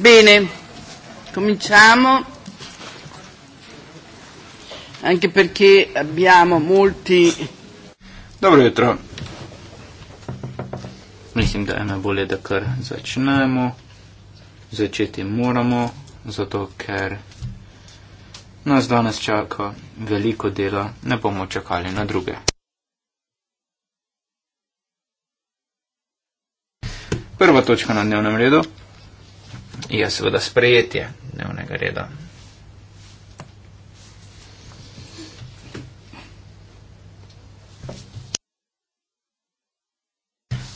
Bene, cominciamo, anche perché abbiamo molti... Dobro jutro. Mislim, da je najbolje, da kar začnemo. Začeti moramo, zato ker nas danes čaka veliko dela, ne bomo čakali na druge. Prva točka na dnevnem redu je seveda sprejetje dnevnega reda.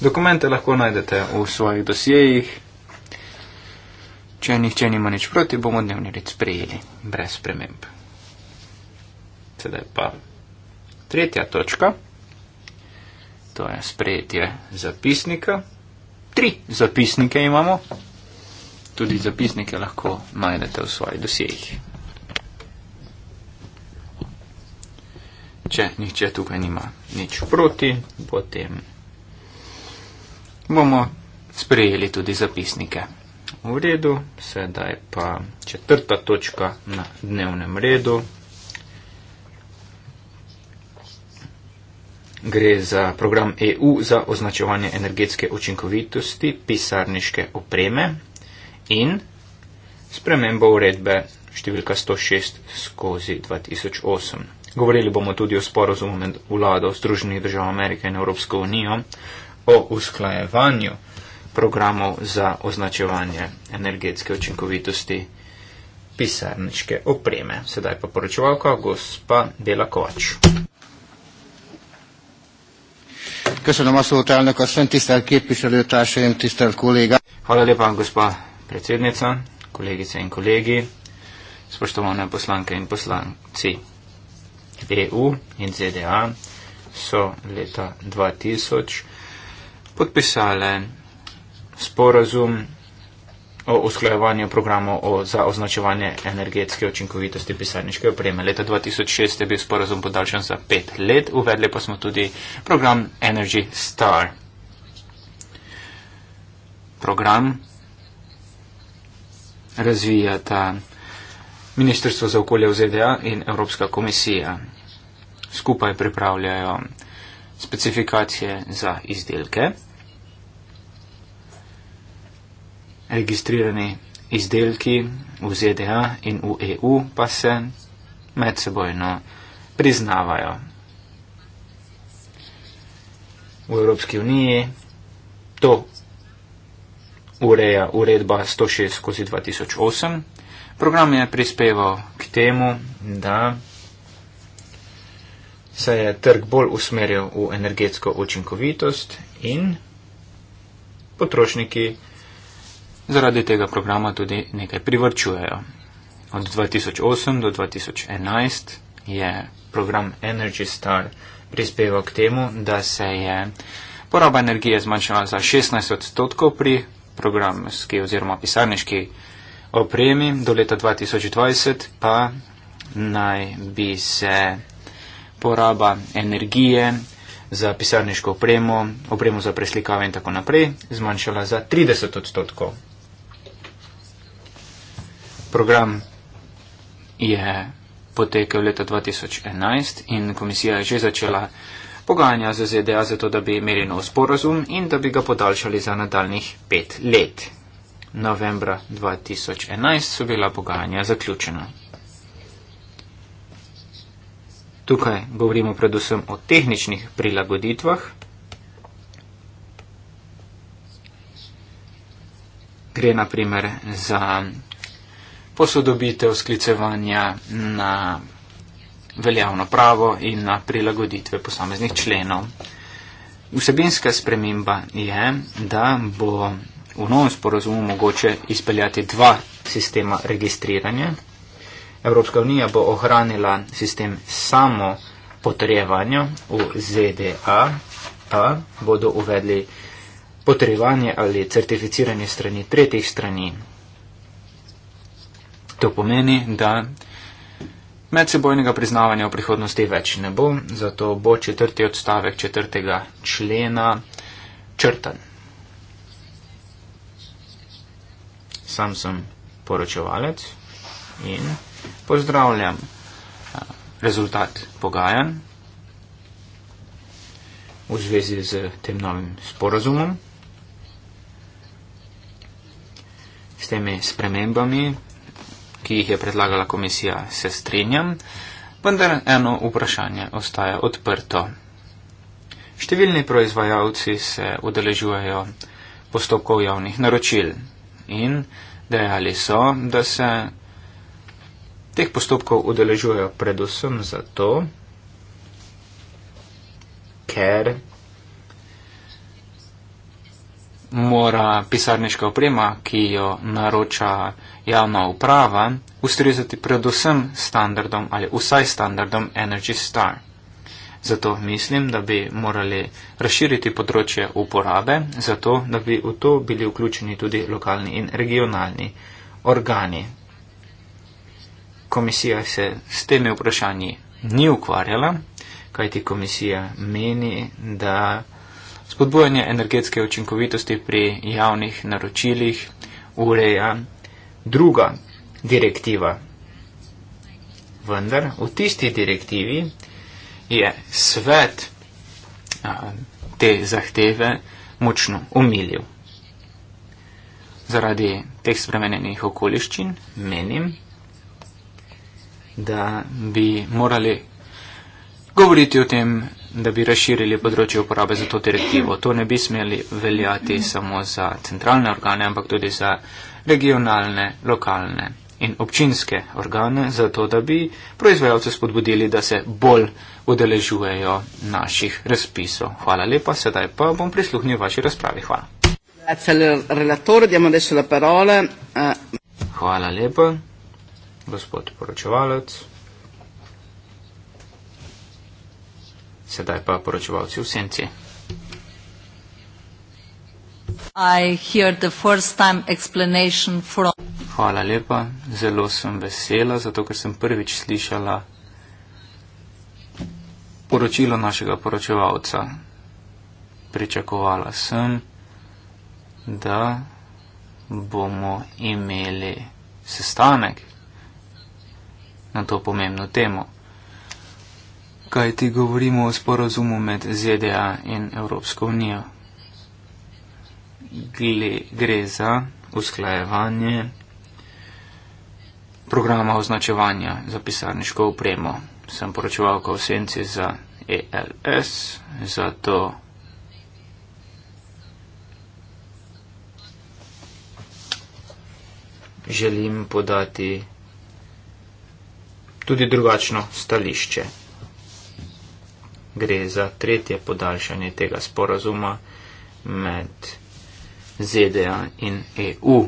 Dokumente lahko najdete v svojih dosjejih. Če nihče nima nič proti, bomo dnevni red sprejeli brez sprememb. Sedaj pa tretja točka. To je sprejetje zapisnika. Tri zapisnike imamo tudi zapisnike lahko najdete v svojih dosjejih. Če nihče tukaj nima nič proti, potem bomo sprejeli tudi zapisnike. V redu, sedaj pa četrta točka na dnevnem redu. Gre za program EU za označevanje energetske učinkovitosti pisarniške opreme in spremembo uredbe številka 106 skozi 2008. Govorili bomo tudi o sporozumu med vlado Združenih držav Amerike in Evropsko unijo o usklajevanju programov za označevanje energetske učinkovitosti pisarniške opreme. Sedaj pa poročevalka gospa Dela Kovač. Hvala lepa, gospa predsednica, kolegice in kolegi, spoštovane poslanke in poslanci. EU in ZDA so leta 2000 podpisale sporazum o usklajevanju programov o, za označevanje energetske učinkovitosti pisarniške opreme. Leta 2006 je bil sporazum podaljšan za pet let, uvedli pa smo tudi program Energy Star. Program razvijata Ministrstvo za okolje v ZDA in Evropska komisija. Skupaj pripravljajo specifikacije za izdelke. Registrirani izdelki v ZDA in v EU pa se medsebojno priznavajo. V Evropski uniji to ureja uredba 106 skozi 2008. Program je prispeval k temu, da se je trg bolj usmeril v energetsko učinkovitost in potrošniki zaradi tega programa tudi nekaj privrčujejo. Od 2008 do 2011 je program Energy Star prispeval k temu, da se je poraba energije zmanjšala za 16 odstotkov pri programski oziroma pisarniški opremi do leta 2020, pa naj bi se poraba energije za pisarniško opremo, opremo za preslikave in tako naprej, zmanjšala za 30 odstotkov. Program je potekel leta 2011 in komisija je že začela pogajanja z ZDA zato, da bi imeli nov sporazum in da bi ga podaljšali za nadaljnih pet let. Novembra 2011 so bila pogajanja zaključena. Tukaj govorimo predvsem o tehničnih prilagoditvah. Gre naprimer za posodobitev sklicevanja na veljavno pravo in na prilagoditve posameznih členov. Vsebinska sprememba je, da bo v novem sporozumu mogoče izpeljati dva sistema registriranja. Evropska unija bo ohranila sistem samo potrejevanja v ZDA, pa bodo uvedli potrejevanje ali certificiranje strani tretjih strani. To pomeni, da Medsebojnega priznavanja v prihodnosti več ne bo, zato bo četrti odstavek četrtega člena črtan. Sam sem poročevalec in pozdravljam rezultat pogajanj v zvezi z tem novim sporozumom, s temi spremembami ki jih je predlagala komisija, se strinjam, vendar eno vprašanje ostaja odprto. Številni proizvajalci se udeležujejo postopkov javnih naročil in dejali so, da se teh postopkov udeležujejo predvsem zato, ker mora pisarniška oprema, ki jo naroča javna uprava, ustrezati predvsem standardom ali vsaj standardom Energy Star. Zato mislim, da bi morali razširiti področje uporabe, zato da bi v to bili vključeni tudi lokalni in regionalni organi. Komisija se s temi vprašanji ni ukvarjala, kajti komisija meni, da spodbujanje energetske učinkovitosti pri javnih naročilih ureja druga direktiva. Vendar v tisti direktivi je svet a, te zahteve močno omilil. Zaradi teh spremenjenih okoliščin menim, da bi morali govoriti o tem da bi razširili področje uporabe za to direktivo. To ne bi smeli veljati samo za centralne organe, ampak tudi za regionalne, lokalne in občinske organe, zato da bi proizvajalce spodbudili, da se bolj udeležujejo naših razpisov. Hvala lepa, sedaj pa bom prisluhnil vaši razpravi. Hvala. Hvala lepa, gospod poročevalec. sedaj pa poročevalci v senci. Hvala lepa, zelo sem vesela, zato ker sem prvič slišala poročilo našega poročevalca. Pričakovala sem, da bomo imeli sestanek na to pomembno temo kaj ti govorimo o sporozumu med ZDA in Evropsko unijo. Gle, gre za usklajevanje programa označevanja za pisarniško upremo. Sem poročeval kao senci za ELS, zato želim podati tudi drugačno stališče gre za tretje podaljšanje tega sporazuma med ZDA in EU.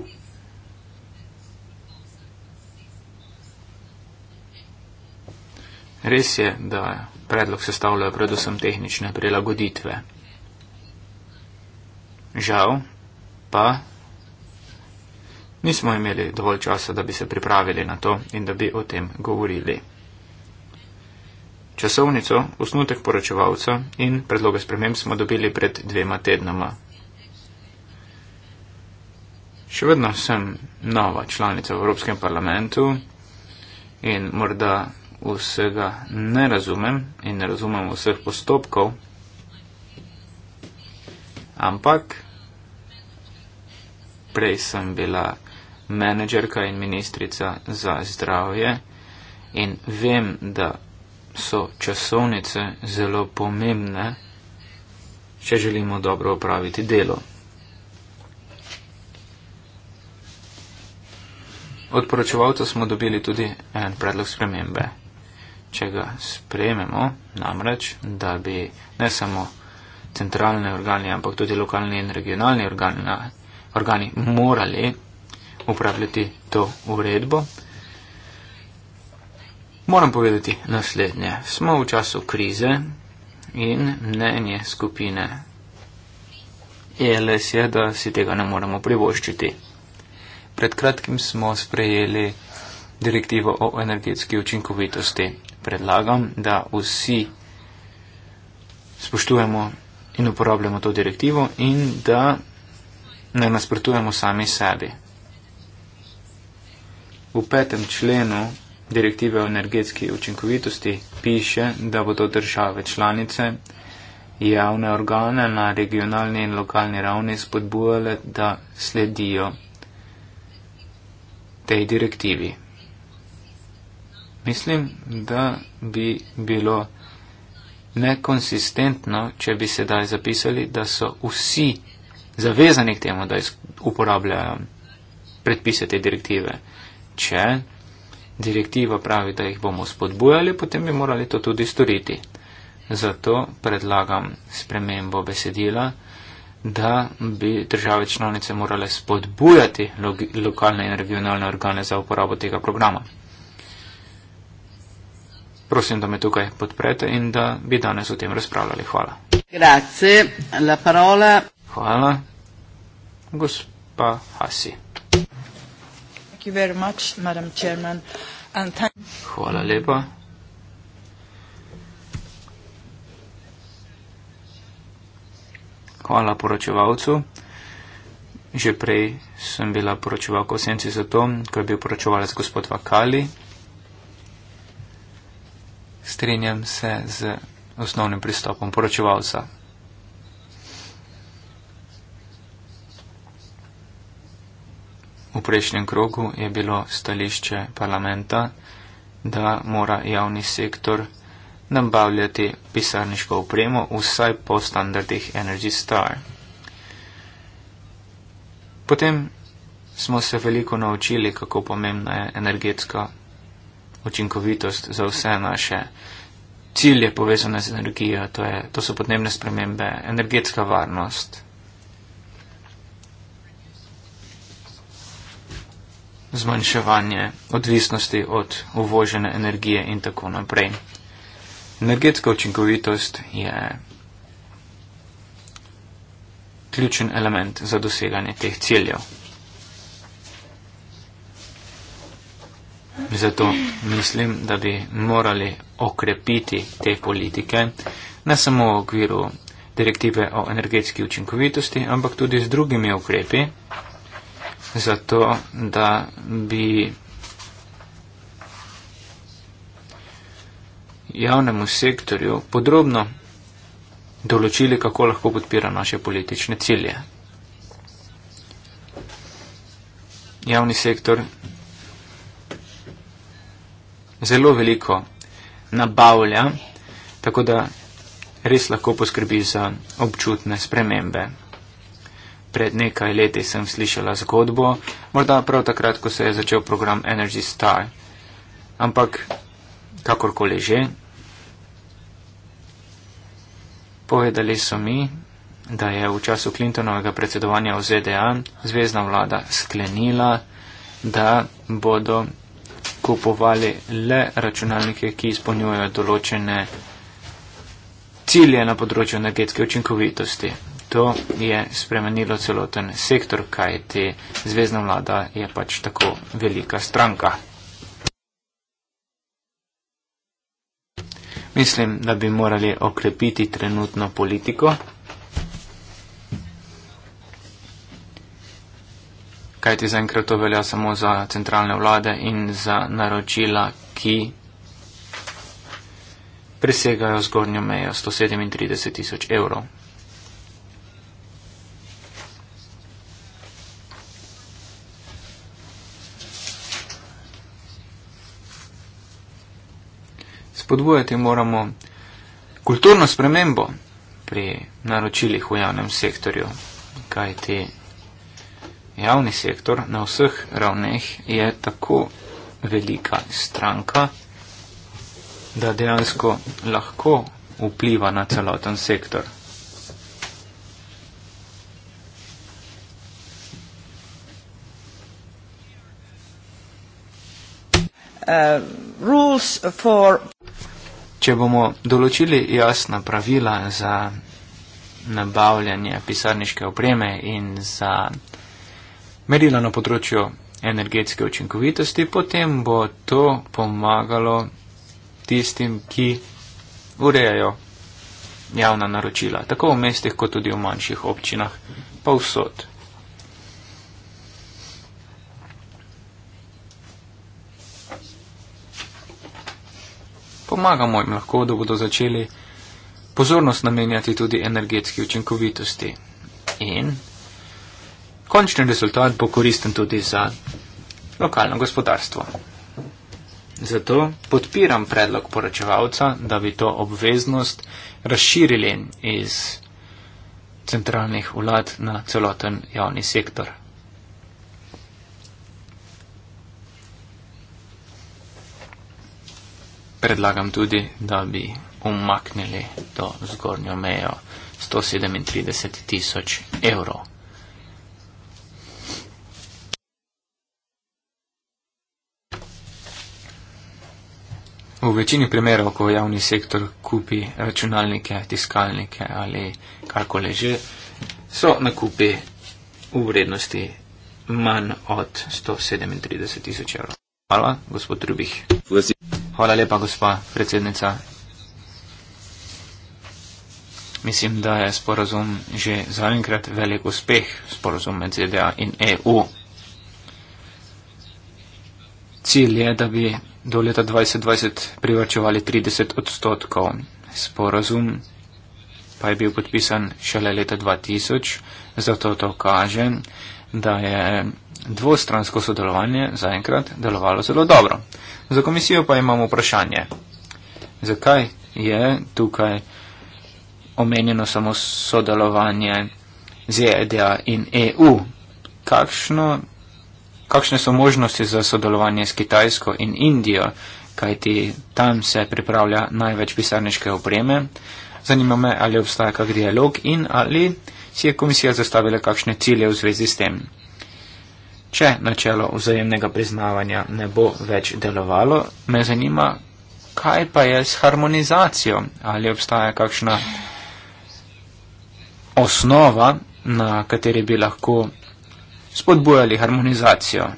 Res je, da predlog sestavljajo predvsem tehnične prilagoditve. Žal pa nismo imeli dovolj časa, da bi se pripravili na to in da bi o tem govorili. Časovnico, osnutek poročevalca in predloge sprememb smo dobili pred dvema tednoma. Še vedno sem nova članica v Evropskem parlamentu in morda vsega ne razumem in ne razumem vseh postopkov, ampak prej sem bila menedžerka in ministrica za zdravje in vem, da so časovnice zelo pomembne, če želimo dobro opraviti delo. Od poročevalca smo dobili tudi en predlog spremembe. Če ga sprejmemo, namreč, da bi ne samo centralne organe, ampak tudi lokalni in regionalni organi, organi morali upravljati to uredbo, Moram povedati naslednje. Smo v času krize in mnenje skupine ELS je, da si tega ne moremo privoščiti. Pred kratkim smo sprejeli direktivo o energetski učinkovitosti. Predlagam, da vsi spoštujemo in uporabljamo to direktivo in da ne nasprotujemo sami sebi. V petem členu direktive o energetski učinkovitosti piše, da bodo države članice javne organe na regionalni in lokalni ravni spodbujale, da sledijo tej direktivi. Mislim, da bi bilo nekonsistentno, če bi sedaj zapisali, da so vsi zavezani k temu, da uporabljajo predpise te direktive. Če direktiva pravi, da jih bomo spodbujali, potem bi morali to tudi storiti. Zato predlagam spremembo besedila, da bi države članice morale spodbujati lo lokalne in regionalne organe za uporabo tega programa. Prosim, da me tukaj podprete in da bi danes o tem razpravljali. Hvala. Grazie, la parola. Hvala. Gospa Hasi you very much, Madam Chairman. And thank Hvala lepa. Hvala poročevalcu. Že prej sem bila poročevalka v senci za to, ko je bil poročevalec gospod Vakali. Strinjam se z osnovnim pristopom poročevalca. V prejšnjem krogu je bilo stališče parlamenta, da mora javni sektor nabavljati pisarniško opremo vsaj po standardih Energy Star. Potem smo se veliko naučili, kako pomembna je energetska učinkovitost za vse naše cilje povezane z energijo, to, je, to so podnebne spremembe, energetska varnost. zmanjševanje odvisnosti od uvožene energije in tako naprej. Energetska učinkovitost je ključen element za doseganje teh ciljev. Zato mislim, da bi morali okrepiti te politike ne samo v okviru direktive o energetski učinkovitosti, ampak tudi z drugimi ukrepi, zato, da bi javnemu sektorju podrobno določili, kako lahko podpira naše politične cilje. Javni sektor zelo veliko nabavlja, tako da res lahko poskrbi za občutne spremembe pred nekaj leti sem slišala zgodbo, morda prav takrat, ko se je začel program Energy Star. Ampak, kakorkoli že, povedali so mi, da je v času Clintonovega predsedovanja v ZDA zvezdna vlada sklenila, da bodo kupovali le računalnike, ki izpolnjujejo določene cilje na področju energetske učinkovitosti to je spremenilo celoten sektor, kaj te zvezdna vlada je pač tako velika stranka. Mislim, da bi morali okrepiti trenutno politiko. Kajti zaenkrat to velja samo za centralne vlade in za naročila, ki presegajo zgornjo mejo 137 tisoč evrov. spodbujati moramo kulturno spremembo pri naročilih v javnem sektorju, kaj ti javni sektor na vseh ravneh je tako velika stranka, da dejansko lahko vpliva na celoten sektor. Uh, rules for Če bomo določili jasna pravila za nabavljanje pisarniške opreme in za merila na področju energetske učinkovitosti, potem bo to pomagalo tistim, ki urejajo javna naročila, tako v mestih kot tudi v manjših občinah, pa vsot. pomagamo jim lahko, da bodo začeli pozornost namenjati tudi energetski učinkovitosti. In končni rezultat bo koristen tudi za lokalno gospodarstvo. Zato podpiram predlog poročevalca, da bi to obveznost razširili iz centralnih vlad na celoten javni sektor. predlagam tudi, da bi umaknili to zgornjo mejo 137 tisoč evrov. V večini primerov, ko javni sektor kupi računalnike, tiskalnike ali karkoli že, so nakupi v vrednosti manj od 137 tisoč evrov. Hvala, gospod Rubih. Vlasi. Hvala lepa, gospa predsednica. Mislim, da je sporazum že zaenkrat velik uspeh, sporazum med ZDA in EU. Cilj je, da bi do leta 2020 privrčevali 30 odstotkov. Sporazum pa je bil podpisan šele leta 2000, zato to kaže, da je dvostransko sodelovanje zaenkrat delovalo zelo dobro. Za komisijo pa imamo vprašanje, zakaj je tukaj omenjeno samo sodelovanje ZDA e in EU? Kakšno, kakšne so možnosti za sodelovanje s Kitajsko in Indijo, kajti tam se pripravlja največ pisarniške opreme? Zanima me, ali obstaja kak dialog in ali si je komisija zastavila kakšne cilje v zvezi s tem če načelo vzajemnega priznavanja ne bo več delovalo, me zanima, kaj pa je s harmonizacijo? Ali obstaja kakšna osnova, na kateri bi lahko spodbujali harmonizacijo?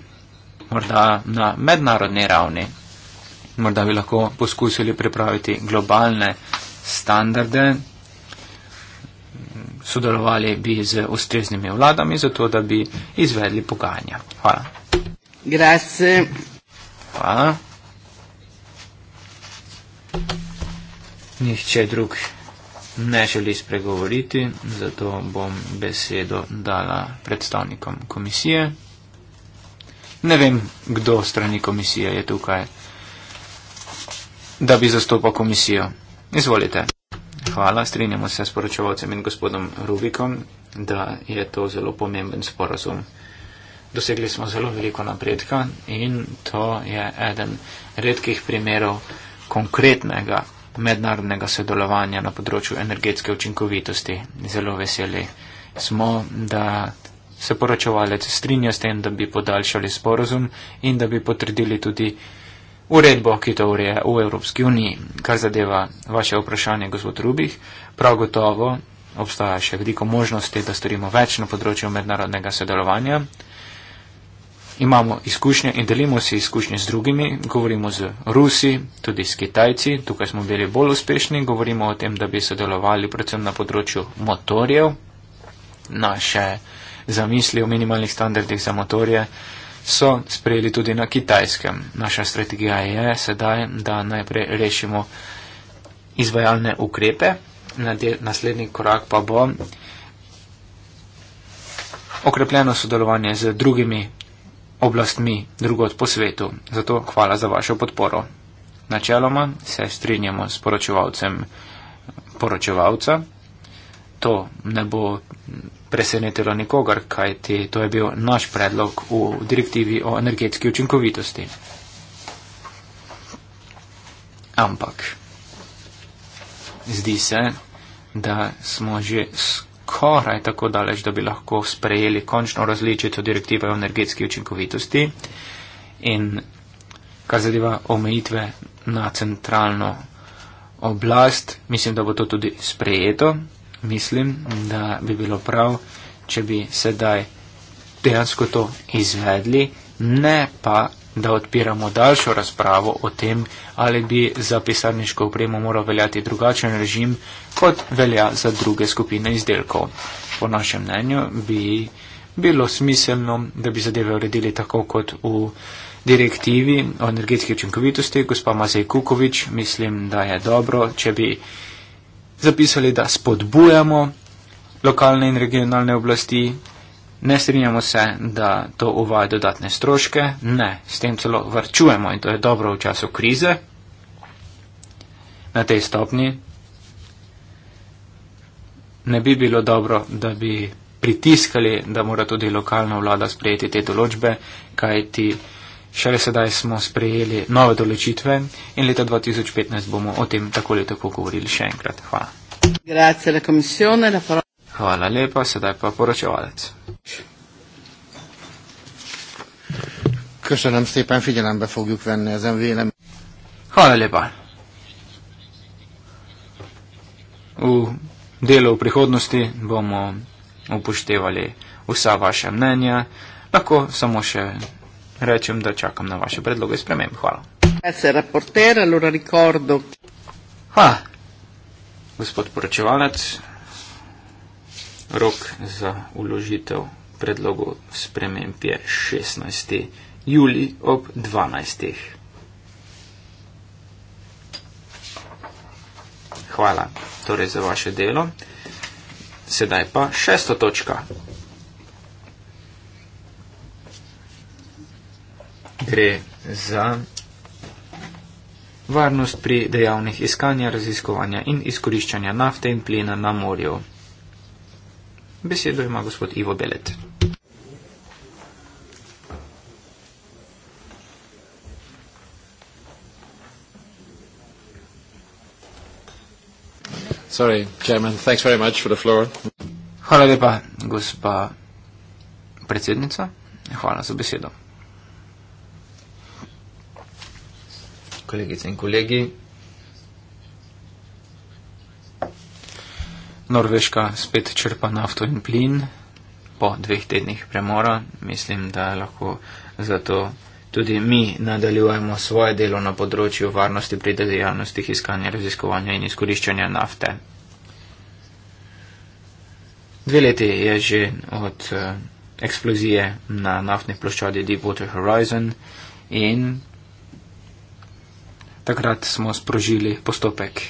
Morda na mednarodni ravni. Morda bi lahko poskusili pripraviti globalne standarde, sodelovali bi z ustreznimi vladami, zato da bi izvedli pogajanja. Hvala. Grazie. Hvala. Nihče drug ne želi spregovoriti, zato bom besedo dala predstavnikom komisije. Ne vem, kdo strani komisije je tukaj, da bi zastopal komisijo. Izvolite hvala, strinjamo se s poročevalcem in gospodom Rubikom, da je to zelo pomemben sporazum. Dosegli smo zelo veliko napredka in to je eden redkih primerov konkretnega mednarodnega sodelovanja na področju energetske učinkovitosti. Zelo veseli smo, da se poročevalec strinja s tem, da bi podaljšali sporazum in da bi potrdili tudi uredbo, ki to ureja v Evropski uniji. Kar zadeva vaše vprašanje, gospod Rubih, prav gotovo obstaja še veliko možnosti, da storimo več na področju mednarodnega sodelovanja. Imamo izkušnje in delimo si izkušnje z drugimi, govorimo z Rusi, tudi s Kitajci, tukaj smo bili bolj uspešni, govorimo o tem, da bi sodelovali predvsem na področju motorjev, naše zamisli o minimalnih standardih za motorje, so sprejeli tudi na kitajskem. Naša strategija je sedaj, da najprej rešimo izvajalne ukrepe, naslednji korak pa bo okrepljeno sodelovanje z drugimi oblastmi drugot po svetu. Zato hvala za vašo podporo. Načeloma se strinjamo s poročevalcem poročevalca to ne bo presenetilo nikogar, kajti to je bil naš predlog v direktivi o energetski učinkovitosti. Ampak zdi se, da smo že skoraj tako daleč, da bi lahko sprejeli končno različico direktive o energetski učinkovitosti in kar zadeva omejitve na centralno oblast, mislim, da bo to tudi sprejeto mislim, da bi bilo prav, če bi sedaj dejansko to izvedli, ne pa, da odpiramo daljšo razpravo o tem, ali bi za pisarniško opremo moral veljati drugačen režim, kot velja za druge skupine izdelkov. Po našem mnenju bi bilo smiselno, da bi zadeve uredili tako kot v direktivi o energetski učinkovitosti. Gospa Mazej Kukovič, mislim, da je dobro, če bi zapisali, da spodbujamo lokalne in regionalne oblasti, ne strinjamo se, da to uvaja dodatne stroške, ne, s tem celo varčujemo in to je dobro v času krize na tej stopni. Ne bi bilo dobro, da bi pritiskali, da mora tudi lokalna vlada sprejeti te določbe, kajti Šele sedaj smo sprejeli nove določitve in leta 2015 bomo o tem tako ali tako govorili še enkrat. Hvala. Hvala lepa, sedaj pa poročevalec. Köszönöm szépen, figyelembe fogjuk venni ezen vélem. Hallelujah. V delu v prihodnosti bomo upoštevali vsa vaše mnenja, lahko samo še rečem, da čakam na vaše predloge sprememb. Hvala. Hvala. Gospod poročevalec, rok za uložitev predlogov sprememb je 16. juli ob 12. Hvala torej za vaše delo. Sedaj pa šesta točka. gre za varnost pri dejavnih iskanja, raziskovanja in izkoriščanja nafte in plina na morju. Besedo ima gospod Ivo Belet. Sorry, chairman, thanks very much for the floor. Hvala lepa, gospa predsednica. Hvala za besedo. kolegice in kolegi. Norveška spet črpa nafto in plin po dveh tednih premora. Mislim, da lahko zato tudi mi nadaljujemo svoje delo na področju varnosti pri dejavnostih iskanja, raziskovanja in izkoriščanja nafte. Dve leti je že od eh, eksplozije na naftni ploščadi Deepwater Horizon in takrat smo sprožili postopek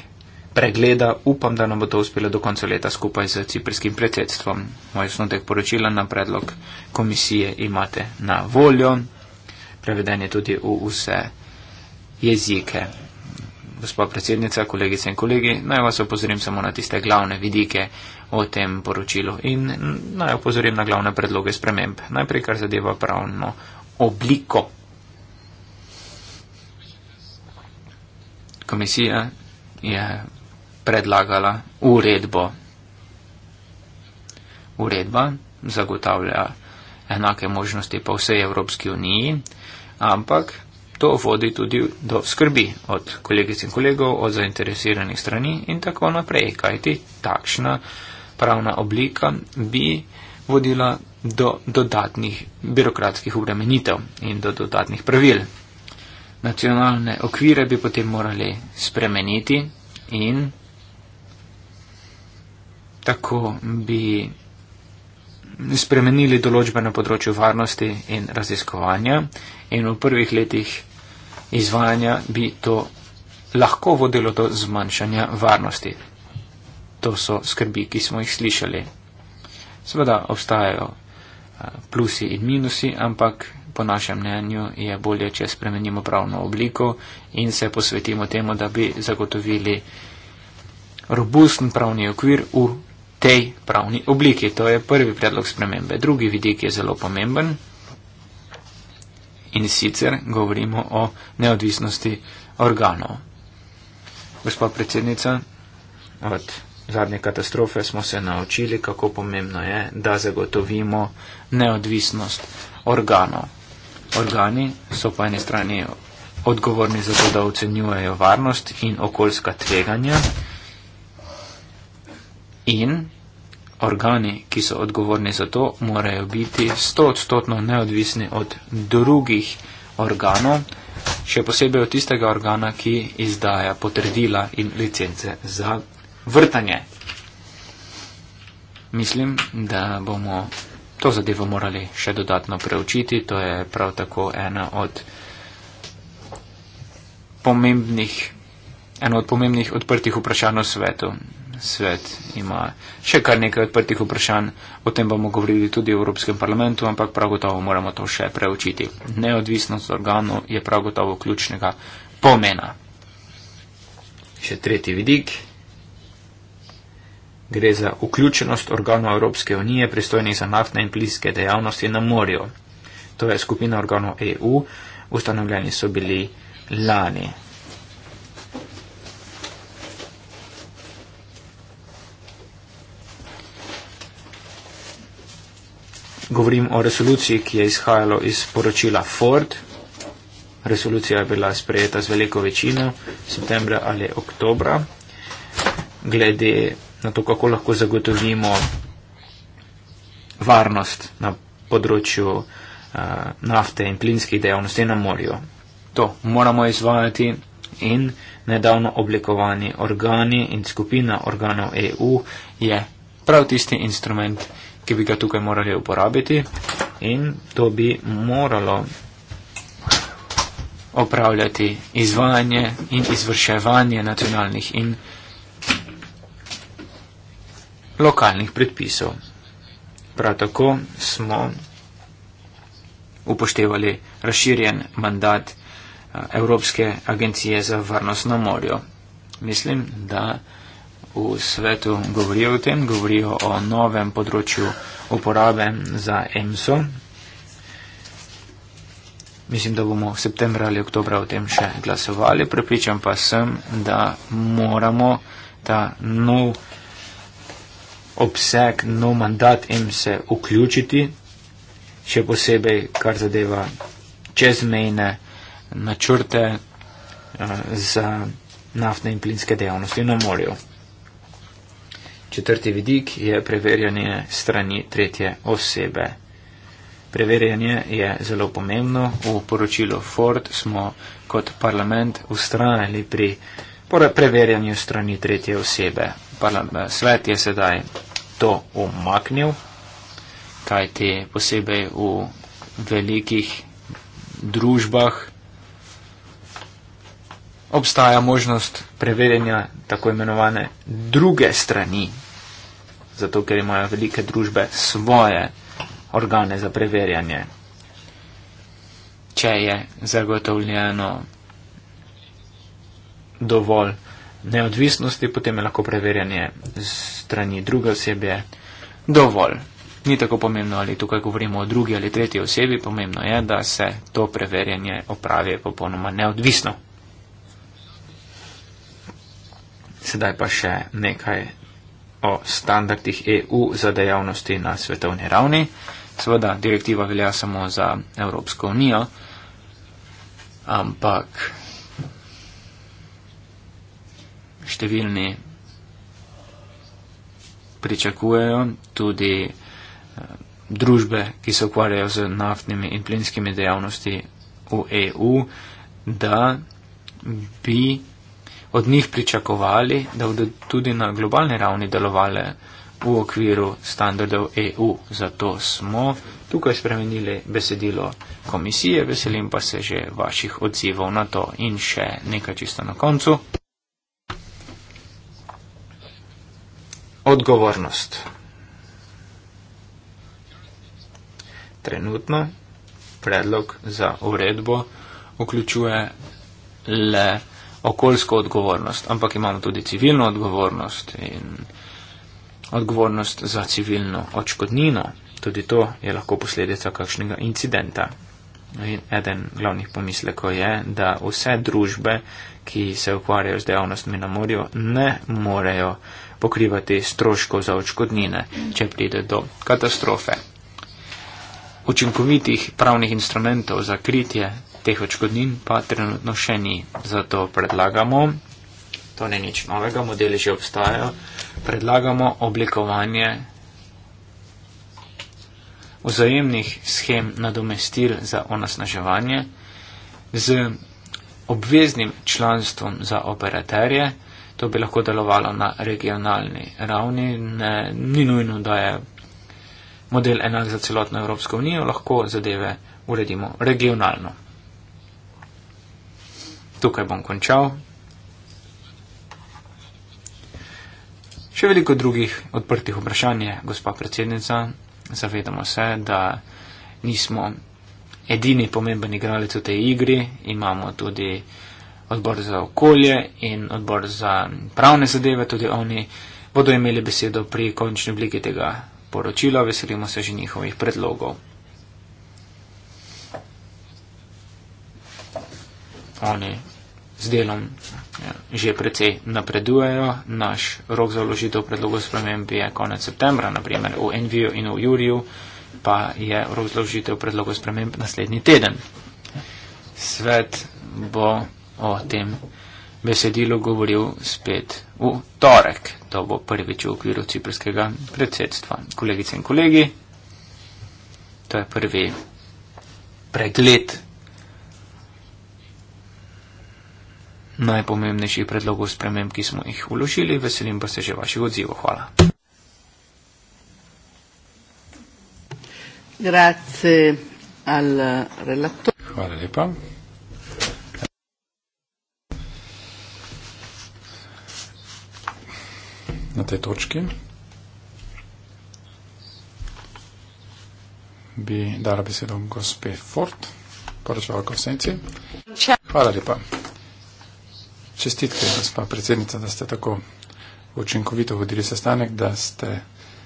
pregleda. Upam, da nam bo to uspelo do konca leta skupaj z ciprskim predsedstvom. Moj osnotek poročila na predlog komisije imate na voljo. Preveden je tudi v vse jezike. Gospod predsednica, kolegice in kolegi, naj vas opozorim samo na tiste glavne vidike o tem poročilu in naj opozorim na glavne predloge sprememb. Najprej, kar zadeva pravno obliko komisija je predlagala uredbo. Uredba zagotavlja enake možnosti po vsej Evropski uniji, ampak to vodi tudi do skrbi od kolegic in kolegov, od zainteresiranih strani in tako naprej, kajti takšna pravna oblika bi vodila do dodatnih birokratskih obremenitev in do dodatnih pravil nacionalne okvire bi potem morali spremeniti in tako bi spremenili določbe na področju varnosti in raziskovanja in v prvih letih izvajanja bi to lahko vodilo do zmanjšanja varnosti. To so skrbi, ki smo jih slišali. Seveda obstajajo eh, plusi in minusi, ampak po našem mnenju je bolje, če spremenimo pravno obliko in se posvetimo temu, da bi zagotovili robustn pravni okvir v tej pravni obliki. To je prvi predlog spremembe. Drugi vidik je zelo pomemben in sicer govorimo o neodvisnosti organov. Gospa predsednica, od zadnje katastrofe smo se naučili, kako pomembno je, da zagotovimo neodvisnost organov organi so po eni strani odgovorni za to, da ocenjujejo varnost in okoljska tveganja. In organi, ki so odgovorni za to, morajo biti stotstotno neodvisni od drugih organov, še posebej od tistega organa, ki izdaja potrdila in licence za vrtanje. Mislim, da bomo to zadevo morali še dodatno preučiti. To je prav tako ena od pomembnih, eno od pomembnih odprtih vprašanj v svetu. Svet ima še kar nekaj odprtih vprašanj, o tem bomo govorili tudi v Evropskem parlamentu, ampak prav gotovo moramo to še preučiti. Neodvisnost organov je prav gotovo ključnega pomena. Še tretji vidik. Gre za vključenost organov Evropske unije pristojnih za naftne in plinske dejavnosti na morju. To je skupina organov EU, ustanovljeni so bili lani. Govorim o resoluciji, ki je izhajalo iz poročila Ford. Resolucija je bila sprejeta z veliko večino, septembra ali oktobra, glede na to, kako lahko zagotovimo varnost na področju uh, nafte in plinskih dejavnosti na morju. To moramo izvajati in nedavno oblikovani organi in skupina organov EU je prav tisti instrument, ki bi ga tukaj morali uporabiti in to bi moralo opravljati izvajanje in izvrševanje nacionalnih in uh, lokalnih predpisov. Prav tako smo upoštevali razširjen mandat eh, Evropske agencije za varnost na morju. Mislim, da v svetu govorijo o tem, govorijo o novem področju uporabe za EMSO. Mislim, da bomo v septembra ali oktobra o tem še glasovali. Pripričam pa sem, da moramo ta nov obseg, no mandat jim se vključiti, še posebej, kar zadeva čezmejne načrte eh, za naftne in plinske dejavnosti na morju. Četrti vidik je preverjanje strani tretje osebe. Preverjanje je zelo pomembno. V poročilu Ford smo kot parlament ustrajali pri preverjanju strani tretje osebe. Eh, svet je sedaj to omaknil, kajti posebej v velikih družbah obstaja možnost prevedenja tako imenovane druge strani, zato ker imajo velike družbe svoje organe za preverjanje. Če je zagotovljeno dovolj neodvisnosti, potem je lahko preverjanje strani druge osebe dovolj. Ni tako pomembno, ali tukaj govorimo o drugi ali tretji osebi, pomembno je, da se to preverjanje opravi popolnoma neodvisno. Sedaj pa še nekaj o standardih EU za dejavnosti na svetovni ravni. Sveda, direktiva velja samo za Evropsko unijo, ampak številni pričakujejo, tudi eh, družbe, ki se ukvarjajo z naftnimi in plinskimi dejavnosti v EU, da bi od njih pričakovali, da bodo tudi na globalni ravni delovali v okviru standardov EU. Zato smo tukaj spremenili besedilo komisije, veselim pa se že vaših odzivov na to in še nekaj čisto na koncu. odgovornost. Trenutno predlog za uredbo vključuje le okoljsko odgovornost, ampak imamo tudi civilno odgovornost in odgovornost za civilno očkodnino. Tudi to je lahko posledica kakšnega incidenta. In eden glavnih pomislekov je, da vse družbe, ki se ukvarjajo z dejavnostmi na morju, ne morejo pokrivati stroškov za očkodnine, če pride do katastrofe. Učinkovitih pravnih instrumentov za kritje teh očkodnin pa trenutno še ni, zato predlagamo, to ni nič novega, modeli že obstajajo, predlagamo oblikovanje vzajemnih schem nadomestil za onasnaževanje z obveznim članstvom za operaterje, to bi lahko delovalo na regionalni ravni. Ne, ni nujno, da je model enak za celotno Evropsko unijo, lahko zadeve uredimo regionalno. Tukaj bom končal. Še veliko drugih odprtih vprašanj je, gospa predsednica. Zavedamo se, da nismo edini pomemben igralec v tej igri. Imamo tudi uh, odbor za okolje in odbor za pravne zadeve, tudi oni bodo imeli besedo pri končni obliki tega poročila. Veselimo se že njihovih predlogov. Oni z delom ja, že precej napredujejo. Naš rok za vložitev predlogov sprememb je konec septembra, naprimer v Enviju in v Juriju, pa je rok za vložitev predlogov sprememb naslednji teden. Svet bo o tem besedilu govoril spet v torek. To bo prvič v okviru ciprskega predsedstva. Kolegice in kolegi, to je prvi pregled najpomembnejših predlogov sprememb, ki smo jih uložili. Veselim pa se že vaših odzivov. Hvala. Grazie al relatore. Hvala lepa. na tej točki. Bi dala besedo gospe Ford, poročevalko v senci. Hvala lepa. Čestitke, gospa predsednica, da ste tako učinkovito vodili sestanek, da ste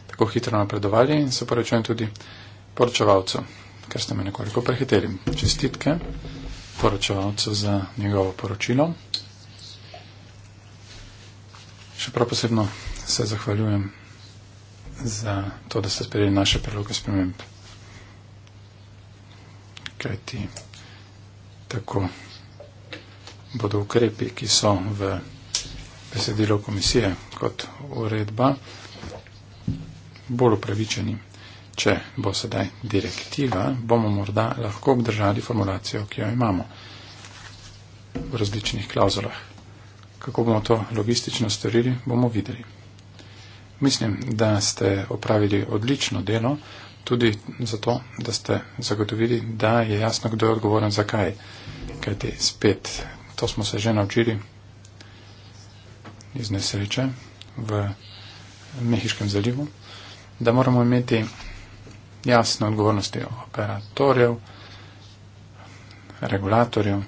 tako hitro napredovali in se poročujem tudi poročevalcu, ker ste me nekoliko prehiteli. Čestitke poročevalcu za njegovo poročilo. Še prav posebno se zahvaljujem za to, da ste sprejeli naše predloge sprememb. Kaj ti tako bodo ukrepi, ki so v besedilo komisije kot uredba, bolj upravičeni. Če bo sedaj direktiva, bomo morda lahko obdržali formulacijo, ki jo imamo v različnih klauzulah. Kako bomo to logistično storili, bomo videli. Mislim, da ste opravili odlično delo, tudi zato, da ste zagotovili, da je jasno, kdo je odgovoren za kaj. Kajti spet, to smo se že naučili iz nesreče v Mehiškem zalivu, da moramo imeti jasne odgovornosti operatorjev, regulatorjev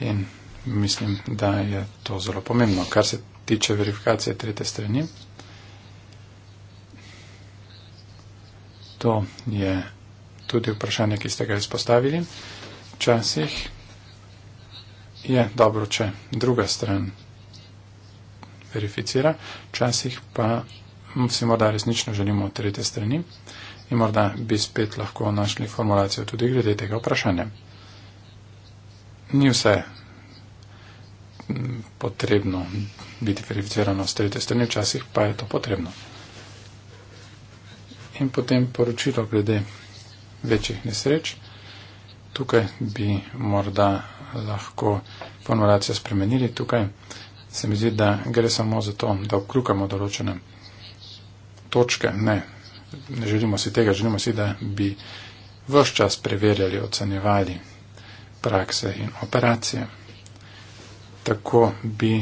in mislim, da je to zelo pomembno, kar se tiče verifikacije trete strani. to je tudi vprašanje, ki ste ga izpostavili. Včasih je dobro, če druga stran verificira, včasih pa si morda resnično želimo od tretje strani in morda bi spet lahko našli formulacijo tudi glede tega vprašanja. Ni vse mm, potrebno biti verificirano s tretje strani, včasih pa je to potrebno in potem poročilo glede večjih nesreč. Tukaj bi morda lahko formulacijo spremenili. Tukaj se mi zdi, da gre samo za to, da obkljukamo določene točke. Ne, ne želimo si tega, želimo si, da bi vse čas preverjali, ocenjevali prakse in operacije. Tako bi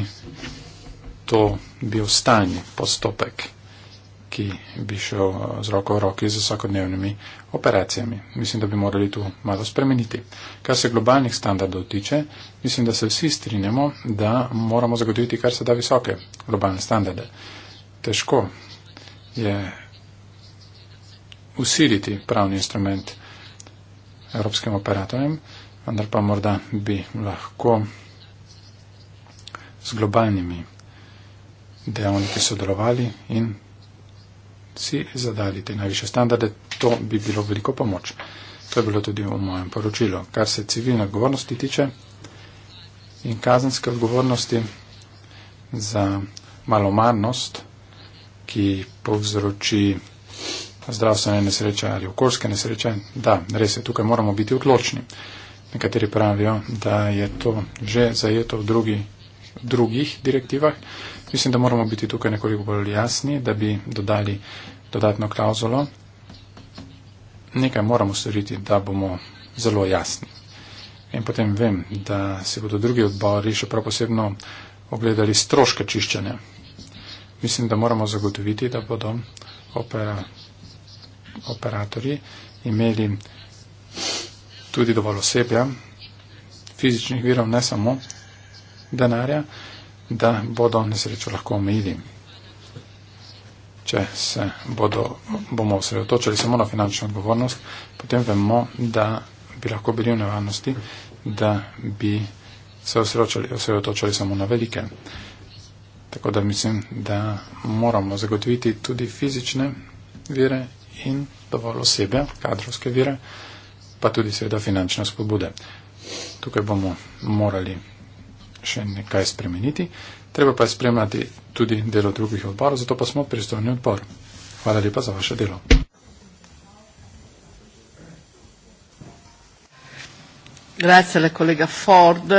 to bil stanje, postopek ki bi šel eh, z roko v roki z vsakodnevnimi operacijami. Mislim, da bi morali tu malo spremeniti. Kar se globalnih standardov tiče, mislim, da se vsi strinjamo, da moramo zagotoviti kar se da visoke globalne standarde. Težko je usiliti pravni instrument evropskim operatorjem, vendar pa morda bi lahko z globalnimi dejavniki sodelovali in si zadali te najviše standarde, to bi bilo veliko pomoč. To je bilo tudi v mojem poročilu. Kar se civilne odgovornosti tiče in kazenske odgovornosti za malomarnost, ki povzroči zdravstvene nesreče ali okoljske nesreče, da, res je, tukaj moramo biti odločni. Nekateri pravijo, da je to že zajeto v drugi, drugih direktivah. Mislim, da moramo biti tukaj nekoliko bolj jasni, da bi dodali dodatno klauzulo. Nekaj moramo storiti, da bomo zelo jasni. In potem vem, da si bodo drugi odbori še prav posebno ogledali stroške čiščenja. Mislim, da moramo zagotoviti, da bodo opera, operatori imeli tudi dovolj osebja, fizičnih virov, ne samo denarja da bodo nesrečo lahko omejili. Če se bodo, bomo osredotočili samo na finančno odgovornost, potem vemo, da bi lahko bili v nevarnosti, da bi se osredotočili samo na velike. Tako da mislim, da moramo zagotoviti tudi fizične vire in dovolj osebe, kadrovske vire, pa tudi seveda finančne spodbude. Tukaj bomo morali še nekaj spremeniti, treba pa je spremljati tudi delo drugih odborov, zato pa smo pristojni odbor. Hvala lepa za vaše delo. Grazie alla collega Ford,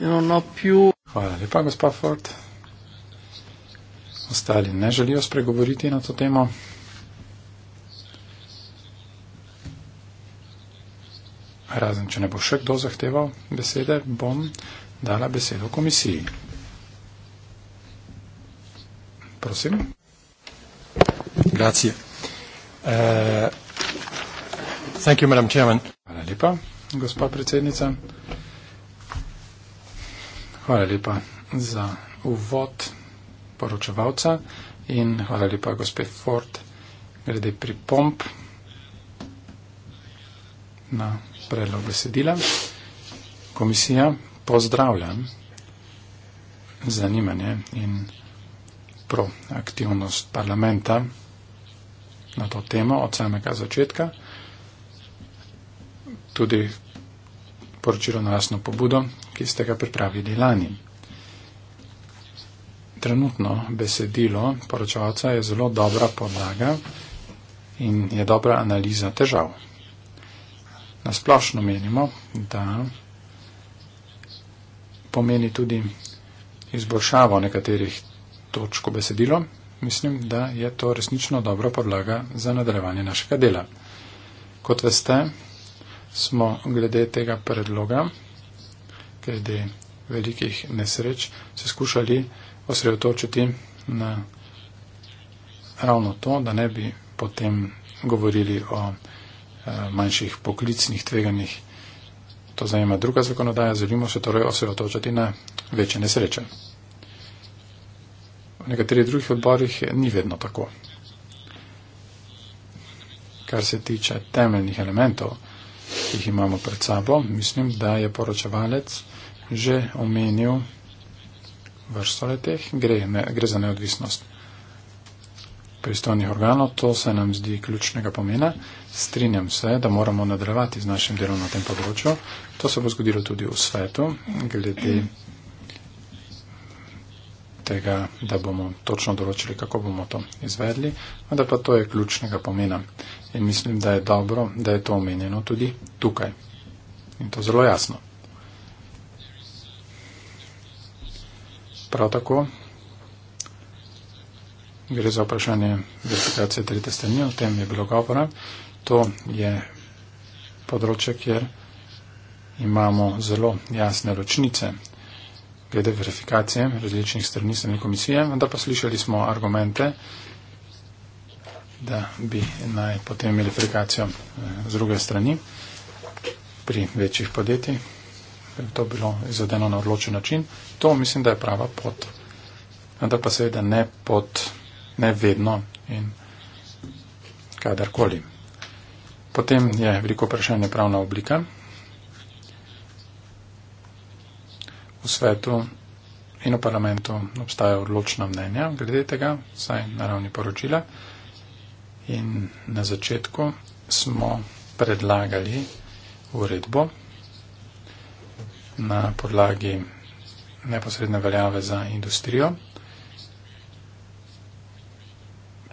non ho più. Hvala lepa, gospod Ford. Ostali ne želijo spregovoriti na to temo. Razen, če ne bo še kdo zahteval besede, bom dala besedo komisiji. Prosim. Grazie. Uh, thank you, Madam Chairman. Hvala lepa, gospod predsednica. Hvala lepa za uvod poročevalca in hvala lepa, gospod Ford, glede pripomp na predlog besedila. Komisija, pozdravljam zanimanje in proaktivnost parlamenta na to temo od samega začetka. Tudi poročilo na vlastno pobudo, ki ste ga pripravili lani. Trenutno besedilo poročalca je zelo dobra podlaga in je dobra analiza težav. Nasplošno menimo, da pomeni tudi izboljšavo nekaterih točk besedilo, mislim, da je to resnično dobro podlaga za nadaljevanje našega dela. Kot veste, smo glede tega predloga, glede velikih nesreč, se skušali osredotočiti na ravno to, da ne bi potem govorili o eh, manjših poklicnih tveganjih to zajema druga zakonodaja, želimo se torej osredotočiti na večje nesreče. V nekaterih drugih odborih ni vedno tako. Kar se tiče temeljnih elementov, ki jih imamo pred sabo, mislim, da je poročevalec že omenil vrsto leteh, gre, gre za neodvisnost pristojnih organov, to se nam zdi ključnega pomena strinjam se, da moramo nadaljevati z našim delom na tem področju. To se bo zgodilo tudi v svetu, glede tega, da bomo točno določili, kako bomo to izvedli, vendar pa to je ključnega pomena. In mislim, da je dobro, da je to omenjeno tudi tukaj. In to zelo jasno. Prav tako gre za vprašanje verifikacije tretje strani, o tem je bilo govora to je področje, kjer imamo zelo jasne ročnice glede verifikacije različnih strani strani komisije, vendar pa slišali smo argumente, da bi naj potem imeli verifikacijo eh, z druge strani pri večjih podjetjih. To bilo izvedeno na odločen način. To mislim, da je prava pot. Vendar pa seveda ne pot, ne vedno in kadarkoli. Potem je veliko vprašanje pravna oblika. V svetu in v parlamentu obstajajo odločna mnenja glede tega, saj na ravni poročila. In na začetku smo predlagali uredbo na podlagi neposredne veljave za industrijo,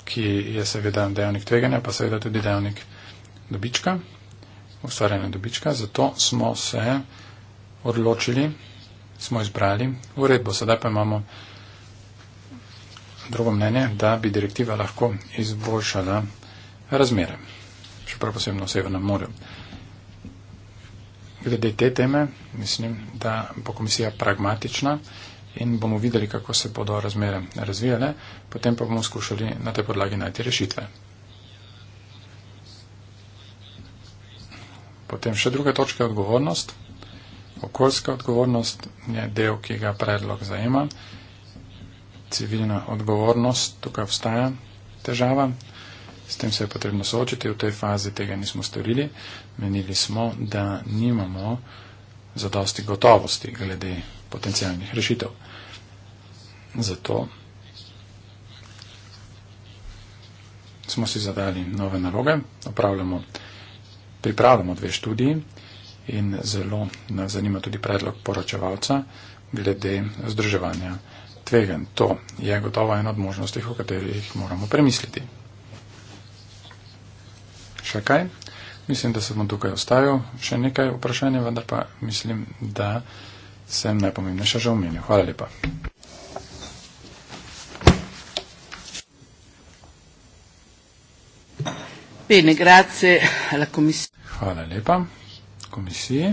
ki je seveda dejavnik tveganja, pa seveda tudi dejavnik dobička, ustvarjanja dobička, zato smo se odločili, smo izbrali uredbo. Sedaj pa imamo drugo mnenje, da bi direktiva lahko izboljšala razmere, še prav posebno v Severnem morju. Glede te teme mislim, da bo komisija pragmatična in bomo videli, kako se bodo razmere razvijale, potem pa bomo skušali na tej podlagi najti rešitve. Potem še druga točka je odgovornost. Okoljska odgovornost je del, ki ga predlog zajema. Civilna odgovornost, tukaj vstaja težava. S tem se je potrebno soočiti, v tej fazi tega nismo storili. Menili smo, da nimamo zadosti gotovosti glede potencijalnih rešitev. Zato smo si zadali nove naloge, opravljamo pripravljamo dve študiji in zelo nas zanima tudi predlog poročevalca glede združevanja tvegan. To je gotovo ena od možnosti, o katerih moramo premisliti. Še kaj? Mislim, da se bom tukaj ostavil še nekaj vprašanj, vendar pa mislim, da sem najpomembnejša že omenil. Hvala lepa. Bene, grazie alla Commissione. Hvala lepa komisiji.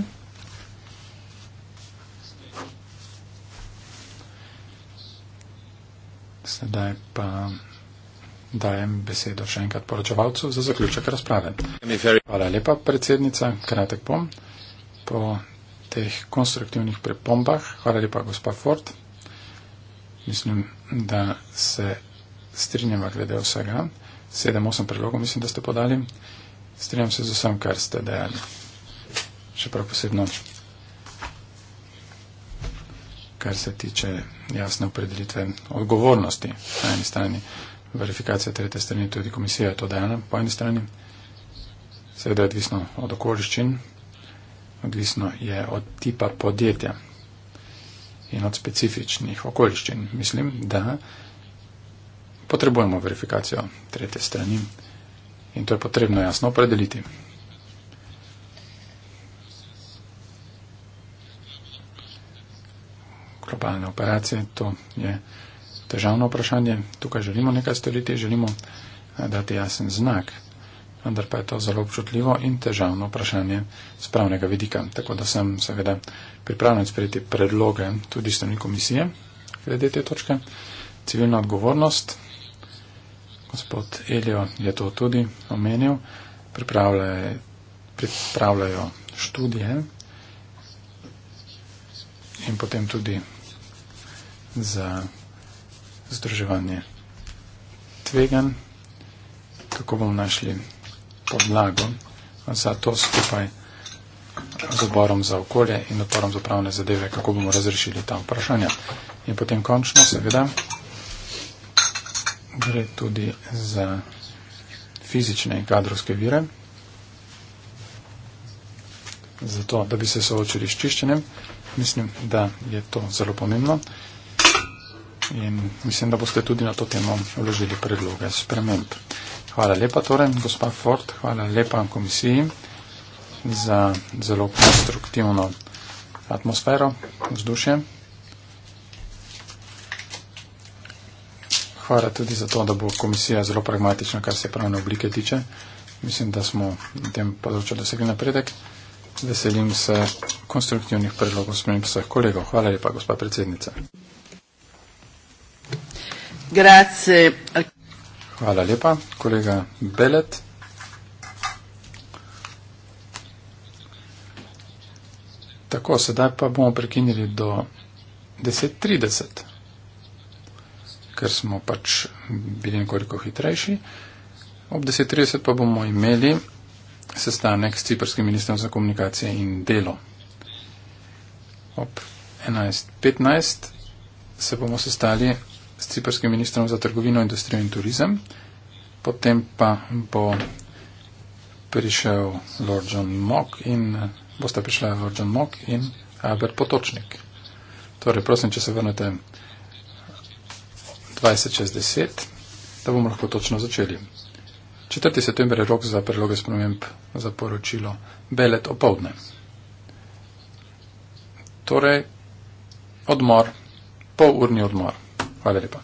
Sedaj pa dajem besedo še enkrat poročevalcu za zaključek razprave. Hvala lepa, predsednica. Kratek bom. Po teh konstruktivnih pripombah, hvala lepa, gospa Ford. Mislim, da se strinjava glede vsega. 7-8 predlogov, mislim, da ste podali. Strenjam se z vsem, kar ste dejali. Še prav posebno, kar se tiče jasne opredelitve odgovornosti na eni strani, verifikacija trete strani, tudi komisija je to dejala po eni strani. Seveda je odvisno od okoliščin, odvisno je od tipa podjetja in od specifičnih okoliščin. Mislim, da potrebujemo verifikacijo tretje strani in to je potrebno jasno opredeliti. Globalne operacije, to je težavno vprašanje. Tukaj želimo nekaj storiti, želimo eh, dati jasen znak, vendar pa je to zelo občutljivo in težavno vprašanje z pravnega vidika. Tako da sem seveda pripravljen sprejeti predloge tudi strani komisije glede te točke. Civilna odgovornost gospod Elio je to tudi omenil, pripravljajo študije in potem tudi za združevanje tvegan, kako bomo našli podlago za to skupaj z oborom za okolje in oborom za pravne zadeve, kako bomo razrešili ta vprašanja. In potem končno, seveda gre tudi za fizične in kadrovske vire, zato da bi se soočili s čiščenjem. Mislim, da je to zelo pomembno in mislim, da boste tudi na to temo vložili predloge sprememb. Hvala lepa torej, gospa Ford, hvala lepa komisiji za zelo konstruktivno atmosfero, vzdušje. Hvala tudi za to, da bo komisija zelo pragmatična, kar se pravne oblike tiče. Mislim, da smo na tem področju dosegli napredek. Veselim se konstruktivnih predlogov spremem vseh kolegov. Hvala lepa, gospa predsednica. Grazie. Hvala lepa, kolega Belet. Tako, sedaj pa bomo prekinili do 10.30 ker smo pač bili nekoliko hitrejši. Ob 10.30 pa bomo imeli sestanek s ciprskim ministrom za komunikacije in delo. Ob 11.15 se bomo sestali s ciprskim ministrom za trgovino, industrijo in turizem, potem pa bo prišel Lord John Mock in bosta prišla Lord John Mock in Albert Potočnik. Torej, prosim, če se vrnete. 20 čez 10, da bomo lahko točno začeli. 4. september je rok za predloge sprememb za poročilo Belet opovdne. Torej, odmor, polurni odmor. Hvala lepa.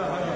Sicherheit.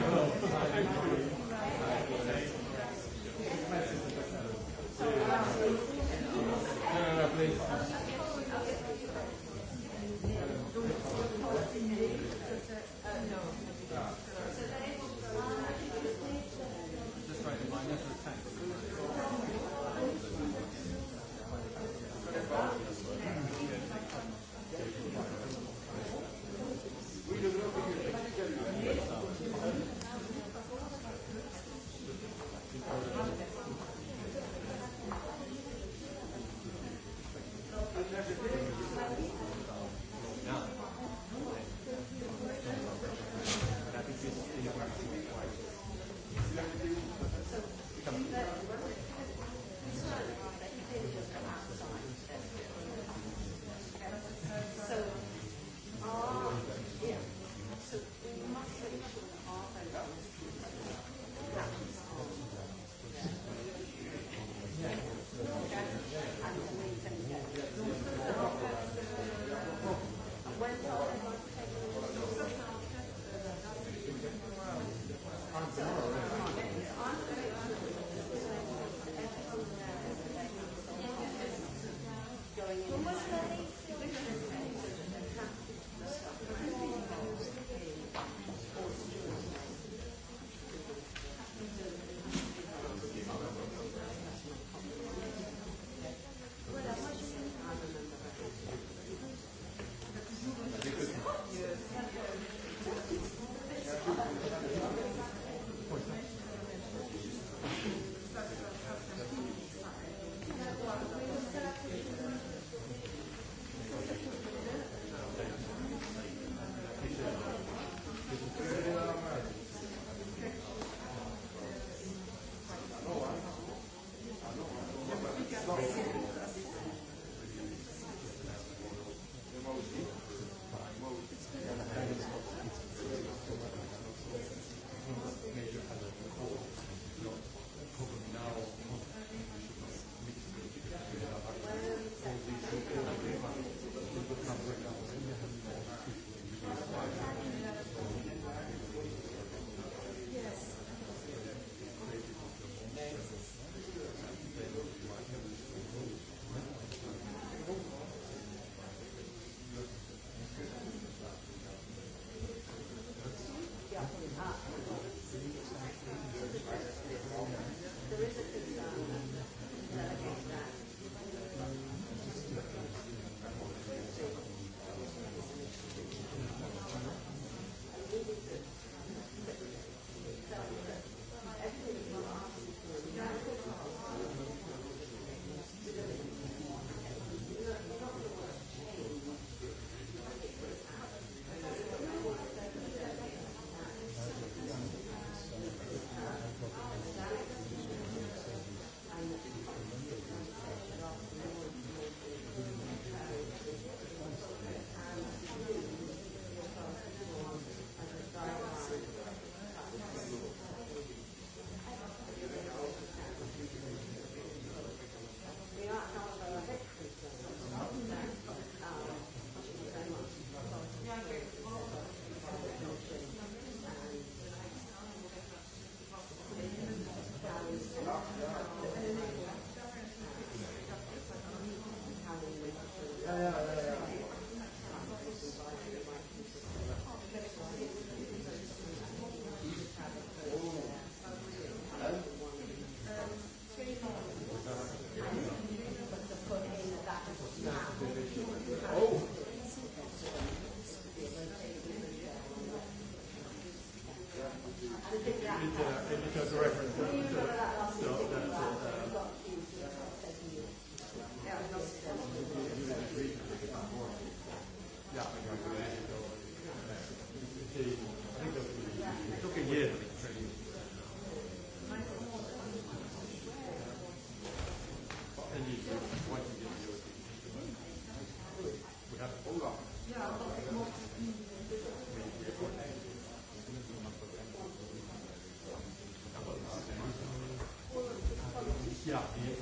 Ja, je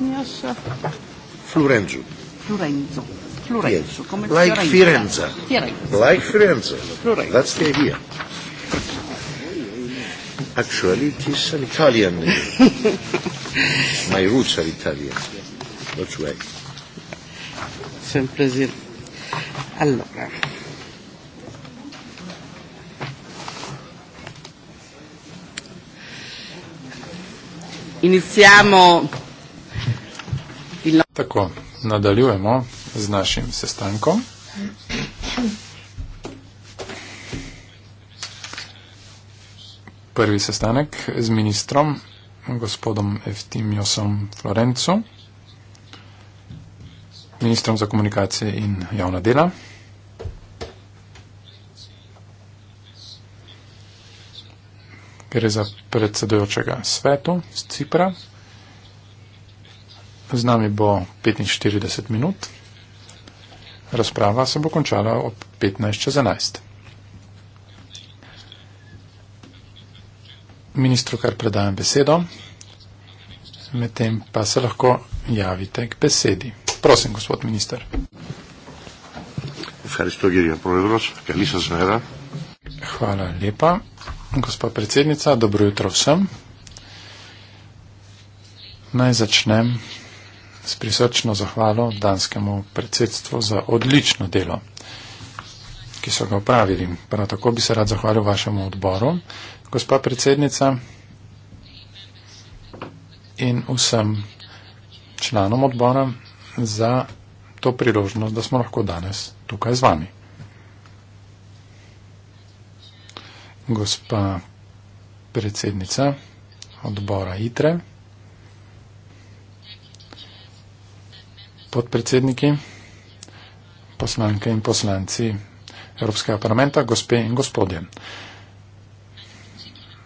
Antonias Florenzo. Florenzo. Florenzo. Come like Fiorenza. Firenze. Firenze. Like Firenze. Florenzo. That's the idea. Actually, it is an Italian name. My roots are Italian. Which way? It's a pleasure. Allora. Iniziamo Tako, nadaljujemo z našim sestankom. Prvi sestanek z ministrom, gospodom Eftimiosom Florenco, ministrom za komunikacije in javna dela. Gre za predsedujočega svetu z Cipra. Z nami bo 45 minut. Razprava se bo končala ob 15.11. Ministru kar predajam besedo, medtem pa se lahko javite k besedi. Prosim, gospod minister. Hvala lepa, gospa predsednica. Dobro jutro vsem. Naj začnem s prisrčno zahvalo danskemu predsedstvu za odlično delo, ki so ga upravili. Prav tako bi se rad zahvalil vašemu odboru, gospa predsednica in vsem članom odbora za to priložnost, da smo lahko danes tukaj z vami. Gospa predsednica odbora ITRE. podpredsedniki, poslanke in poslanci Evropskega parlamenta, gospe in gospodje.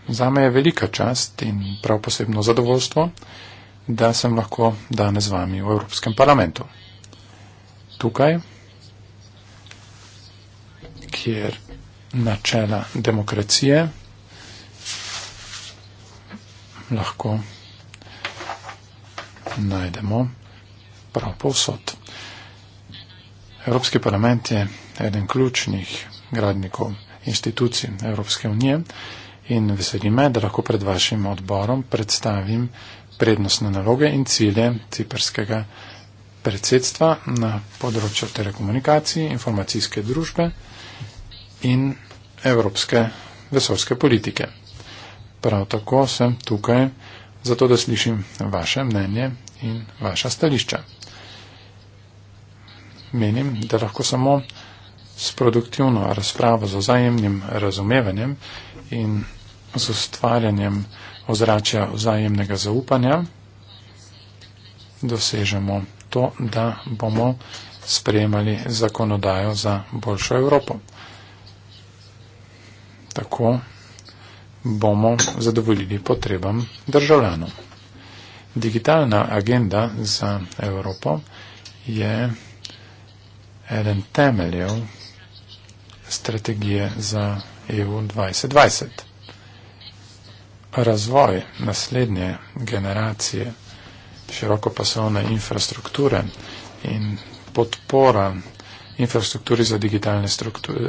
Za me je velika čast in prav posebno zadovoljstvo, da sem lahko danes z vami v Evropskem parlamentu. Tukaj, kjer načela demokracije lahko najdemo prav posod. Evropski parlament je eden ključnih gradnikov institucij Evropske unije in veseli me, da lahko pred vašim odborom predstavim prednostne naloge in cilje ciperskega predsedstva na področju telekomunikacij, informacijske družbe in evropske vesolske politike. Prav tako sem tukaj zato, da slišim vaše mnenje in vaša stališča menim, da lahko samo s produktivno razpravo, z vzajemnim razumevanjem in z ustvarjanjem ozračja vzajemnega zaupanja dosežemo to, da bomo sprejemali zakonodajo za boljšo Evropo. Tako bomo zadovoljili potrebam državljanov. Digitalna agenda za Evropo je eden temeljev strategije za EU 2020. Razvoj naslednje generacije širokopasovne infrastrukture in podpora infrastrukturi za digitalne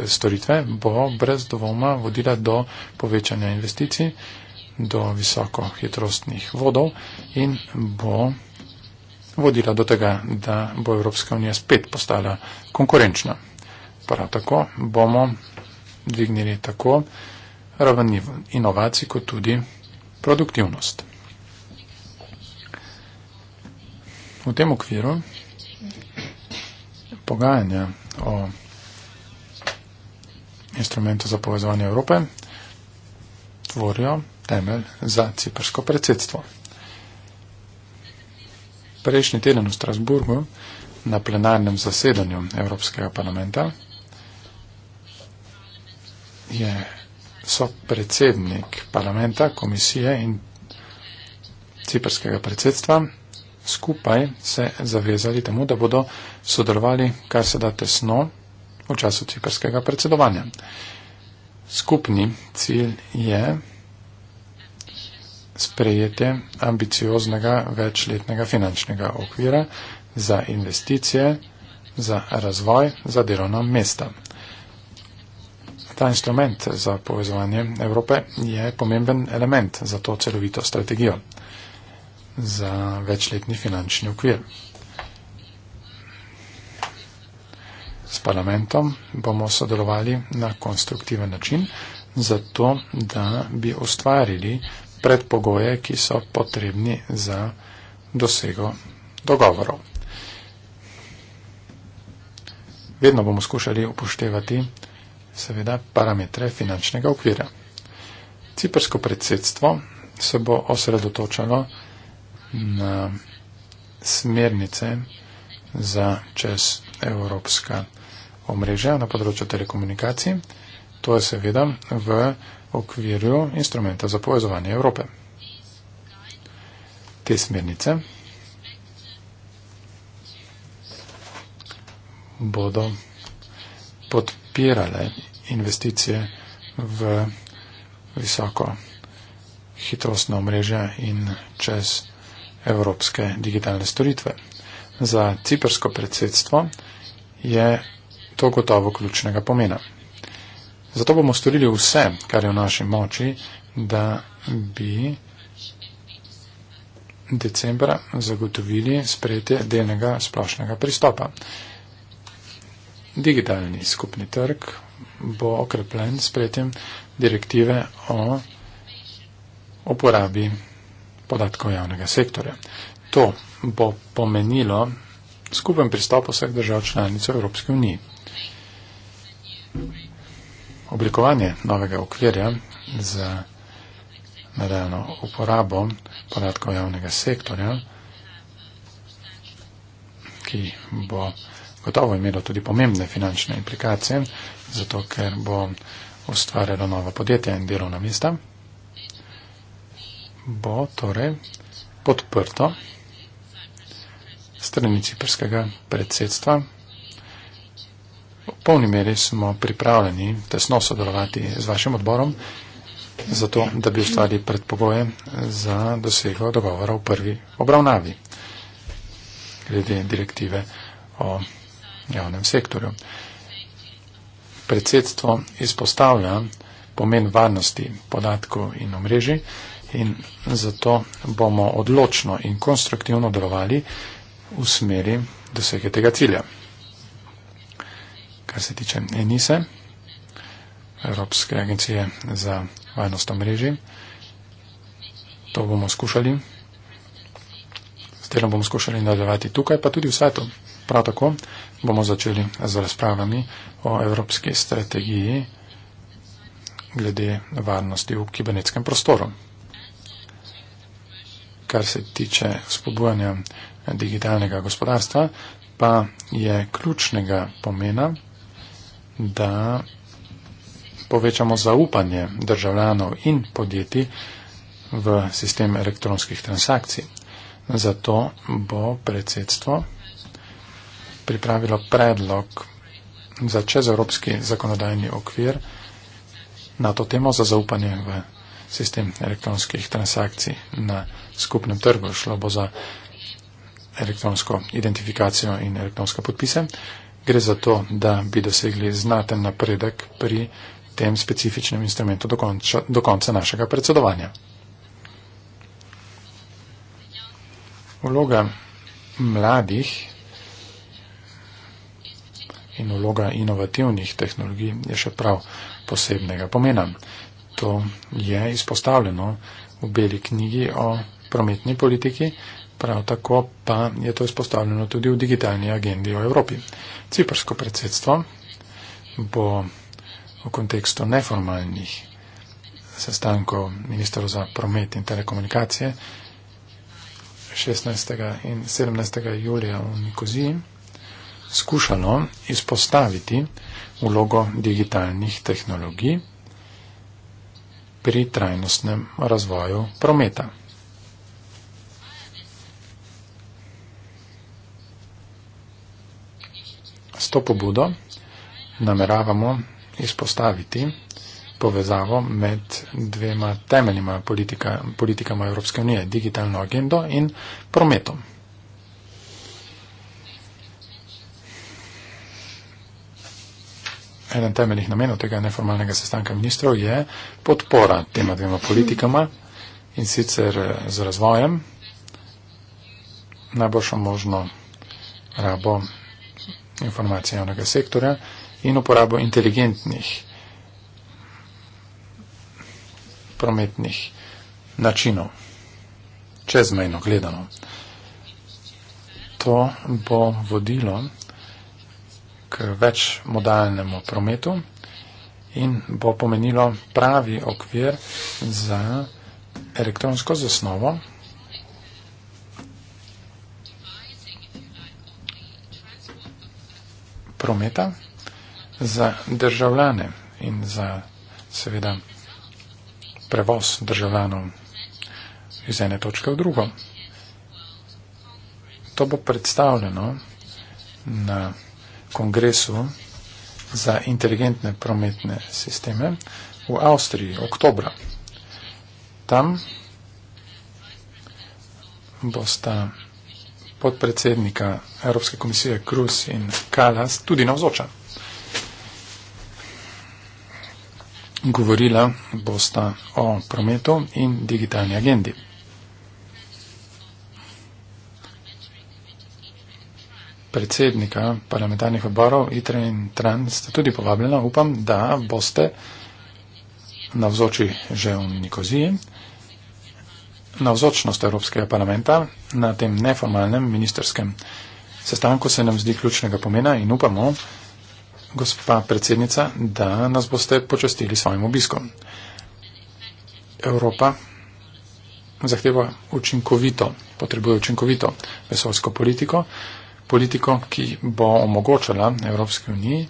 storitve bo brez dvoma vodila do povečanja investicij, do visokohitrostnih vodov in bo vodila do tega, da bo Evropska unija spet postala konkurenčna. Prav tako bomo dvignili tako raven inovacij, kot tudi produktivnost. V tem okviru pogajanja o instrumentu za povezovanje Evrope tvorijo temelj za ciprsko predsedstvo prejšnji teden v Strasburgu na plenarnem zasedanju Evropskega parlamenta je so predsednik parlamenta, komisije in ciperskega predsedstva skupaj se zavezali temu, da bodo sodelovali kar se da tesno v času ciperskega predsedovanja. Skupni cilj je sprejetje ambicioznega večletnega finančnega okvira za investicije, za razvoj, za delovna mesta. Ta instrument za povezovanje Evrope je pomemben element za to celovito strategijo, za večletni finančni okvir. S parlamentom bomo sodelovali na konstruktiven način, zato da bi ustvarili predpogoje, ki so potrebni za dosego dogovorov. Vedno bomo skušali upoštevati seveda parametre finančnega okvira. Ciprsko predsedstvo se bo osredotočalo na smernice za čez evropska omrežja na področju telekomunikacij. To je seveda v okviru instrumenta za povezovanje Evrope. Te smernice bodo podpirale investicije v visoko hitrostno mreže in čez evropske digitalne storitve. Za ciprsko predsedstvo je to gotovo ključnega pomena. Zato bomo storili vse, kar je v naši moči, da bi decembra zagotovili sprejetje delnega splošnega pristopa. Digitalni skupni trg bo okrepljen sprejetjem direktive o uporabi podatkov javnega sektorja. To bo pomenilo skupen pristop vseh držav članic Evropske unije oblikovanje novega okvirja za nadaljno uporabo podatkov javnega sektorja, ki bo gotovo imelo tudi pomembne finančne implikacije, zato ker bo ustvarjalo nova podjetja in delovna mesta, bo torej podprto strani ciprskega predsedstva polni meri smo pripravljeni tesno sodelovati z vašim odborom, zato da bi ustvarili predpogoje za dosego dogovora v prvi obravnavi glede direktive o javnem sektorju. Predsedstvo izpostavlja pomen varnosti podatkov in omrežij in zato bomo odločno in konstruktivno delovali v smeri dosege tega cilja kar se tiče ENISE, Evropske agencije za varnost omrežij. To bomo skušali. S delom bomo skušali nadaljevati tukaj, pa tudi v svetu. Prav tako bomo začeli z razpravami o evropski strategiji glede varnosti v kibernetskem prostoru. Kar se tiče spodbujanja digitalnega gospodarstva, pa je ključnega pomena da povečamo zaupanje državljanov in podjetij v sistem elektronskih transakcij. Zato bo predsedstvo pripravilo predlog za čezevropski zakonodajni okvir na to temo za zaupanje v sistem elektronskih transakcij na skupnem trgu. Šlo bo za elektronsko identifikacijo in elektronske podpise gre za to, da bi dosegli znaten napredek pri tem specifičnem instrumentu do konca, do konca našega predsedovanja. Vloga mladih in vloga inovativnih tehnologij je še prav posebnega pomena. To je izpostavljeno v beli knjigi o prometni politiki, Prav tako pa je to izpostavljeno tudi v digitalni agendi o Evropi. Ciprsko predsedstvo bo v kontekstu neformalnih sestankov ministrov za promet in telekomunikacije 16. in 17. julija v Nikoziji skušalo izpostaviti vlogo digitalnih tehnologij pri trajnostnem razvoju prometa. S to pobudo nameravamo izpostaviti povezavo med dvema temeljima politika, politikama Evropske unije, digitalno agendo in prometom. Eden temeljnih namenov tega neformalnega sestanka ministrov je podpora tema dvema politikama in sicer z razvojem najboljšo možno rabo informacij javnega sektora in uporabo inteligentnih prometnih načinov, čezmejno gledano. To bo vodilo k več modalnemu prometu in bo pomenilo pravi okvir za elektronsko zasnovo prometa za državljane in za seveda prevoz državljanov iz ene točke v drugo. To bo predstavljeno na kongresu za inteligentne prometne sisteme v Avstriji oktobra. Tam bosta podpredsednika Evropske komisije Krus in Kalas tudi navzoča. Govorila bosta o prometu in digitalni agendi. Predsednika parlamentarnih odborov ITRE in TRANS sta tudi povabljena. Upam, da boste navzoči že v Nikoziji. Navzočnost Evropskega parlamenta na tem neformalnem ministerskem sestanku se nam zdi ključnega pomena in upamo, gospa predsednica, da nas boste počastili svojim obiskom. Evropa zahteva učinkovito, potrebuje učinkovito vesolsko politiko, politiko, ki bo omogočala Evropski uniji,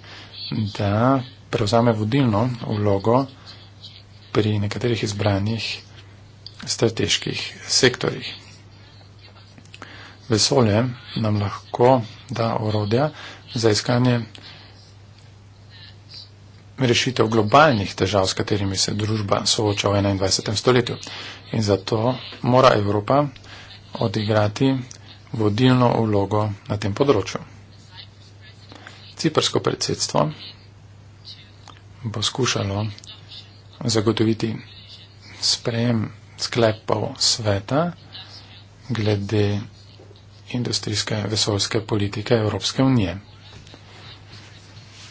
da prevzame vodilno vlogo pri nekaterih izbranih strateških sektorjih vesolje nam lahko da orodja za iskanje rešitev globalnih težav, s katerimi se družba sooča v 21. stoletju. In zato mora Evropa odigrati vodilno vlogo na tem področju. Ciprsko predsedstvo bo skušalo zagotoviti sprejem sklepov sveta glede industrijske vesoljske politike Evropske unije.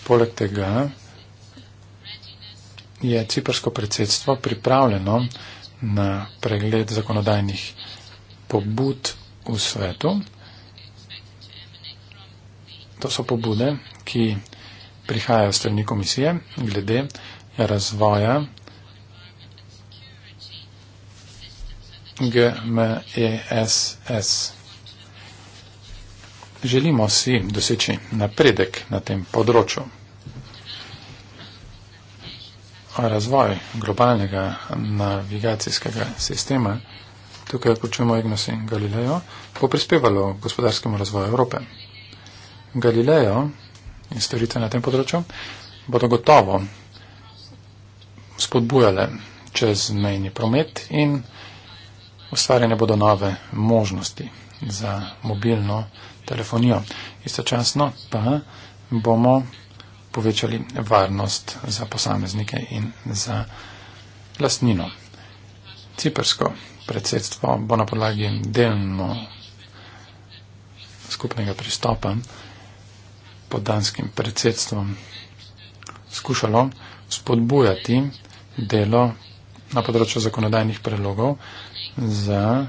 Poleg tega je ciprsko predsedstvo pripravljeno na pregled zakonodajnih pobud v svetu. To so pobude, ki prihajajo strani komisije glede razvoja GMESS. Želimo si doseči napredek na tem področju. Razvoj globalnega navigacijskega sistema, tukaj vključujemo Ignos in Galilejo, bo prispevalo gospodarskemu razvoju Evrope. Galilejo in storitve na tem področju bodo gotovo spodbujale čezmejni promet in ustvarjene bodo nove možnosti za mobilno telefonijo. Istočasno pa bomo povečali varnost za posameznike in za lastnino. Cipersko predsedstvo bo na podlagi delno skupnega pristopa pod danskim predsedstvom skušalo spodbujati delo na področju zakonodajnih predlogov za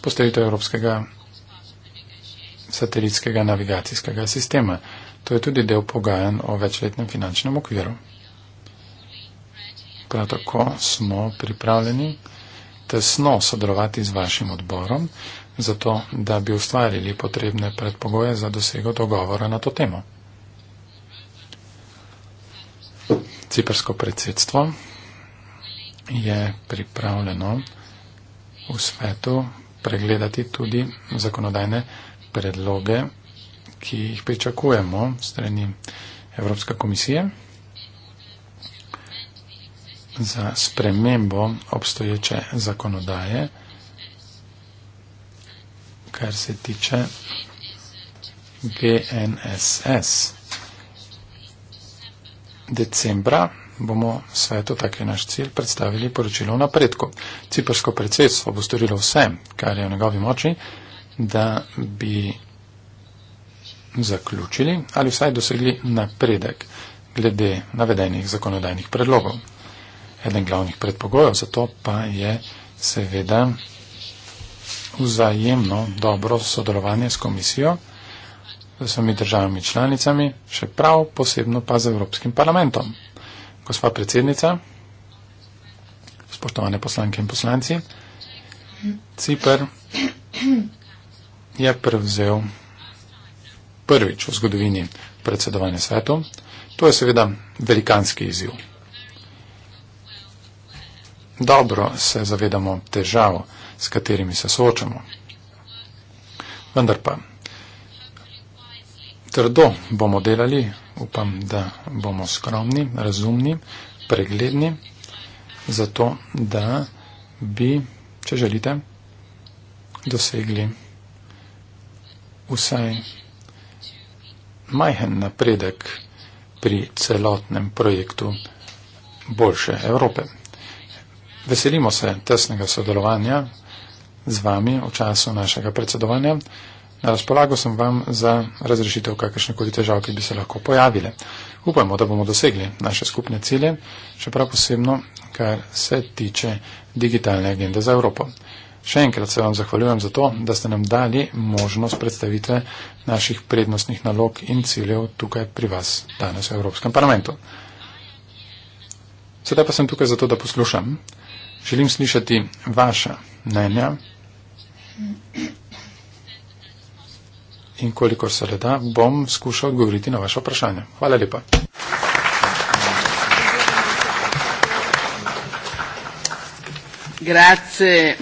vzpostavitev evropskega satelitskega navigacijskega sistema. To je tudi del pogajanj o večletnem finančnem okviru. Prav tako smo pripravljeni tesno sodelovati z vašim odborom, zato da bi ustvarili potrebne predpogoje za dosego dogovora na to temo. Cipersko predsedstvo je pripravljeno v svetu pregledati tudi zakonodajne predloge, ki jih pričakujemo strani Evropske komisije za spremembo obstoječe zakonodaje, kar se tiče GNSS. Decembra bomo svetu, tak je naš cilj, predstavili poročilo v napredku. Cipersko predsedstvo bo storilo vse, kar je v njegovi moči, da bi zaključili ali vsaj dosegli napredek glede navedenih zakonodajnih predlogov. Eden glavnih predpogojev za to pa je seveda vzajemno dobro sodelovanje s komisijo, z vsemi državami članicami, še prav posebno pa z Evropskim parlamentom gospa predsednica, spoštovane poslanke in poslanci, Cipr je prevzel prvič v zgodovini predsedovanja svetu. To je seveda velikanski izziv. Dobro se zavedamo težav, s katerimi se soočamo. Vendar pa trdo bomo delali, upam, da bomo skromni, razumni, pregledni, zato da bi, če želite, dosegli vsaj majhen napredek pri celotnem projektu boljše Evrope. Veselimo se tesnega sodelovanja z vami v času našega predsedovanja. Na razpolago sem vam za razrešitev kakršnekoli težav, ki bi se lahko pojavile. Upamo, da bomo dosegli naše skupne cilje, čeprav posebno, kar se tiče digitalne agende za Evropo. Še enkrat se vam zahvaljujem za to, da ste nam dali možnost predstavitve naših prednostnih nalog in ciljev tukaj pri vas danes v Evropskem parlamentu. Sedaj pa sem tukaj zato, da poslušam. Želim slišati vaša mnenja in kolikor se le da, bom skušal odgovoriti na vaše vprašanje. Hvala lepa. Grazie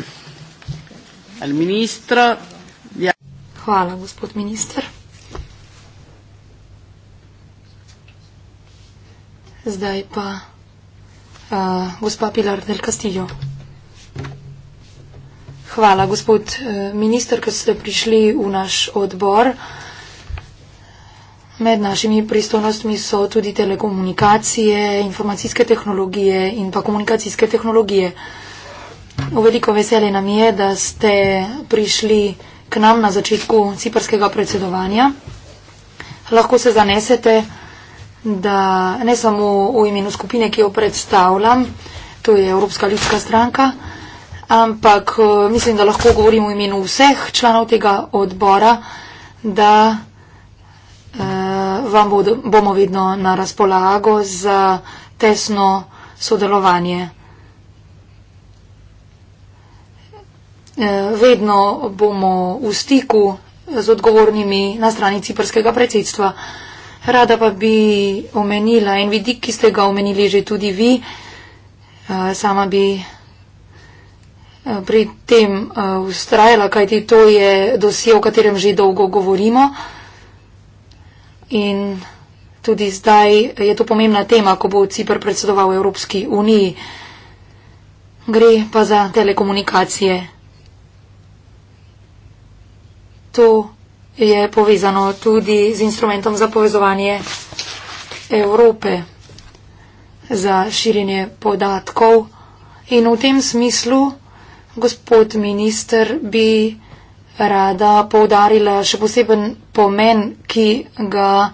al ministro. Ja. Hvala, gospod minister. Zdaj pa uh, gospa Pilar del Castillo. Hvala, gospod eh, minister, ker ste prišli v naš odbor. Med našimi pristojnostmi so tudi telekomunikacije, informacijske tehnologije in pa komunikacijske tehnologije. V veliko veselje nam je, da ste prišli k nam na začetku ciprskega predsedovanja. Lahko se zanesete, da ne samo v imenu skupine, ki jo predstavljam, to je Evropska ljudska stranka, ampak eh, mislim, da lahko govorim v imenu vseh članov tega odbora, da eh, vam bodo, bomo vedno na razpolago za tesno sodelovanje. Eh, vedno bomo v stiku z odgovornimi na strani ciprskega predsedstva. Rada pa bi omenila en vidik, ki ste ga omenili že tudi vi. Eh, sama bi. Eh, pri tem ustrajala, eh, kajti to je dosje, o katerem že dolgo govorimo. In tudi zdaj je to pomembna tema, ko bo Cipr predsedoval Evropski uniji. Gre pa za telekomunikacije. To je povezano tudi z instrumentom za povezovanje Evrope, za širjenje podatkov. In v tem smislu, gospod minister, bi rada povdarila še poseben pomen, ki ga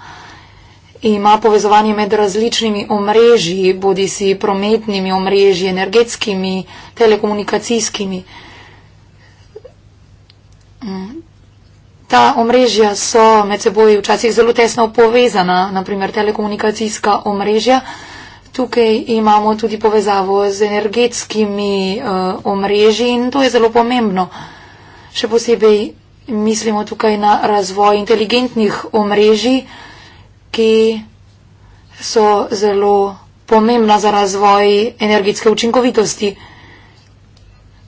ima povezovanje med različnimi omrežji, bodi si prometnimi omrežji, energetskimi, telekomunikacijskimi. Ta omrežja so med seboj včasih zelo tesno povezana, naprimer telekomunikacijska omrežja. Tukaj imamo tudi povezavo z energetskimi uh, omrežji in to je zelo pomembno. Še posebej mislimo tukaj na razvoj inteligentnih omrežij, ki so zelo pomembna za razvoj energetske učinkovitosti.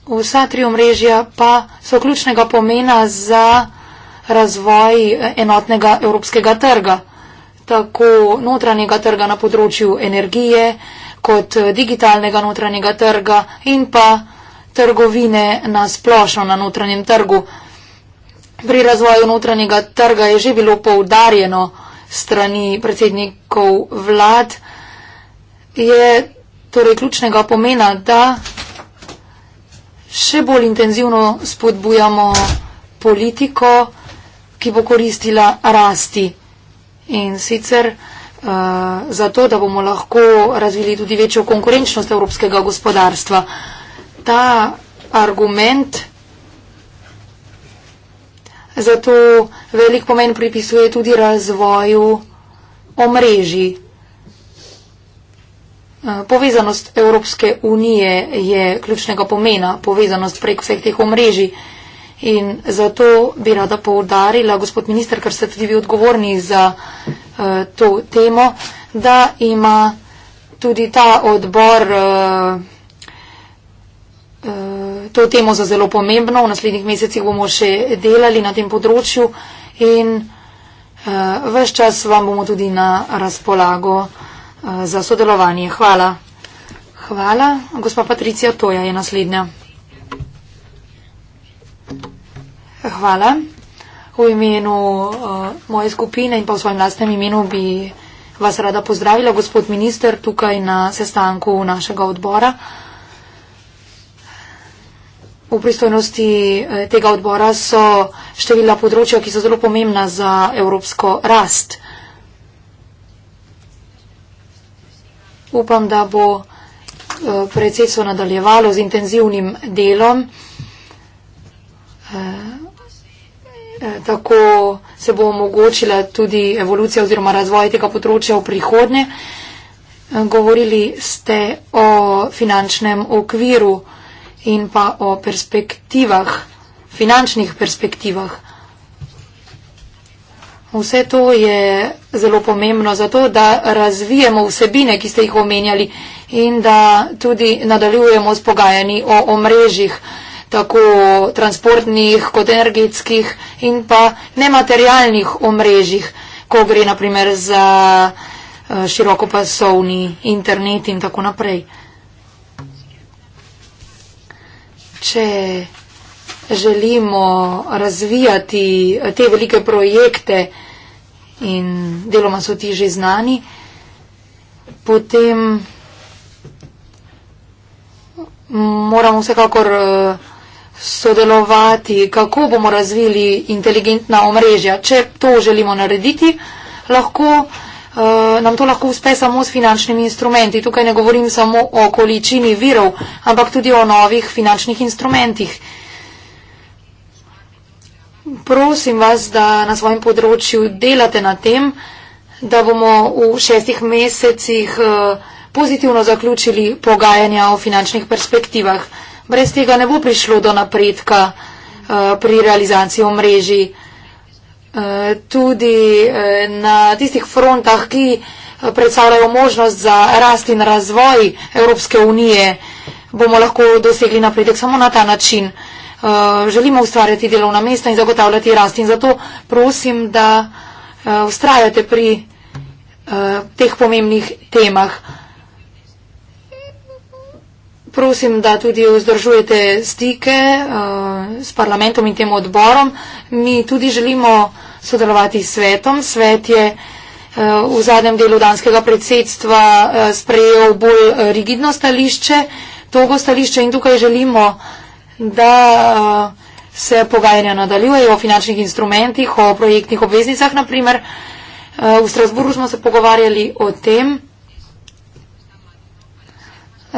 Vsa tri omrežja pa so ključnega pomena za razvoj eh, enotnega evropskega trga tako notranjega trga na področju energije, kot eh, digitalnega notranjega trga in pa trgovine na splošno na notranjem trgu. Pri razvoju notranjega trga je že bilo poudarjeno strani predsednikov vlad, je torej ključnega pomena, da še bolj intenzivno spodbujamo politiko, ki bo koristila rasti. In sicer uh, zato, da bomo lahko razvili tudi večjo konkurenčnost evropskega gospodarstva. Ta argument zato velik pomen pripisuje tudi razvoju omrežji. Eh, povezanost Evropske unije je ključnega pomena, povezanost prek vseh teh omrežij. In zato bi rada poudarila, gospod minister, ker ste tudi vi odgovorni za uh, to temo, da ima tudi ta odbor uh, uh, to temo za zelo pomembno. V naslednjih mesecih bomo še delali na tem področju in uh, vse čas vam bomo tudi na razpolago uh, za sodelovanje. Hvala. Hvala. Gospa Patricija Toja je naslednja. Hvala. V imenu uh, moje skupine in pa v svojem lastnem imenu bi vas rada pozdravila, gospod minister, tukaj na sestanku našega odbora. V pristojnosti eh, tega odbora so števila področja, ki so zelo pomembna za evropsko rast. Upam, da bo eh, predsedstvo nadaljevalo z intenzivnim delom. Uh, Eh, tako se bo omogočila tudi evolucija oziroma razvoj tega področja v prihodnje. Eh, govorili ste o finančnem okviru in pa o perspektivah, finančnih perspektivah. Vse to je zelo pomembno za to, da razvijemo vsebine, ki ste jih omenjali in da tudi nadaljujemo s pogajanji o omrežjih tako transportnih kot energetskih in pa nematerialnih omrežjih, ko gre naprimer za eh, širokopasovni internet in tako naprej. Če želimo razvijati te velike projekte in deloma so ti že znani, potem moramo vsekakor uh, sodelovati, kako bomo razvili inteligentna omrežja. Če to želimo narediti, lahko, uh, nam to lahko uspe samo s finančnimi instrumenti. Tukaj ne govorim samo o količini virov, ampak tudi o novih finančnih instrumentih. Prosim vas, da na svojem področju delate na tem, da bomo v šestih mesecih uh, pozitivno zaključili pogajanja o finančnih perspektivah. Brez tega ne bo prišlo do napredka uh, pri realizaciji omrežij. Uh, tudi uh, na tistih frontah, ki predstavljajo možnost za rast in razvoj Evropske unije, bomo lahko dosegli napredek samo na ta način. Uh, želimo ustvarjati delovna mesta in zagotavljati rast in zato prosim, da uh, ustrajate pri uh, teh pomembnih temah prosim, da tudi vzdržujete stike uh, s parlamentom in tem odborom. Mi tudi želimo sodelovati s svetom. Svet je uh, v zadnjem delu danskega predsedstva uh, sprejel bolj rigidno stališče, togo stališče in tukaj želimo, da uh, se pogajanja nadaljujejo o finančnih instrumentih, o projektnih obveznicah naprimer. Uh, v Strasburu smo se pogovarjali o tem.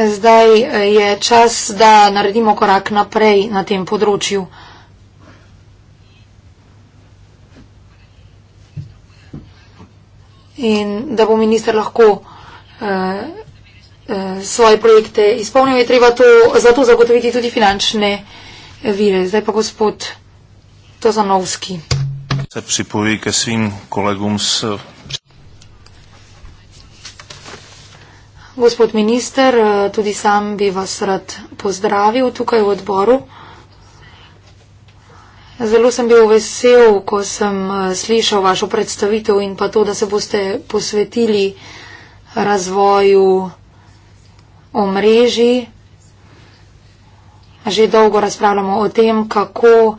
Zdaj eh, je čas, da naredimo korak naprej na tem področju. In da bo minister lahko eh, eh svoje projekte izpolnil, je treba to, zato zagotoviti tudi finančne eh, vire. Zdaj pa gospod Tozanovski. Se pripoji, ker svim kolegom s Gospod minister, eh, tudi sam bi vas rad pozdravil tukaj v odboru. Zelo sem bil vesel, ko sem eh, slišal vašo predstavitev in pa to, da se boste posvetili razvoju omrežji. Že dolgo razpravljamo o tem, kako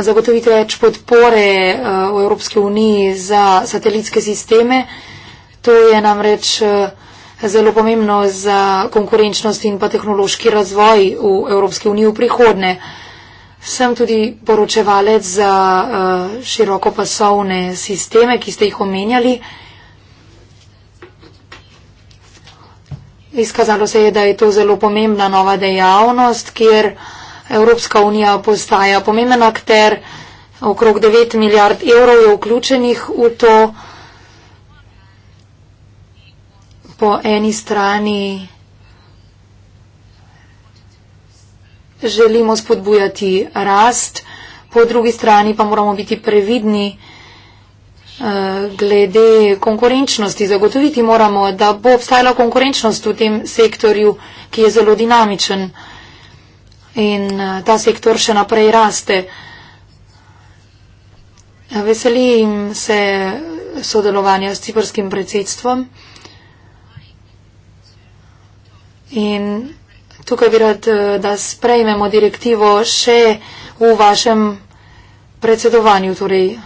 zagotoviti več podpore eh, v Evropski uniji za satelitske sisteme. To je namreč zelo pomembno za konkurenčnost in pa tehnološki razvoj v Evropski uniji v prihodne. Sem tudi poročevalec za uh, širokopasovne sisteme, ki ste jih omenjali. Izkazalo se je, da je to zelo pomembna nova dejavnost, kjer Evropska unija postaja pomemben akter. Okrog 9 milijard evrov je vključenih v to. po eni strani želimo spodbujati rast, po drugi strani pa moramo biti previdni eh, glede konkurenčnosti. Zagotoviti moramo, da bo obstajala konkurenčnost v tem sektorju, ki je zelo dinamičen in eh, ta sektor še naprej raste. Veselim se sodelovanja s ciprskim predsedstvom. In tukaj bi rad, eh, da sprejmemo direktivo še v vašem predsedovanju, torej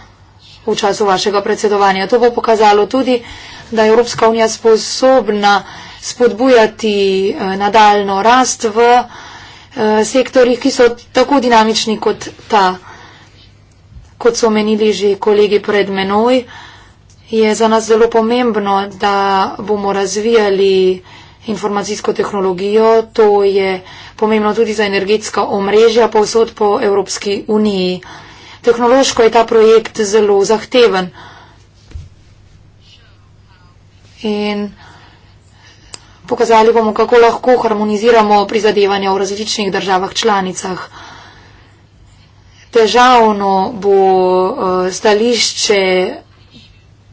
v času vašega predsedovanja. To bo pokazalo tudi, da je Evropska unija sposobna spodbujati eh, nadaljno rast v eh, sektorjih, ki so tako dinamični kot ta. Kot so omenili že kolegi pred menoj, je za nas zelo pomembno, da bomo razvijali informacijsko tehnologijo, to je pomembno tudi za energetska omrežja povsod po Evropski uniji. Tehnološko je ta projekt zelo zahteven. In pokazali bomo, kako lahko harmoniziramo prizadevanja v različnih državah članicah. Težavno bo eh, stališče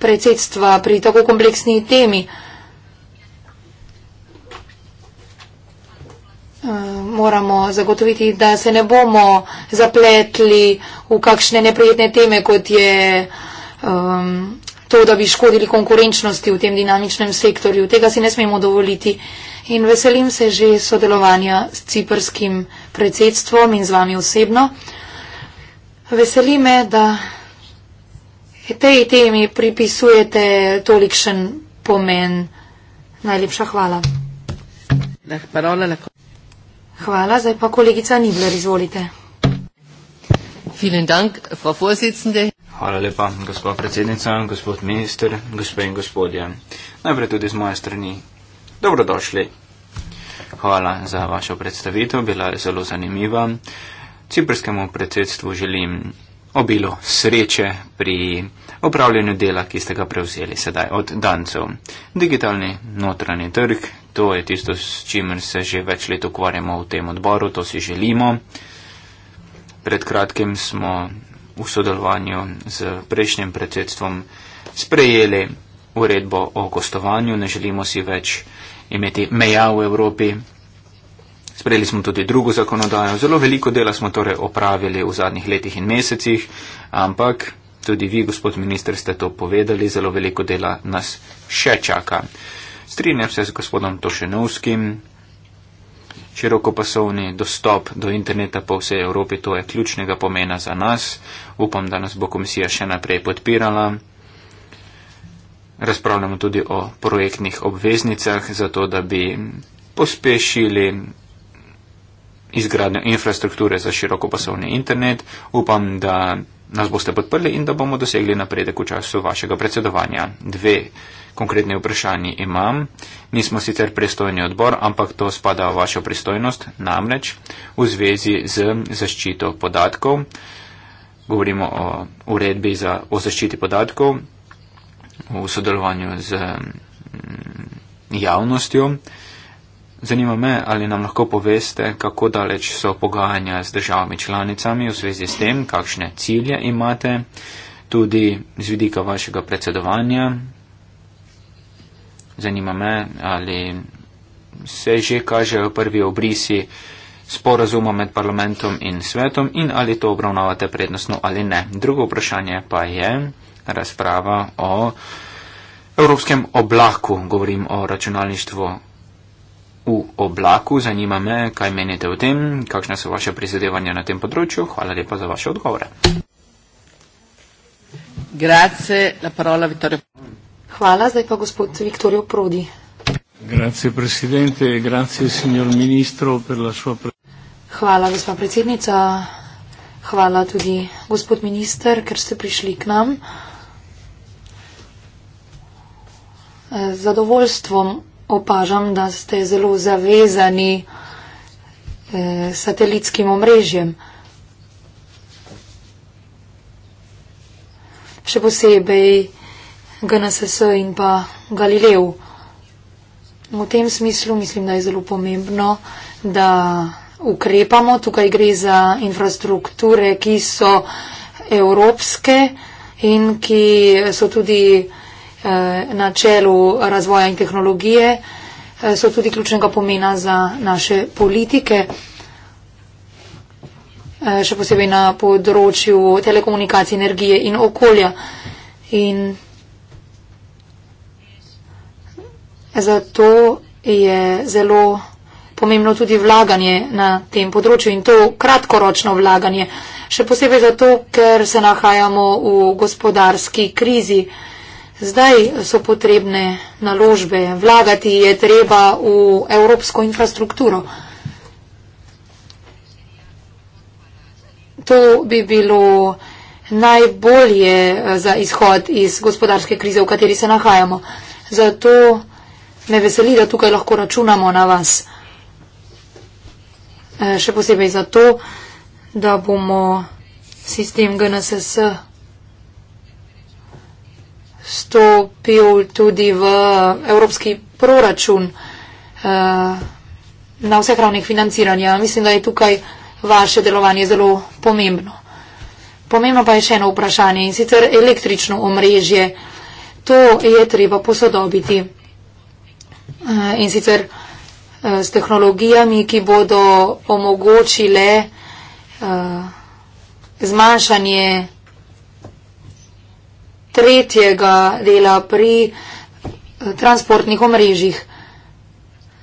predsedstva pri tako kompleksni temi. moramo zagotoviti, da se ne bomo zapletli v kakšne neprijetne teme, kot je um, to, da bi škodili konkurenčnosti v tem dinamičnem sektorju. Tega si ne smemo dovoliti. In veselim se že sodelovanja s ciprskim predsedstvom in z vami osebno. Veseli me, da tej temi pripisujete tolikšen pomen. Najlepša hvala. Hvala. Zdaj pa kolegica Nibler, izvolite. Hvala lepa, gospod predsednica, gospod minister, gospe in gospodje. Najprej tudi z moje strani. Dobrodošli. Hvala za vašo predstavitev, bila je zelo zanimiva. Ciprskemu predsedstvu želim obilo sreče pri opravljanju dela, ki ste ga prevzeli sedaj od dancev. Digitalni notranji trg, to je tisto, s čimer se že več let ukvarjamo v tem odboru, to si želimo. Pred kratkim smo v sodelovanju z prejšnjim predsedstvom sprejeli uredbo o gostovanju, ne želimo si več imeti meja v Evropi. Sprejeli smo tudi drugo zakonodajo, zelo veliko dela smo torej opravili v zadnjih letih in mesecih, ampak tudi vi, gospod minister, ste to povedali, zelo veliko dela nas še čaka strinjam se z gospodom Tošenovskim, širokopasovni dostop do interneta po vsej Evropi, to je ključnega pomena za nas. Upam, da nas bo komisija še naprej podpirala. Razpravljamo tudi o projektnih obveznicah, zato da bi pospešili izgradnjo infrastrukture za širokopasovni internet. Upam, da nas boste podprli in da bomo dosegli napredek v času vašega predsedovanja. Dve konkretni vprašanji imam. Nismo sicer pristojni odbor, ampak to spada v vašo pristojnost, namreč v zvezi z zaščito podatkov. Govorimo o uredbi za, o zaščiti podatkov v sodelovanju z mm, javnostjo. Zanima me, ali nam lahko poveste, kako daleč so pogajanja z državami članicami v zvezi s tem, kakšne cilje imate, tudi z vidika vašega predsedovanja. Zanima me, ali se že kažejo prvi obrisi sporazuma med parlamentom in svetom in ali to obravnavate prednostno ali ne. Drugo vprašanje pa je razprava o. Evropskem oblaku govorim o računalništvu v oblaku. Zanima me, kaj menite o tem, kakšne so vaše prizadevanja na tem področju. Hvala lepa za vaše odgovore. Grazie, la parola Vittorio. Hvala, zdaj pa gospod Viktorijo Prodi. Grazie, presidente, e grazie, signor ministro, per la sua presenza. Hvala, gospa predsednica. Hvala tudi, gospod minister, ker ste prišli k nam. Z zadovoljstvom opažam, da ste zelo zavezani eh, satelitskim omrežjem. Še posebej GNSS in pa Galileu. V tem smislu mislim, da je zelo pomembno, da ukrepamo. Tukaj gre za infrastrukture, ki so evropske in ki so tudi Eh, na čelu razvoja in tehnologije, eh, so tudi ključnega pomena za naše politike, eh, še posebej na področju telekomunikacij, energije in okolja. In zato je zelo pomembno tudi vlaganje na tem področju in to kratkoročno vlaganje, še posebej zato, ker se nahajamo v gospodarski krizi. Zdaj so potrebne naložbe, vlagati je treba v evropsko infrastrukturo. To bi bilo najbolje eh, za izhod iz gospodarske krize, v kateri se nahajamo. Zato me veseli, da tukaj lahko računamo na vas. Eh, še posebej zato, da bomo sistem GNSS stopil tudi v eh, evropski proračun eh, na vseh ravnih financiranja. Mislim, da je tukaj vaše delovanje zelo pomembno. Pomembno pa je še eno vprašanje in sicer električno omrežje. To je treba posodobiti eh, in sicer s tehnologijami, ki bodo omogočile zmanjšanje tretjega dela pri eh, transportnih omrežjih.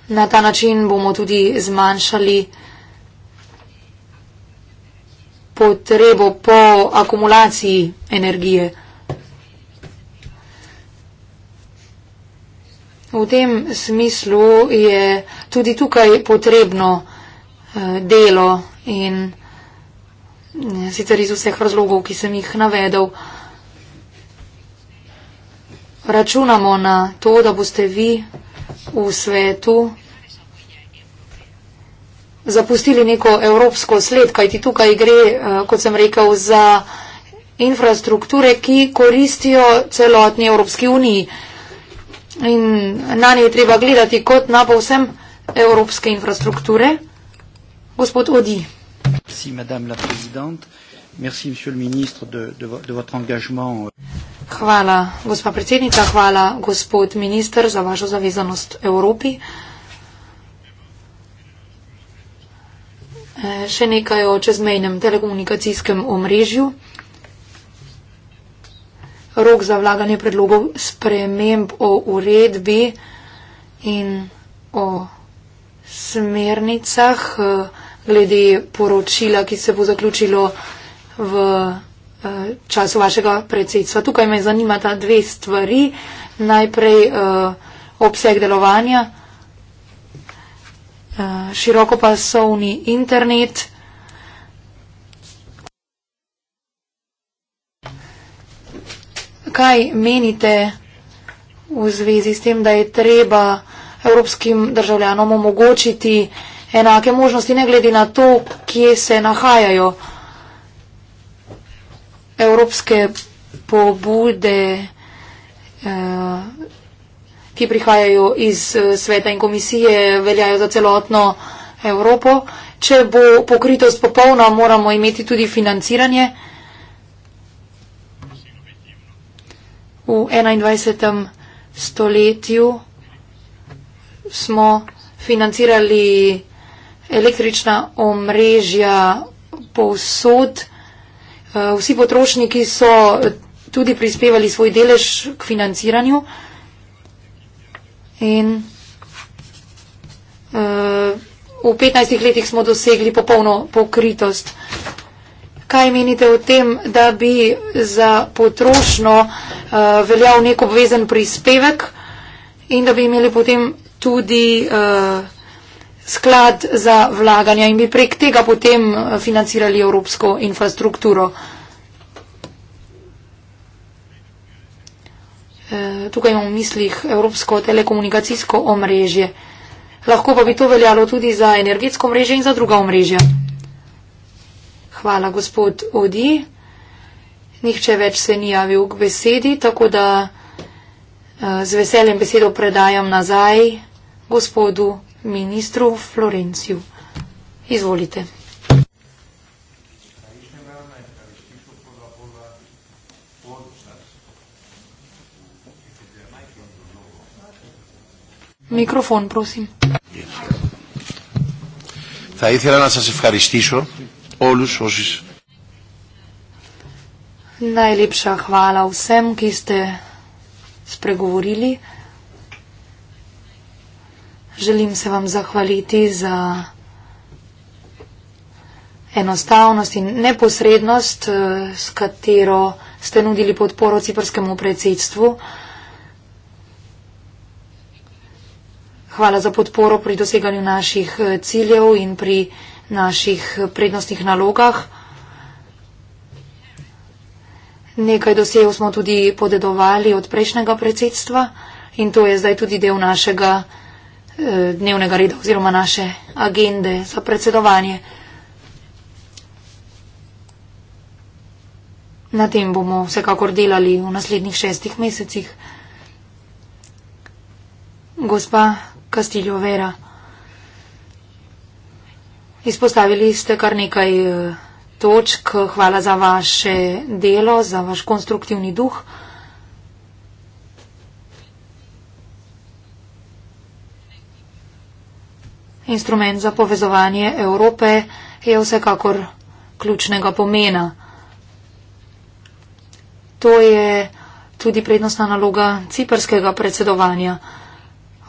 Na ta način bomo tudi zmanjšali potrebo po akumulaciji energije. V tem smislu je tudi tukaj potrebno eh, delo in eh, sicer iz vseh razlogov, ki sem jih navedel računamo na to, da boste vi v svetu zapustili neko evropsko sled, kajti tukaj gre, eh, kot sem rekel, za infrastrukture, ki koristijo celotni Evropski uniji. In na njej treba gledati kot na povsem evropske infrastrukture. Gospod Odi. Merci, madame la présidente. Merci, monsieur le ministre, de, de, de votre engagement. Euh, Hvala, gospa predsednica, hvala, gospod minister, za vašo zavezanost Evropi. E, še nekaj o čezmejnem telekomunikacijskem omrežju. Rok za vlaganje predlogov sprememb o uredbi in o smernicah e, glede poročila, ki se bo zaključilo v Eh, času vašega predsedstva. Tukaj me zanimata dve stvari. Najprej uh, obseg delovanja, uh, širokopasovni internet. Kaj menite v zvezi s tem, da je treba evropskim državljanom omogočiti enake možnosti, ne glede na to, kje se nahajajo? evropske pobude, eh, ki prihajajo iz eh, sveta in komisije, veljajo za celotno Evropo. Če bo pokritost popolna, moramo imeti tudi financiranje. V 21. stoletju smo financirali električna omrežja povsod. Eh, vsi potrošniki so tudi prispevali svoj delež k financiranju in eh, v 15 letih smo dosegli popolno pokritost. Kaj menite o tem, da bi za potrošno eh, veljal nek obvezen prispevek in da bi imeli potem tudi. Uh, sklad za vlaganja in bi prek tega potem eh, financirali evropsko infrastrukturo. Eh, tukaj imam v mislih evropsko telekomunikacijsko omrežje. Lahko pa bi to veljalo tudi za energetsko omrežje in za druga omrežja. Hvala, gospod Odi. Nihče več se ni javil k besedi, tako da eh, z veseljem besedo predajam nazaj gospodu ministru Florenciju. Izvolite. Mikrofon, prosim. Θα ήθελα να σας ευχαριστήσω όλους όσους... Να ελείψα χβάλα ουσέμ και είστε σπρεγουρίλοι. Želim se vam zahvaliti za enostavnost in neposrednost, eh, s katero ste nudili podporo ciprskemu predsedstvu. Hvala za podporo pri doseganju naših eh, ciljev in pri naših eh, prednostnih nalogah. Nekaj dosejev smo tudi podedovali od prejšnjega predsedstva in to je zdaj tudi del našega predsedstva. Eh, dnevnega reda oziroma naše agende za predsedovanje. Na tem bomo vsekakor delali v naslednjih šestih mesecih. Gospa Castillo Vera, izpostavili ste kar nekaj eh, točk. Hvala za vaše delo, za vaš konstruktivni duh. Instrument za povezovanje Evrope je vsekakor ključnega pomena. To je tudi prednostna naloga ciperskega predsedovanja.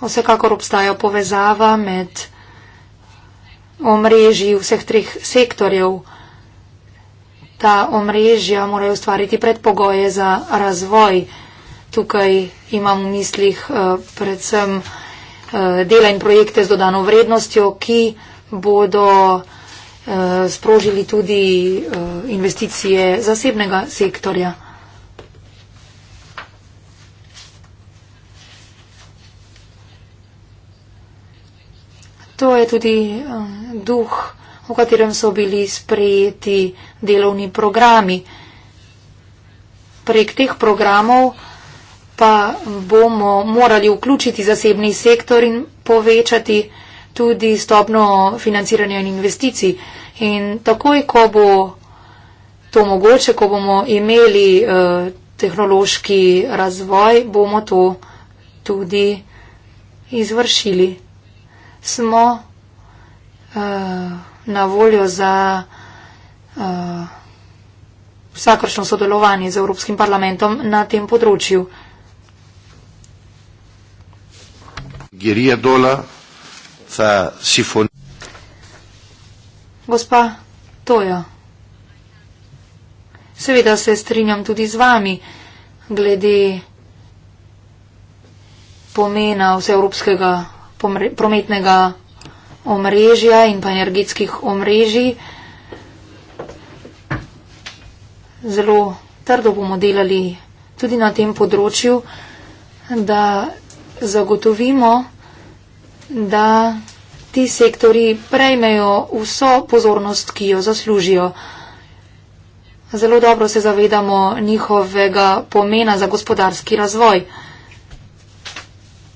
Vsekakor obstaja povezava med omrežji vseh treh sektorjev. Ta omrežja morajo ustvariti predpogoje za razvoj. Tukaj imam v mislih eh, predvsem. Eh, dela in projekte z dodano vrednostjo, ki bodo eh, sprožili tudi eh, investicije zasebnega sektorja. To je tudi duh, v katerem so bili sprejeti delovni programi. Prek teh programov pa bomo morali vključiti zasebni sektor in povečati tudi stopno financiranja in investicij. In takoj, ko bo to mogoče, ko bomo imeli eh, tehnološki razvoj, bomo to tudi izvršili. Smo eh, na voljo za eh, vsakršno sodelovanje z Evropskim parlamentom na tem področju. κυρία Ντόλα θα συμφωνήσει. Gospa Toja, seveda se strinjam tudi z vami glede pomena vseevropskega prometnega omrežja in pa energetskih omrežij. Zelo trdo bomo delali tudi na tem področju, da zagotovimo, da ti sektori prejmejo vso pozornost, ki jo zaslužijo. Zelo dobro se zavedamo njihovega pomena za gospodarski razvoj.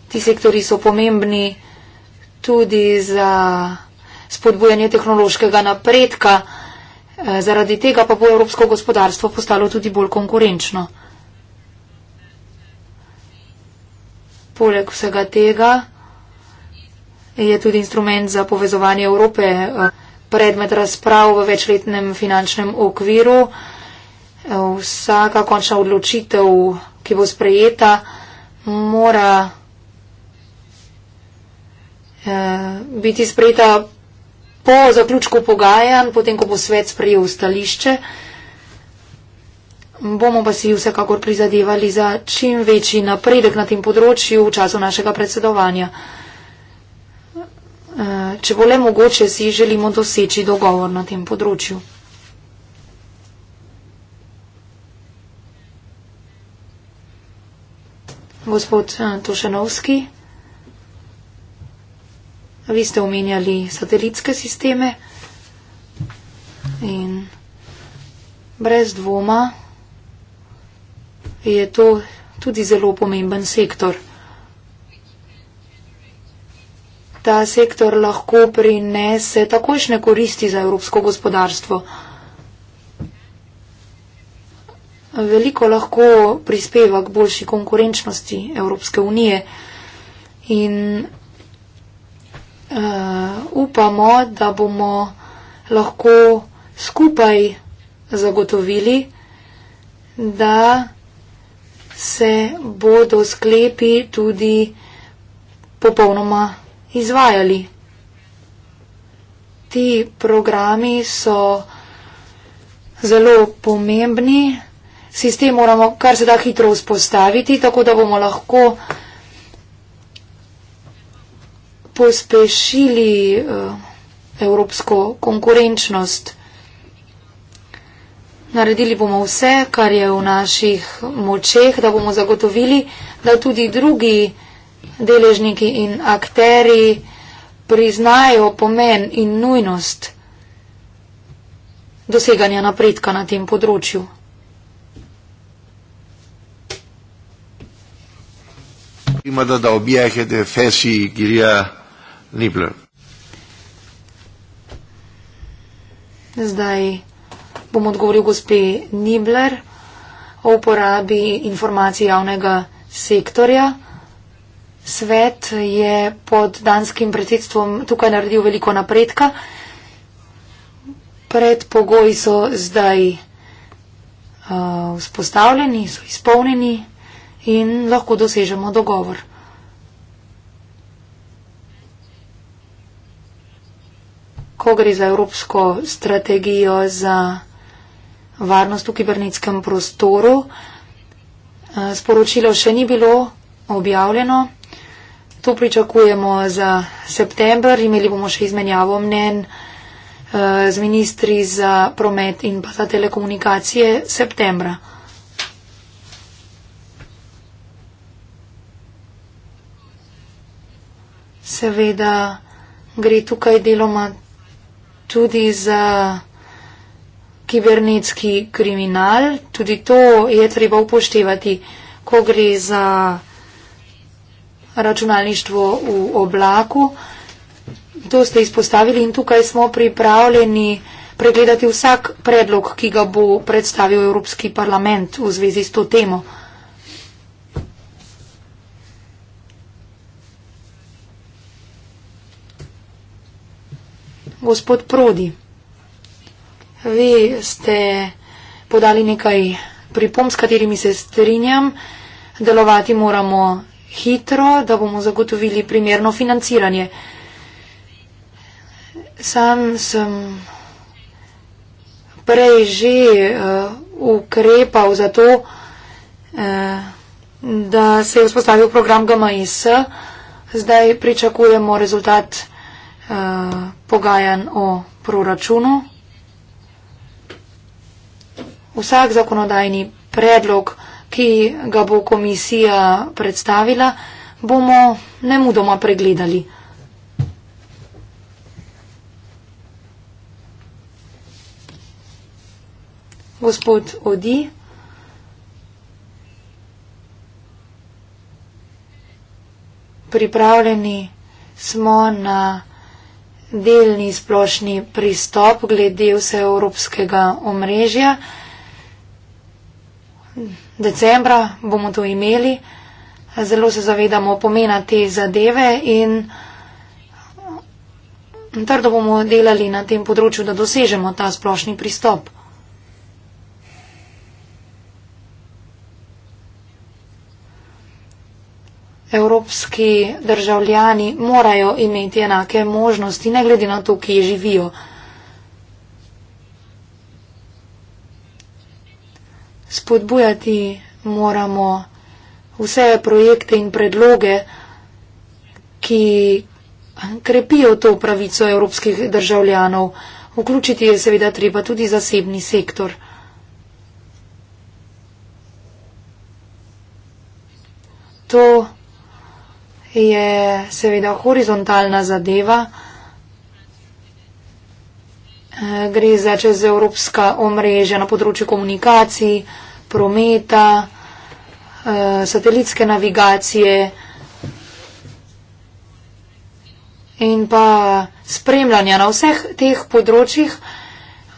Ti sektori so pomembni tudi za spodbujanje tehnološkega napredka, eh, zaradi tega pa bo evropsko gospodarstvo postalo tudi bolj konkurenčno. poleg vsega tega je tudi instrument za povezovanje Evrope, eh, predmet razprav v večletnem finančnem okviru. Eh, vsaka končna odločitev, ki bo sprejeta, mora eh, biti sprejeta po zaključku pogajanj, potem, ko bo svet sprejel stališče. Bomo pa si vsekakor prizadevali za čim večji napredek na tem področju v času našega predsedovanja. Eh, če bo le mogoče, si želimo doseči dogovor na tem področju. Gospod eh, Tošenovski, vi ste omenjali satelitske sisteme in brez dvoma je to tudi zelo pomemben sektor. Ta sektor lahko prinese takošne koristi za evropsko gospodarstvo. Veliko lahko prispeva k boljši konkurenčnosti Evropske unije in uh, upamo, da bomo lahko skupaj zagotovili, da se bodo sklepi tudi popolnoma izvajali. Ti programi so zelo pomembni. Sistem moramo kar se da hitro vzpostaviti, tako da bomo lahko pospešili uh, evropsko konkurenčnost. Naredili bomo vse, kar je v naših močeh, da bomo zagotovili, da tudi drugi deležniki in akteri priznajo pomen in nujnost doseganja napredka na tem področju. Ima da, da objehete fesi Girija Nibler. Zdaj bom odgovoril gospe Nibler o uporabi informacij javnega sektorja. Svet je pod danskim predsedstvom tukaj naredil veliko napredka. Predpogoji so zdaj uh, vzpostavljeni, so izpolnjeni in lahko dosežemo dogovor. Ko gre za evropsko strategijo za varnost v kibernetskem prostoru. Eh, sporočilo še ni bilo objavljeno. To pričakujemo za september. Imeli bomo še izmenjavo mnen eh, z ministri za promet in pa za telekomunikacije septembra. Seveda gre tukaj deloma tudi za kibernetski kriminal. Tudi to je treba upoštevati, ko gre za računalništvo v oblaku. To ste izpostavili in tukaj smo pripravljeni pregledati vsak predlog, ki ga bo predstavil Evropski parlament v zvezi s to temo. Gospod Prodi. Vi ste podali nekaj pripom, s katerimi se strinjam. Delovati moramo hitro, da bomo zagotovili primerno financiranje. Sam sem prej že uh, ukrepal za to, uh, da se je vzpostavil program GMIS. Zdaj pričakujemo rezultat uh, pogajanj o proračunu vsak zakonodajni predlog, ki ga bo komisija predstavila, bomo nemudoma pregledali. Gospod Odi. Pripravljeni smo na delni splošni pristop glede vseevropskega omrežja decembra bomo to imeli. Zelo se zavedamo pomena te zadeve in trdo bomo delali na tem področju, da dosežemo ta splošni pristop. Evropski državljani morajo imeti enake možnosti, ne glede na to, kje živijo. spodbujati moramo vse projekte in predloge, ki krepijo to pravico evropskih državljanov. Vključiti je seveda treba tudi zasebni sektor. To je seveda horizontalna zadeva. Gre za čez Evropska omrežja na področju komunikacij prometa, eh, satelitske navigacije in pa spremljanja na vseh teh področjih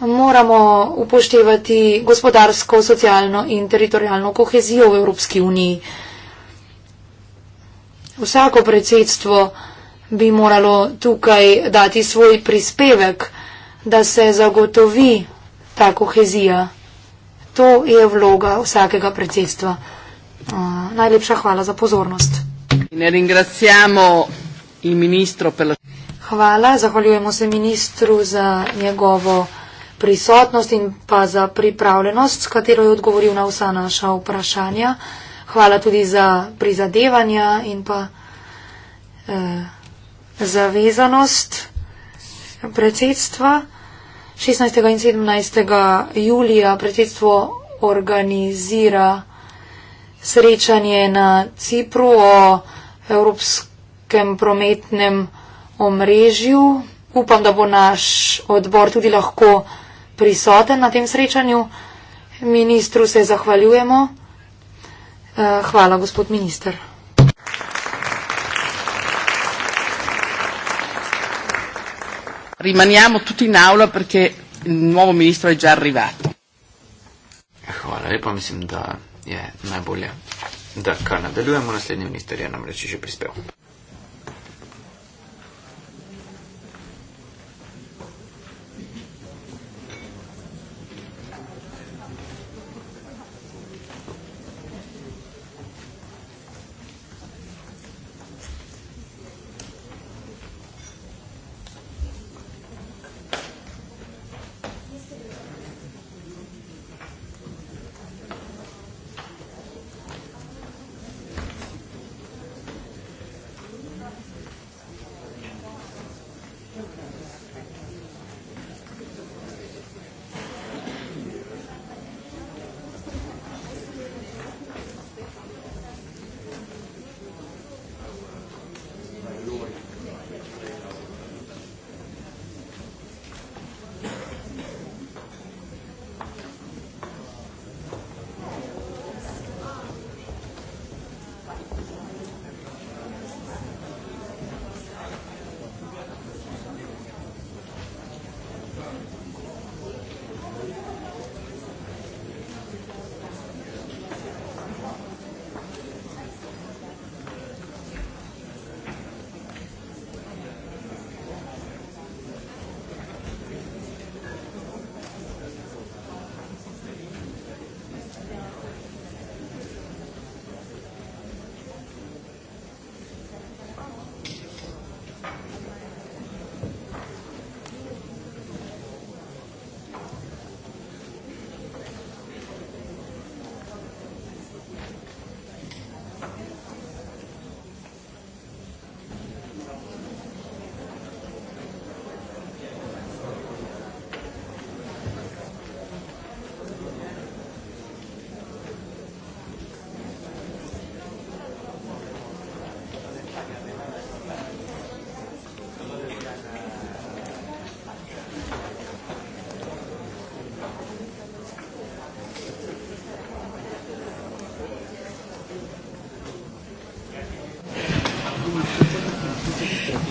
moramo upoštevati gospodarsko, socialno in teritorijalno kohezijo v Evropski uniji. Vsako predsedstvo bi moralo tukaj dati svoj prispevek, da se zagotovi ta kohezija. To je vloga vsakega predsedstva. Uh, najlepša hvala za pozornost. Hvala, zahvaljujemo se ministru za njegovo prisotnost in pa za pripravljenost, s katero je odgovoril na vsa naša vprašanja. Hvala tudi za prizadevanja in pa eh, zavezanost predsedstva. 16. in 17. julija predsedstvo organizira srečanje na Cipru o evropskem prometnem omrežju. Upam, da bo naš odbor tudi lahko prisoten na tem srečanju. Ministru se zahvaljujemo. Eh, hvala, gospod minister. rimaniamo tutti in aula perché il nuovo ministro è già arrivato. Hvala lepa, mislim, da je najbolje, da kar nadaljujemo. Naslednji minister je namreč že prispel.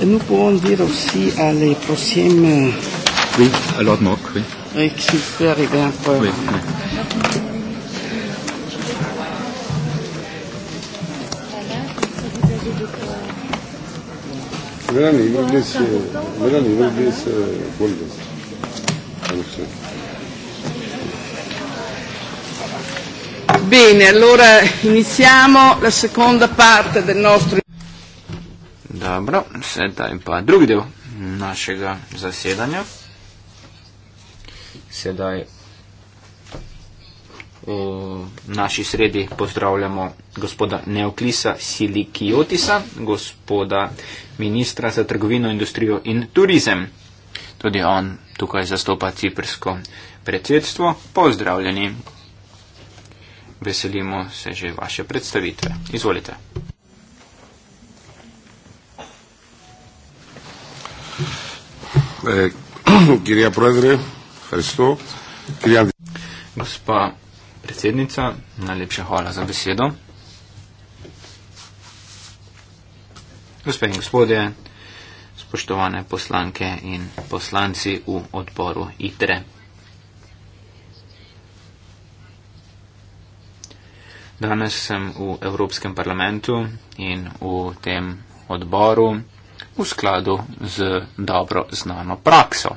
nous pouvons dire aussi à les prochaines. Euh, oui, à Lord Mock, oui. Oui, qu'il peut arriver un peu. Oui, oui. Mélanie, vous laissez. Mélanie, vous laissez. Bonne journée. Bene, allora iniziamo la seconda parte del nostro... Dobro, sedaj pa drugi del našega zasedanja. Sedaj v naši sredi pozdravljamo gospoda Neoklisa Silikiotisa, gospoda ministra za trgovino, industrijo in turizem. Tudi on tukaj zastopa ciprsko predsedstvo. Pozdravljeni. Veselimo se že vaše predstavitve. Izvolite. Ε, eh, κυρία Πρόεδρε, ευχαριστώ. Κυρία Γκουσπά, Πρεσίδνητσα, να λείψει η χώρα σαν πισίδο. Господин господе, споштоване посланке и посланци у одбору ИТРЕ. Данес сам у Европском парламенту и у тем одбору, v skladu z dobro znano prakso.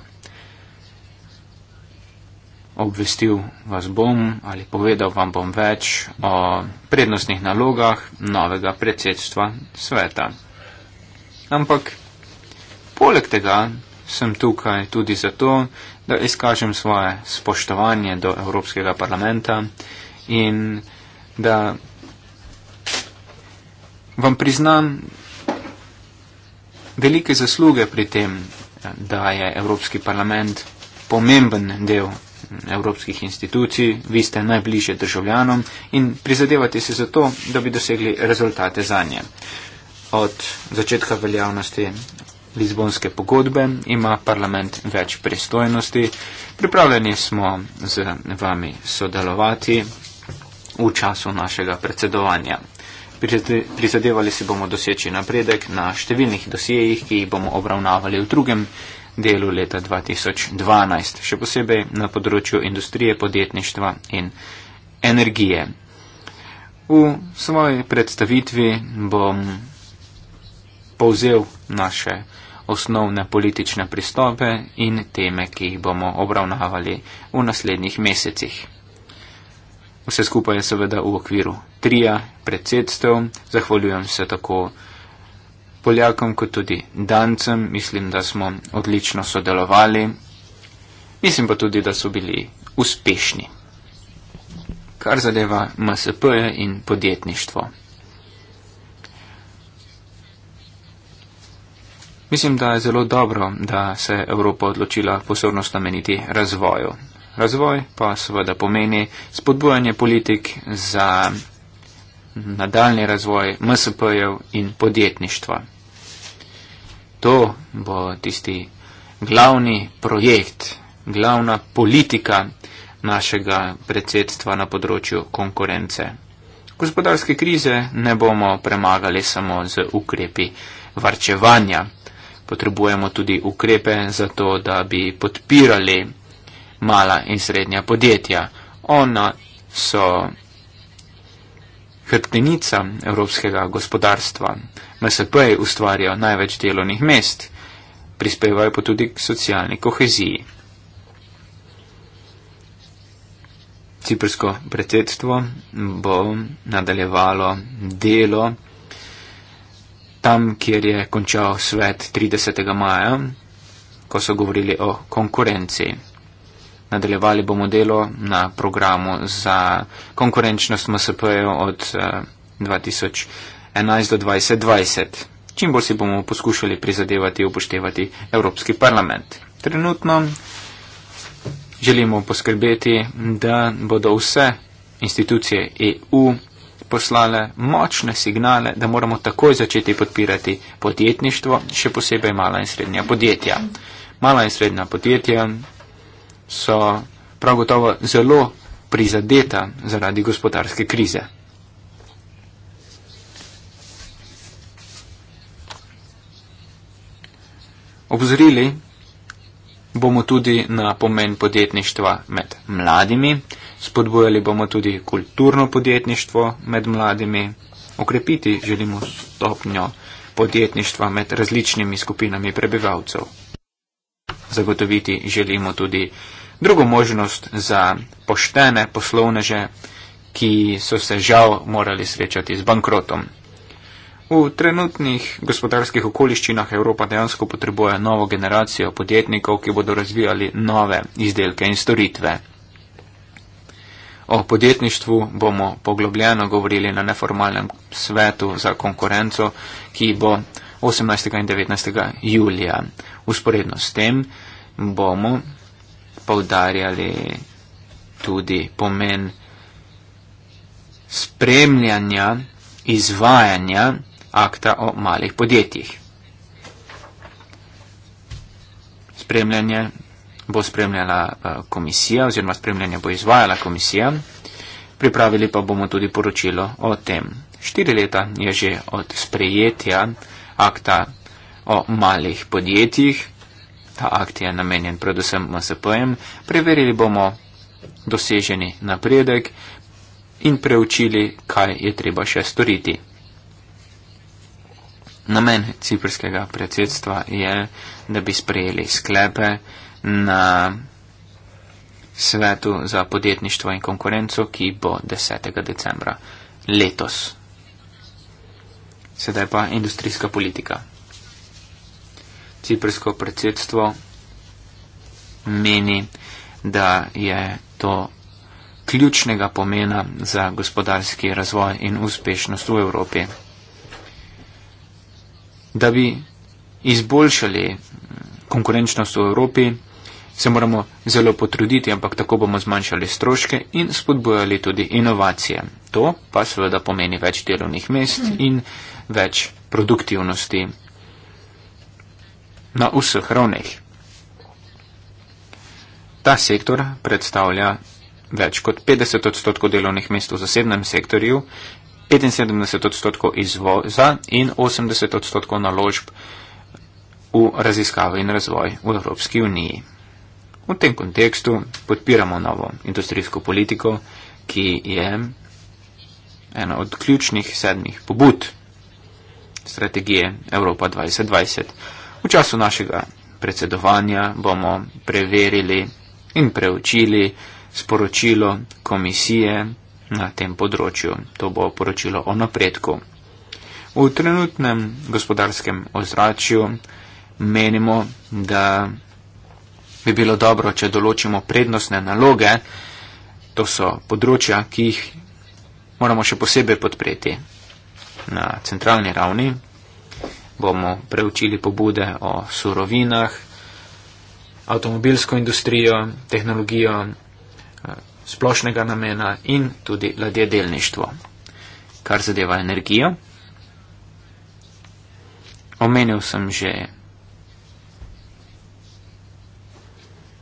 Obvestil vas bom ali povedal vam bom več o prednostnih nalogah novega predsedstva sveta. Ampak poleg tega sem tukaj tudi zato, da izkažem svoje spoštovanje do Evropskega parlamenta in da vam priznam, velike zasluge pri tem, eh, da je Evropski parlament pomemben del mm, evropskih institucij, vi ste najbližje državljanom in prizadevate se za to, da bi dosegli rezultate za nje. Od začetka veljavnosti Lizbonske pogodbe ima parlament več pristojnosti. Pripravljeni smo z vami sodelovati v času našega predsedovanja prizadevali si bomo doseči napredek na številnih dosjejih, ki jih bomo obravnavali v drugem delu leta 2012, še posebej na področju industrije, podjetništva in energije. V svoji predstavitvi bom povzel naše osnovne politične pristope in teme, ki jih bomo obravnavali v naslednjih mesecih. Vse skupaj je seveda v okviru trija predsedstev. Zahvaljujem se tako Poljakom kot tudi Dancem. Mislim, da smo odlično sodelovali. Mislim pa tudi, da so bili uspešni. Kar zadeva MSP -e in podjetništvo. Mislim, da je zelo dobro, da se je Evropa odločila posebnost nameniti razvoju razvoj pa seveda pomeni spodbujanje politik za nadaljni razvoj MSP-jev in podjetništva. To bo tisti glavni projekt, glavna politika našega predsedstva na področju konkurence. Gospodarske krize ne bomo premagali samo z ukrepi varčevanja. Potrebujemo tudi ukrepe za to, da bi podpirali mala in srednja podjetja. Ona so hrbtenica evropskega gospodarstva. MSP-ji ustvarjajo največ delovnih mest, prispevajo pa tudi k socialni koheziji. Ciprsko predsedstvo bo nadaljevalo delo tam, kjer je končal svet 30. maja, ko so govorili o konkurenciji. Nadaljevali bomo delo na programu za konkurenčnost MSP-jev od 2011 eh, do 2020. Čim bolj si bomo poskušali prizadevati upoštevati Evropski parlament. Trenutno želimo poskrbeti, da bodo vse institucije EU poslale močne signale, da moramo takoj začeti podpirati podjetništvo, še posebej mala in srednja podjetja. Mala in srednja podjetja so prav gotovo zelo prizadeta zaradi gospodarske krize. Obzorili bomo tudi na pomen podjetništva med mladimi, spodbojali bomo tudi kulturno podjetništvo med mladimi, okrepiti želimo stopnjo podjetništva med različnimi skupinami prebivalcev. Zagotoviti želimo tudi drugo možnost za poštene poslovneže, ki so se žal morali srečati z bankrotom. V trenutnih gospodarskih okoliščinah Evropa dejansko potrebuje novo generacijo podjetnikov, ki bodo razvijali nove izdelke in storitve. O podjetništvu bomo poglobljeno govorili na neformalnem svetu za konkurenco, ki bo 18. in 19. julija. Usporedno s tem bomo poudarjali tudi pomen spremljanja izvajanja akta o malih podjetjih. Spremljanje bo spremljala eh, komisija oziroma spremljanje bo izvajala komisija. Pripravili pa bomo tudi poročilo o tem. Štiri leta je že od sprejetja akta o malih podjetjih ta akt je namenjen predvsem MSP-jem, preverili bomo doseženi napredek in preučili, kaj je treba še storiti. Namen ciprskega predsedstva je, da bi sprejeli sklepe na svetu za podjetništvo in konkurenco, ki bo 10. decembra letos. Sedaj pa industrijska politika ciprsko predsedstvo meni, da je to ključnega pomena za gospodarski razvoj in uspešnost v Evropi. Da bi izboljšali konkurenčnost v Evropi, se moramo zelo potruditi, ampak tako bomo zmanjšali stroške in spodbojali tudi inovacije. To pa seveda pomeni več delovnih mest in več produktivnosti na vseh ravneh. Ta sektor predstavlja več kot 50 odstotkov delovnih mest v zasebnem sektorju, 75 odstotkov izvoza in 80 odstotkov naložb v raziskave in razvoj v Evropski uniji. V tem kontekstu podpiramo novo industrijsko politiko, ki je ena od ključnih sedmih pobud strategije Evropa 2020. V času našega predsedovanja bomo preverili in preučili sporočilo komisije na tem področju. To bo poročilo o napredku. V trenutnem gospodarskem ozračju menimo, da bi bilo dobro, če določimo prednostne naloge, to so področja, ki jih moramo še posebej podpreti na centralni ravni, bomo preučili pobude o surovinah, avtomobilsko industrijo, tehnologijo eh, splošnega namena in tudi ladjedelništvo. Kar zadeva energijo, omenil sem že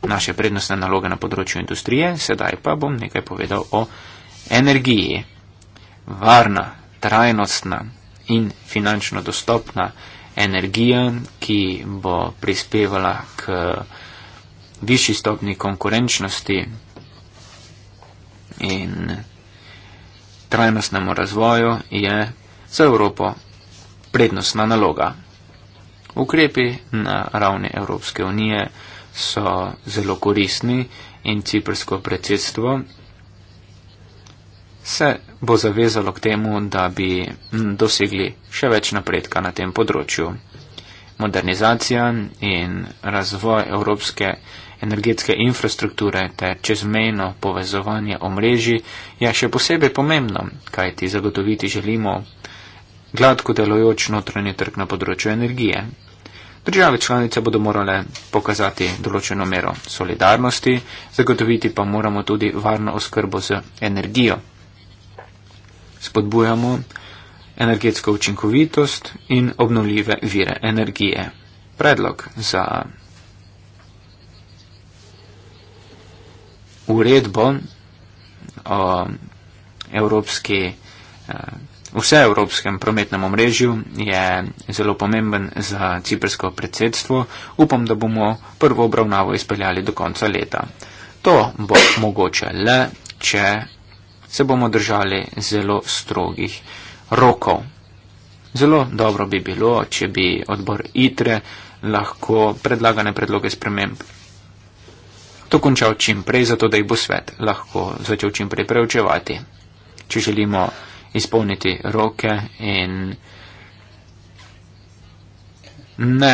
naše prednostne naloge na področju industrije, sedaj pa bom nekaj povedal o energiji. Varna, trajnostna, in finančno dostopna energija, ki bo prispevala k višji stopni konkurenčnosti in trajnostnemu razvoju, je za Evropo prednostna naloga. Ukrepi na ravni Evropske unije so zelo koristni in ciprsko predsedstvo se bo zavezalo k temu, da bi mm, dosegli še več napredka na tem področju. Modernizacija in razvoj evropske energetske infrastrukture ter čezmejno povezovanje omrežji je še posebej pomembno, kajti zagotoviti želimo gladko delojoč notranji trg na področju energije. Države članice bodo morale pokazati določeno mero solidarnosti, zagotoviti pa moramo tudi varno oskrbo z energijo spodbujamo energetsko učinkovitost in obnovljive vire energije. Predlog za uredbo o evropski, eh, vseevropskem prometnem omrežju je zelo pomemben za ciprsko predsedstvo. Upam, da bomo prvo obravnavo izpeljali do konca leta. To bo mogoče le, če se bomo držali zelo strogih rokov. Zelo dobro bi bilo, če bi odbor ITRE lahko predlagane predloge sprememb to končal čim prej, zato da jih bo svet lahko začel čim prej preučevati. Če želimo izpolniti roke in ne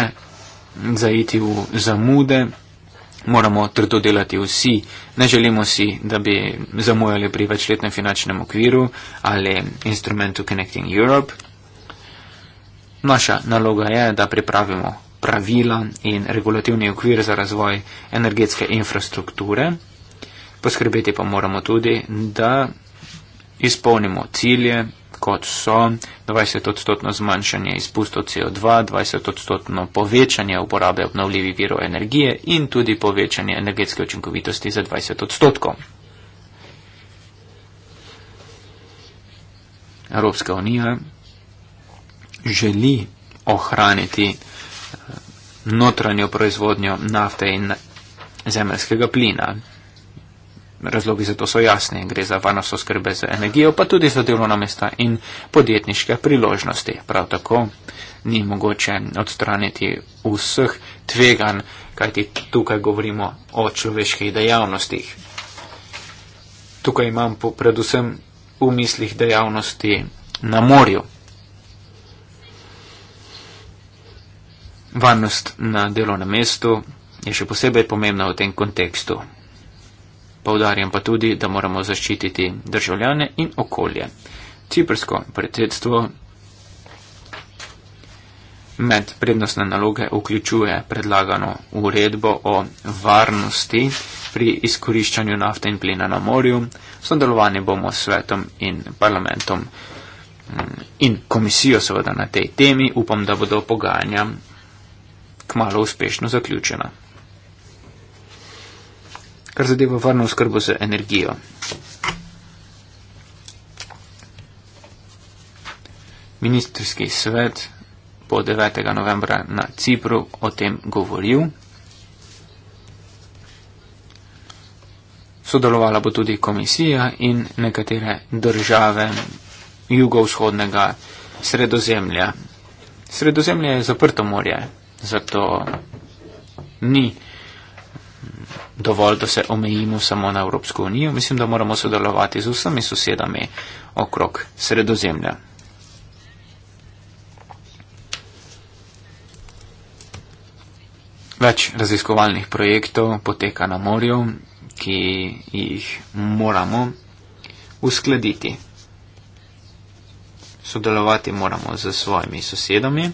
zaiti v zamude, moramo trdo delati vsi. Ne želimo si, da bi zamujali pri večletnem finančnem okviru ali instrumentu Connecting Europe. Naša naloga je, da pripravimo pravila in regulativni okvir za razvoj energetske infrastrukture. Poskrbeti pa moramo tudi, da izpolnimo cilje kot so 20-odstotno zmanjšanje izpustov CO2, 20-odstotno povečanje uporabe obnovljivih virov energije in tudi povečanje energetske učinkovitosti za 20 odstotkov. Evropska unija želi ohraniti eh, notranjo proizvodnjo nafte in zemljskega plina razlogi za to so jasni. Gre za varnost oskrbe z energijo, pa tudi za delovna mesta in podjetniške priložnosti. Prav tako ni mogoče odstraniti vseh tvegan, kajti tukaj govorimo o človeških dejavnostih. Tukaj imam predvsem v mislih dejavnosti na morju. Varnost na delovnem mestu je še posebej pomembna v tem kontekstu. Poudarjam pa tudi, da moramo zaščititi državljane in okolje. Ciprsko predsedstvo med prednostne naloge vključuje predlagano uredbo o varnosti pri izkoriščanju nafte in plina na morju. Sodelovanje bomo s svetom in parlamentom mm, in komisijo seveda na tej temi. Upam, da bodo pogajanja k malo uspešno zaključena kar zadeva varno skrbo z energijo. Ministrski svet bo 9. novembra na Cipru o tem govoril. Sodelovala bo tudi komisija in nekatere države jugovzhodnega sredozemlja. Sredozemlje je zaprto morje, zato ni dovolj, da se omejimo samo na Evropsko unijo. Mislim, da moramo sodelovati z vsemi sosedami okrog sredozemlja. Več raziskovalnih projektov poteka na morju, ki jih moramo uskladiti. Sodelovati moramo z svojimi sosedami.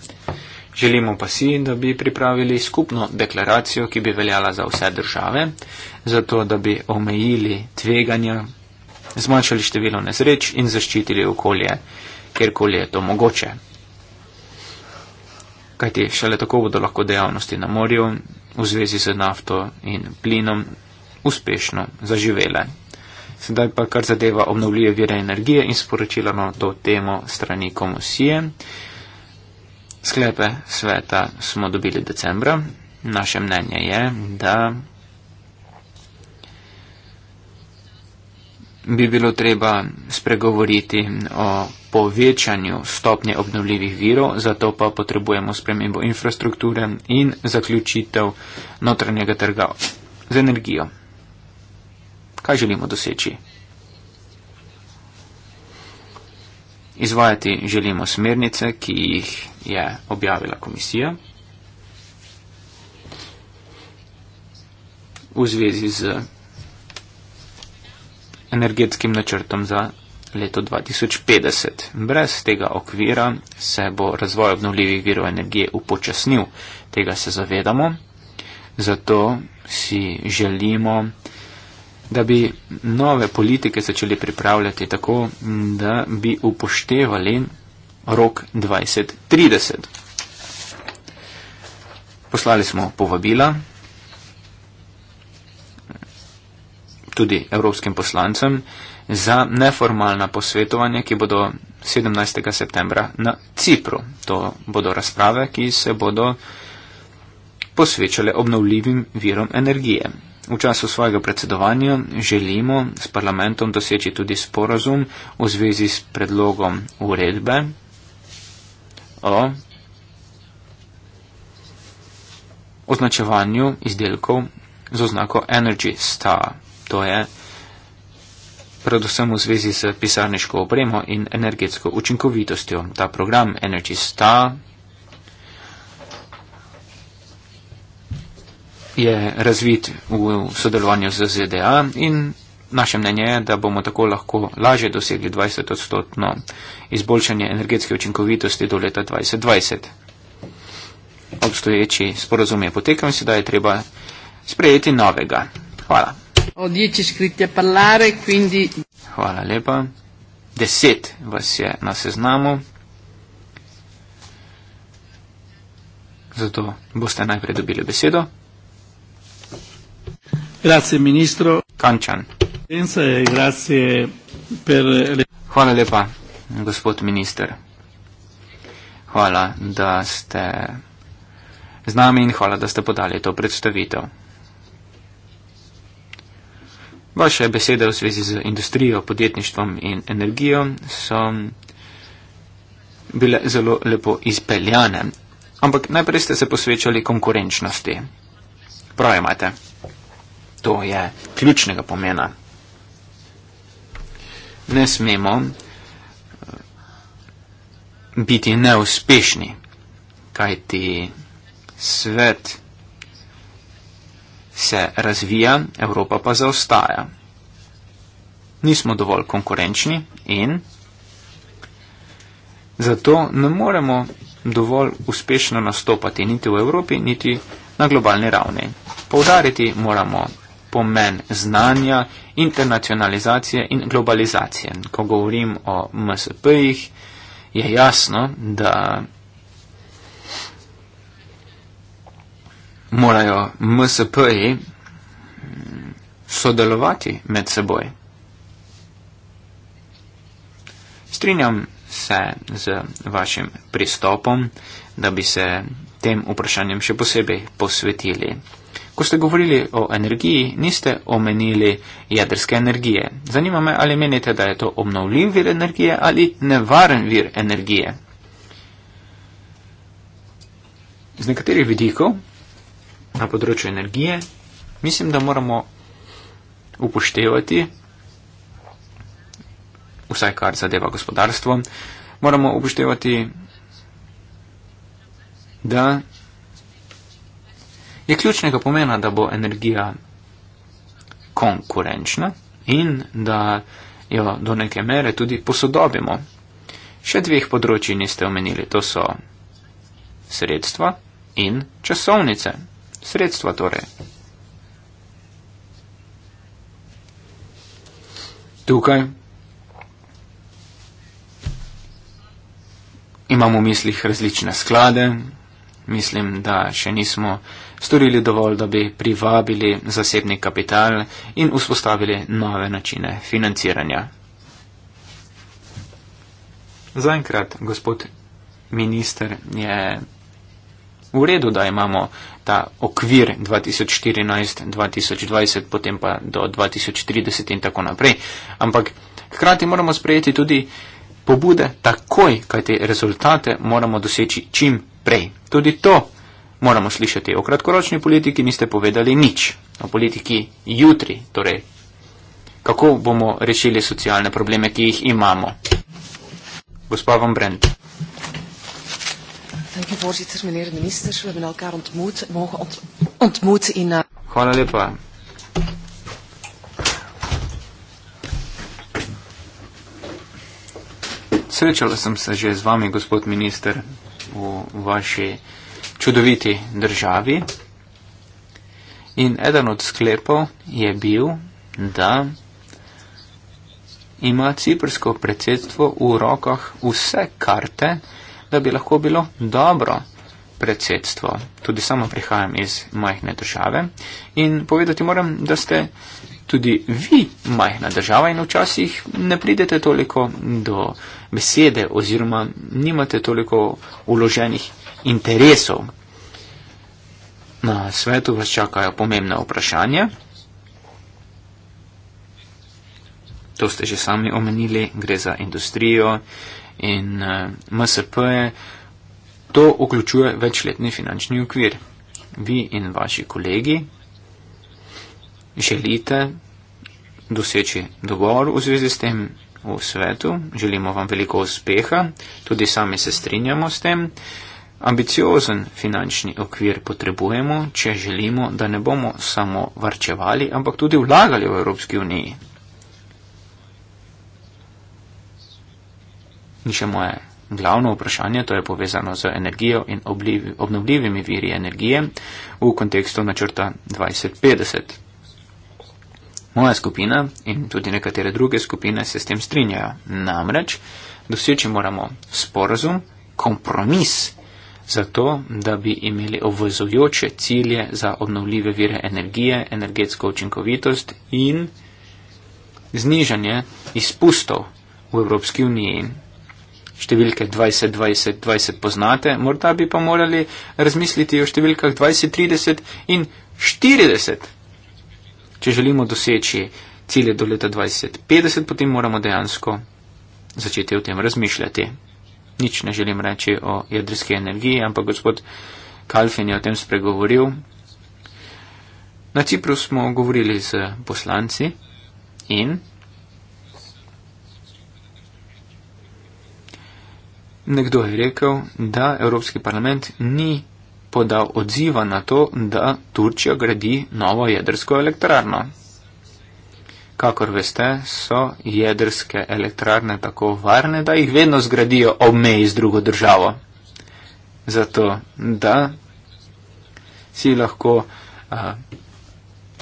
Želimo pa si, da bi pripravili skupno deklaracijo, ki bi veljala za vse države, zato da bi omejili tveganja, zmanjšali število nesreč in zaščitili okolje, kjerkoli je to mogoče. Kajti šele tako bodo lahko dejavnosti na morju v zvezi z nafto in plinom uspešno zaživele. Sedaj pa kar zadeva obnovljive vire energije in sporočila na to temo strani komisije. Sklepe sveta smo dobili decembra. Naše mnenje je, da bi bilo treba spregovoriti o povečanju stopnje obnovljivih virov, zato pa potrebujemo spremembo infrastrukture in zaključitev notranjega trga z energijo. Kaj želimo doseči? Izvajati želimo smernice, ki jih je objavila komisija v zvezi z energetskim načrtom za leto 2050. Brez tega okvira se bo razvoj obnovljivih virov energije upočasnil. Tega se zavedamo. Zato si želimo da bi nove politike začeli pripravljati tako, da bi upoštevali rok 2030. Poslali smo povabila tudi evropskim poslancem za neformalna posvetovanja, ki bodo 17. septembra na Cipru. To bodo razprave, ki se bodo posvečale obnovljivim virom energije. V času svojega predsedovanja želimo s parlamentom doseči tudi sporazum v zvezi s predlogom uredbe o označevanju izdelkov z oznako Energy Star. To je predvsem v zvezi s pisarniško opremo in energetsko učinkovitostjo. Ta program Energy Star je razvit v sodelovanju z ZDA in naše mnenje je, da bomo tako lahko lažje dosegli 20 odstotno izboljšanje energetske učinkovitosti do leta 2020. Obstoječi sporozum je potekal in sedaj je treba sprejeti novega. Hvala. Hvala lepa. Deset vas je na seznamu. Zato boste najprej dobili besedo. Grazie, ministro. Končan. E hvala lepa, gospod minister. Hvala, da ste z nami in hvala, da ste podali to predstavitev. Vaše besede v zvezi z industrijo, podjetništvom in energijo so bile zelo lepo izpeljane. Ampak najprej ste se posvečali konkurenčnosti. Prav imate. To je ključnega pomena. Ne smemo eh, biti neuspešni, kajti svet se razvija, Evropa pa zaostaja. Nismo dovolj konkurenčni in zato ne moremo dovolj uspešno nastopati niti v Evropi, niti na globalni ravni. Poudariti moramo pomen znanja, internacionalizacije in globalizacije. Ko govorim o MSP-jih, je jasno, da morajo MSP-ji mm, sodelovati med seboj. Strinjam se z vašim pristopom, da bi se tem vprašanjem še posebej posvetili. Ko ste govorili o energiji, niste omenili jedrske energije. Zanima me, ali menite, da je to obnovljiv vir energije ali nevaren vir energije. Z nekaterih vidikov na področju energije mislim, da moramo upoštevati, vsaj kar zadeva gospodarstvo, moramo upoštevati, da je ključnega pomena, da bo energija konkurenčna in da jo do neke mere tudi posodobimo. Še dveh področji niste omenili, to so sredstva in časovnice. Sredstva torej. Tukaj imamo v mislih različne sklade, mislim, da še nismo storili dovolj, da bi privabili zasebni kapital in vzpostavili nove načine financiranja. Zaenkrat, gospod minister, je v redu, da imamo ta okvir 2014-2020, potem pa do 2030 in tako naprej. Ampak hkrati moramo sprejeti tudi pobude takoj, kajti rezultate moramo doseči čim prej. Tudi to moramo slišati. O kratkoročni politiki niste povedali nič. O politiki jutri, torej, kako bomo rešili socialne probleme, ki jih imamo. Gospa Van Brent. Eh, Hvala lepa. Srečala sem se že z vami, gospod minister, v vaši čudoviti državi. In eden od sklepov je bil, da ima ciprsko predsedstvo v rokah vse karte, da bi lahko bilo dobro predsedstvo. Tudi sama prihajam iz majhne države in povedati moram, da ste tudi vi majhna država in včasih ne pridete toliko do besede oziroma nimate toliko uloženih interesov. Na svetu vas čakajo pomembna vprašanja. To ste že sami omenili, gre za industrijo in eh, MSP. To vključuje večletni finančni okvir. Vi in vaši kolegi želite doseči dogovor v zvezi s tem v svetu. Želimo vam veliko uspeha, tudi sami se strinjamo s tem. Uh, Ambiciozen finančni okvir potrebujemo, če želimo, da ne bomo samo varčevali, ampak tudi vlagali v Evropski uniji. In še moje glavno vprašanje, to je povezano z energijo in obnovljivimi viri energije v kontekstu načrta 2050. Moja skupina in tudi nekatere druge skupine se s tem strinjajo. Namreč, doseči moramo sporazum, kompromis, zato, da bi imeli obvezujoče cilje za obnovljive vire energije, energetsko učinkovitost in znižanje izpustov v Evropski uniji. Številke 20, 20, 20 poznate, morda bi pa morali razmisliti o številkah 20, 30 in 40. Če želimo doseči cilje do leta 2050, potem moramo dejansko začeti o tem razmišljati nič ne želim reči o jedrski energiji, ampak gospod Kalfin je o tem spregovoril. Na Cipru smo govorili z poslanci in nekdo je rekel, da Evropski parlament ni podal odziva na to, da Turčija gradi novo jedrsko elektrarno. Kakor veste, so jedrske elektrarne tako varne, da jih vedno zgradijo ob meji z drugo državo. Zato, da si lahko a,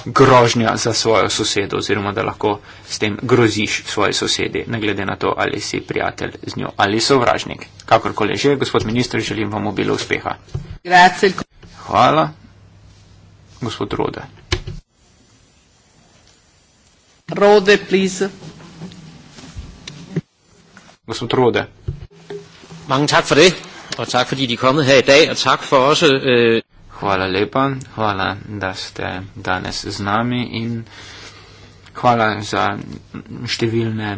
grožnja za svojo sosedo oziroma da lahko s tem groziš svoji sosedi, ne glede na to, ali si prijatelj z njo ali sovražnik. Kakorkoli že, gospod minister, želim vam obilo uspeha. Hvala, gospod Rode. Rode, please. Gospod Rode. Mange tak for det, og tak fordi de er kommet her i dag, og tak for også... Øh... Hvala lepa, hvala da ste danes z nami in hvala za številne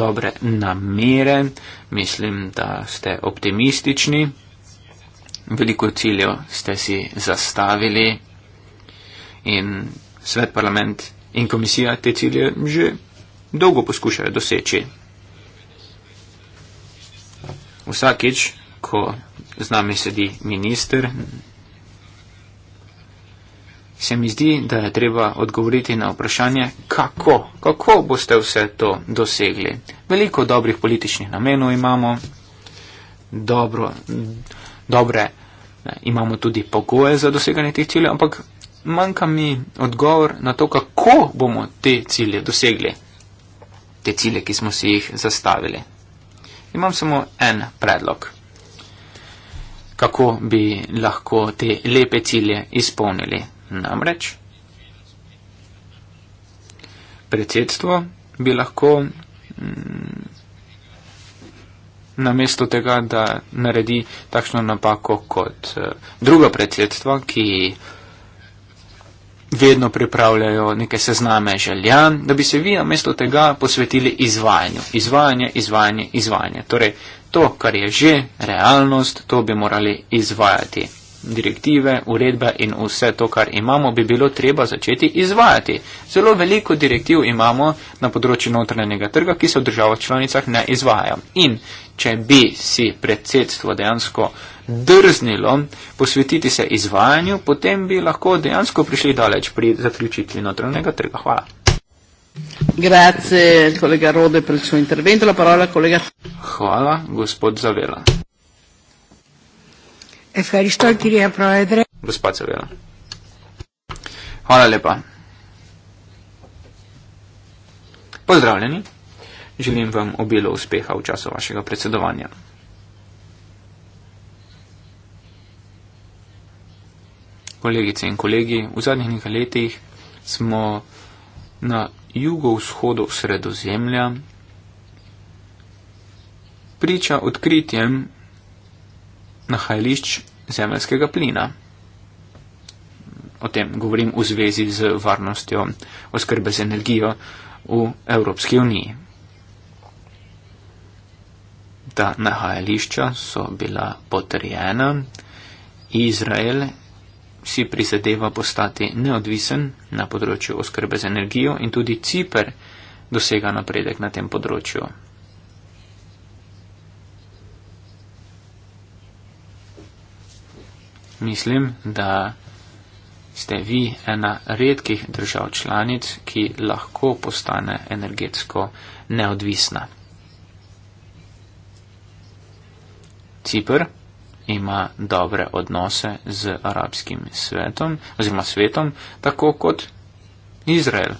dobre namere. Mislim, da ste optimistični, veliko ciljev ste si zastavili in svet parlament In komisija te cilje že dolgo poskušajo doseči. Vsakič, ko z nami sedi minister, se mi zdi, da je treba odgovoriti na vprašanje, kako, kako boste vse to dosegli. Veliko dobrih političnih namenov imamo, dobro, dobre, imamo tudi pogoje za doseganje teh ciljev, ampak manjka mi odgovor na to, kako bomo te cilje dosegli, te cilje, ki smo si jih zastavili. Imam samo en predlog, kako bi lahko te lepe cilje izpolnili. Namreč, predsedstvo bi lahko mm, namesto tega, da naredi takšno napako kot eh, druga predsedstva, ki eh, vedno pripravljajo neke sezname željan, da bi se vi namesto tega posvetili izvajanju. Izvajanje, izvajanje, izvajanje. Torej, to, kar je že realnost, to bi morali izvajati. Direktive, uredbe in vse to, kar imamo, bi bilo treba začeti izvajati. Zelo veliko direktiv imamo na področju notranjega trga, ki se v državah članicah ne izvaja. In če bi si predsedstvo dejansko uh, drznilo posvetiti se izvajanju, potem bi lahko dejansko prišli daleč pri zaključitvi notranjega trga. Hvala. Grazie, kolega Rode, per il suo intervento. La parola, collega. Hvala, gospod Zavela. Gospod Zavela. Hvala lepa. Pozdravljeni. Želim vam obilo uspeha v času vašega predsedovanja. kolegice in kolegi, v zadnjih nekaj letih smo na jugovzhodu sredozemlja priča odkritjem nahajališč zemljskega plina. O tem govorim v zvezi z varnostjo oskrbe z energijo v Evropski uniji. Ta nahajališča so bila potrjena. Izrael si prizadeva postati neodvisen na področju oskrbe z energijo in tudi Cipr dosega napredek na tem področju. Mislim, da ste vi ena redkih držav članic, ki lahko postane energetsko neodvisna. Cipr ima dobre odnose z arabskim svetom, oziroma svetom, tako kot Izrael.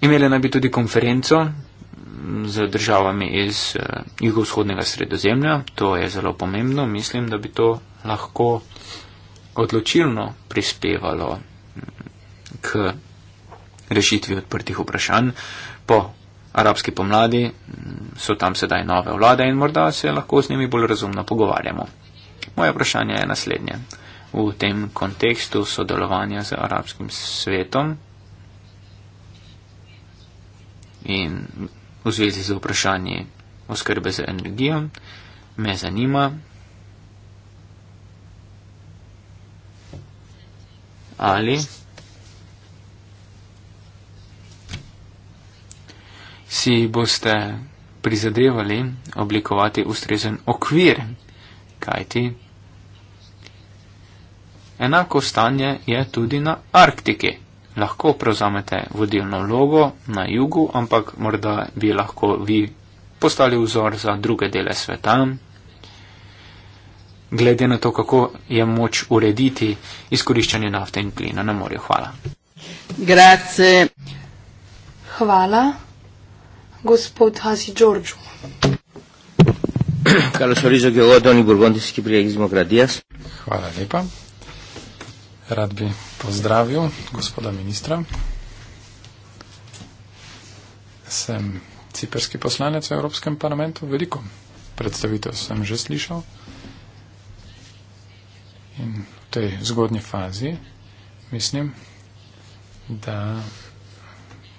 Imeli naj bi tudi konferenco z državami iz eh, jugovzhodnega sredozemlja, to je zelo pomembno, mislim, da bi to lahko odločilno prispevalo mm, k rešitvi odprtih vprašanj po arabski pomladi, mm, so tam sedaj nove vlade in morda se lahko z njimi bolj razumno pogovarjamo. Moje vprašanje je naslednje. V tem kontekstu sodelovanja z arabskim svetom in v zvezi z vprašanji oskrbe z energijo, me zanima, ali. si boste prizadevali oblikovati ustrezen okvir, kajti enako stanje je tudi na Arktiki. Lahko prevzamete vodilno logo na jugu, ampak morda bi lahko vi postali vzor za druge dele sveta. Glede na to, kako je moč urediti izkoriščanje nafte in plina na morju. Hvala. Grazie. Hvala gospod Hasi Đorđu. Carlos Orizo Gelo, Doni Burgundijski prijeg iz Mogradijas. Hvala lijepa. Rad bi pozdravio gospoda ministra. Sem ciperski poslanec v Evropskem parlamentu, veliko predstavitev sem že slišal. In v tej zgodnji fazi mislim, da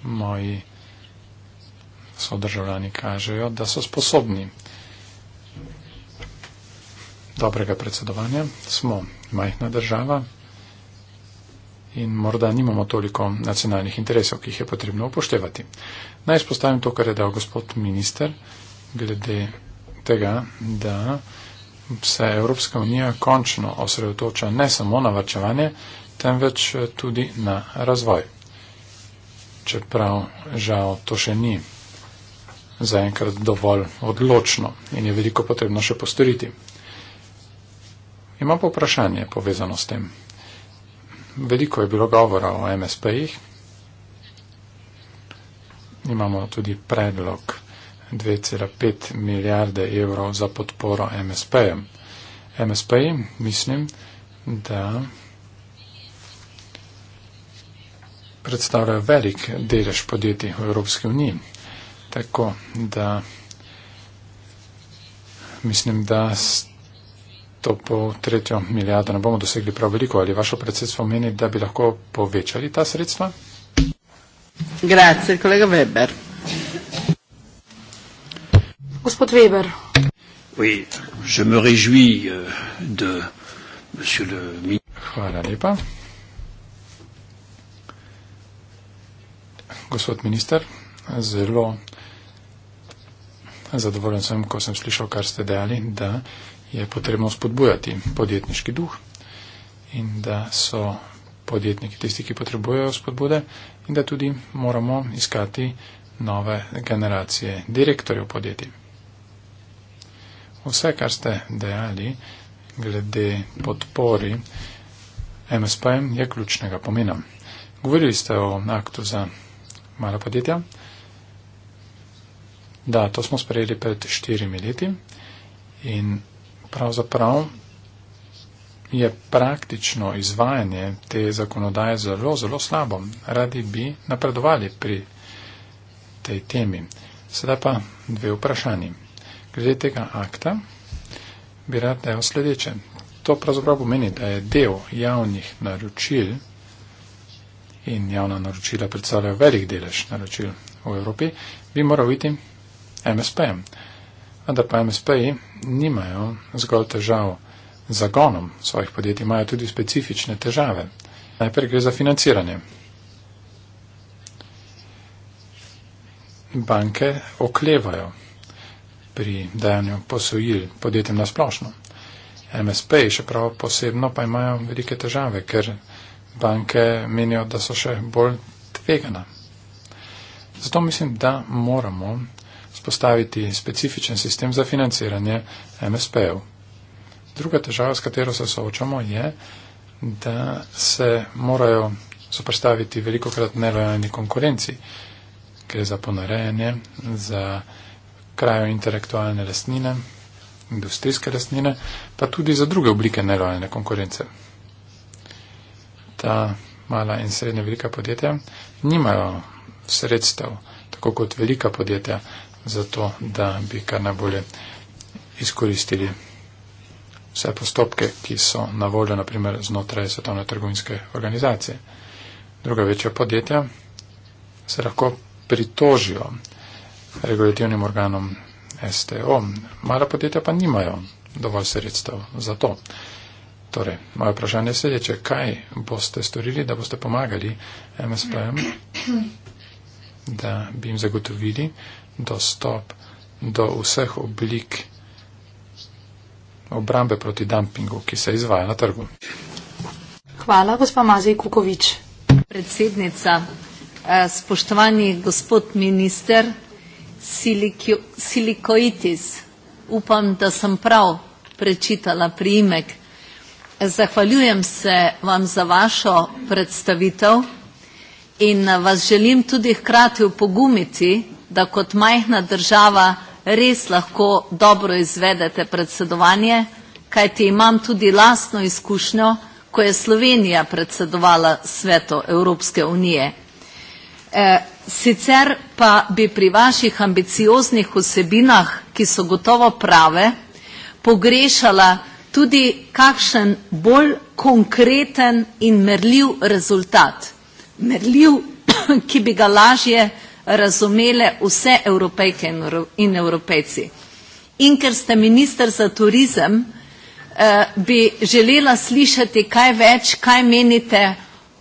moji sodržavljani kažejo, da so sposobni dobrega predsedovanja. Smo majhna država in morda nimamo toliko nacionalnih interesov, ki jih je potrebno upoštevati. Naj spostavim to, kar je dal gospod minister, glede tega, da se Evropska unija končno osredotoča ne samo na varčevanje, temveč tudi na razvoj. Čeprav žal to še ni zaenkrat dovolj odločno in je veliko potrebno še postoriti. Imam pa vprašanje povezano s tem. Veliko je bilo govora o MSP-jih. Imamo tudi predlog 2,5 milijarde evrov za podporo MSP-jem. MSP-ji, mislim, da predstavljajo velik delež podjetij v Evropski uniji. Tako da mislim, da s to po tretjo milijardo ne bomo dosegli prav veliko. Ali vaše predsedstvo meni, da bi lahko povečali ta sredstva? Grazie, kolega Weber. Gospod Weber. Oui, je me réjouis euh, de monsieur le Hvala lepa. Gospod minister, zelo Zadovoljen sem, ko sem slišal, kar ste dejali, da je potrebno spodbujati podjetniški duh in da so podjetniki tisti, ki potrebujejo spodbude in da tudi moramo iskati nove generacije direktorjev podjetij. Vse, kar ste dejali glede podpori MSPM, je ključnega pomena. Govorili ste o aktu za mala podjetja. Da, to smo sprejeli pred štirimi leti in pravzaprav je praktično izvajanje te zakonodaje zelo, zelo slabo. Radi bi napredovali pri tej temi. Sedaj pa dve vprašanji. Glede tega akta bi rad dejal sledeče. To pravzaprav pomeni, da je del javnih naročil in javna naročila predstavljajo velik delež naročil v Evropi, bi moral biti MSP-jem. Vendar pa MSP-ji nimajo zgolj težav z zagonom svojih podjetij, imajo tudi specifične težave. Najprej gre za financiranje. Banke oklevajo pri dajanju posojil podjetjem na splošno. MSP, še prav posebno, pa imajo velike težave, ker banke menijo, da so še bolj tvegana. Zato mislim, da moramo vzpostaviti specifičen sistem za financiranje MSP-ev. Druga težava, s katero se soočamo, je, da se morajo soprstaviti veliko krat nelojalni konkurenci, ker za ponarejanje, za krajo intelektualne lastnine, industrijske lastnine, pa tudi za druge oblike nelojalne konkurence. Ta mala in srednja velika podjetja nimajo sredstev, tako kot velika podjetja, za to, da bi kar najbolje izkoristili vse postopke, ki so na voljo, naprimer, znotraj svetovne trgovinske organizacije. Druga večja podjetja se lahko pritožijo regulativnim organom STO, mala podjetja pa nimajo dovolj sredstev za to. Torej, moje vprašanje je sledeče, kaj boste storili, da boste pomagali MSP-jem, da bi jim zagotovili dostop do vseh oblik obrambe proti dumpingu, ki se izvaja na trgu. Hvala, gospa Mazej Kukovič. Predsednica, eh, spoštovani gospod minister Silikoitis, upam, da sem prav prečitala priimek. Zahvaljujem se vam za vašo predstavitev in eh, vas želim tudi hkrati opogumiti, da kot majhna država res lahko dobro izvedete predsedovanje, kajti imam tudi lastno izkušnjo, ko je Slovenija predsedovala Sveto Evropske unije. E, sicer pa bi pri vaših ambicioznih vsebinah, ki so gotovo prave, pogrešala tudi kakšen bolj konkreten in merljiv rezultat. Merljiv, ki bi ga lažje razumele vse evropejke in evropejci. In ker ste minister za turizem, eh, bi želela slišati kaj več, kaj menite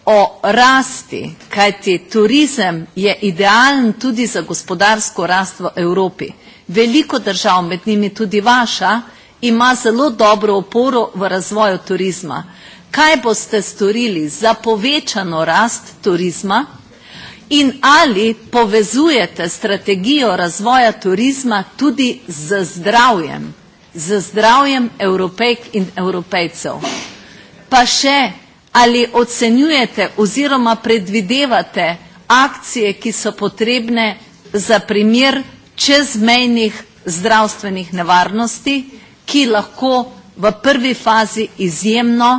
o rasti, kajti turizem je idealen tudi za gospodarsko rast v Evropi. Veliko držav, med njimi tudi vaša, ima zelo dobro oporo v razvoju turizma. Kaj boste storili za povečano rast turizma, In ali povezujete strategijo razvoja turizma tudi z zdravjem, z zdravjem evropejk in evropejcev? Pa še, ali ocenjujete oziroma predvidevate akcije, ki so potrebne za primer čezmejnih zdravstvenih nevarnosti, ki lahko v prvi fazi izjemno,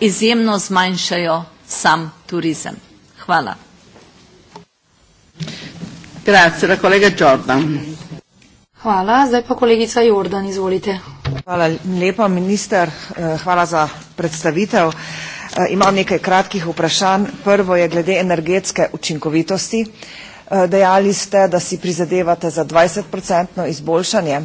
izjemno zmanjšajo sam turizem? Hvala. Grazie, la kolega Jordan. Hvala, zdaj pa kolegica Jordan, izvolite. Hvala lepa, minister, eh, hvala za predstavitev. Eh, imam nekaj kratkih vprašanj. Prvo je glede energetske učinkovitosti. Eh, dejali ste, da si prizadevate za 20-procentno izboljšanje.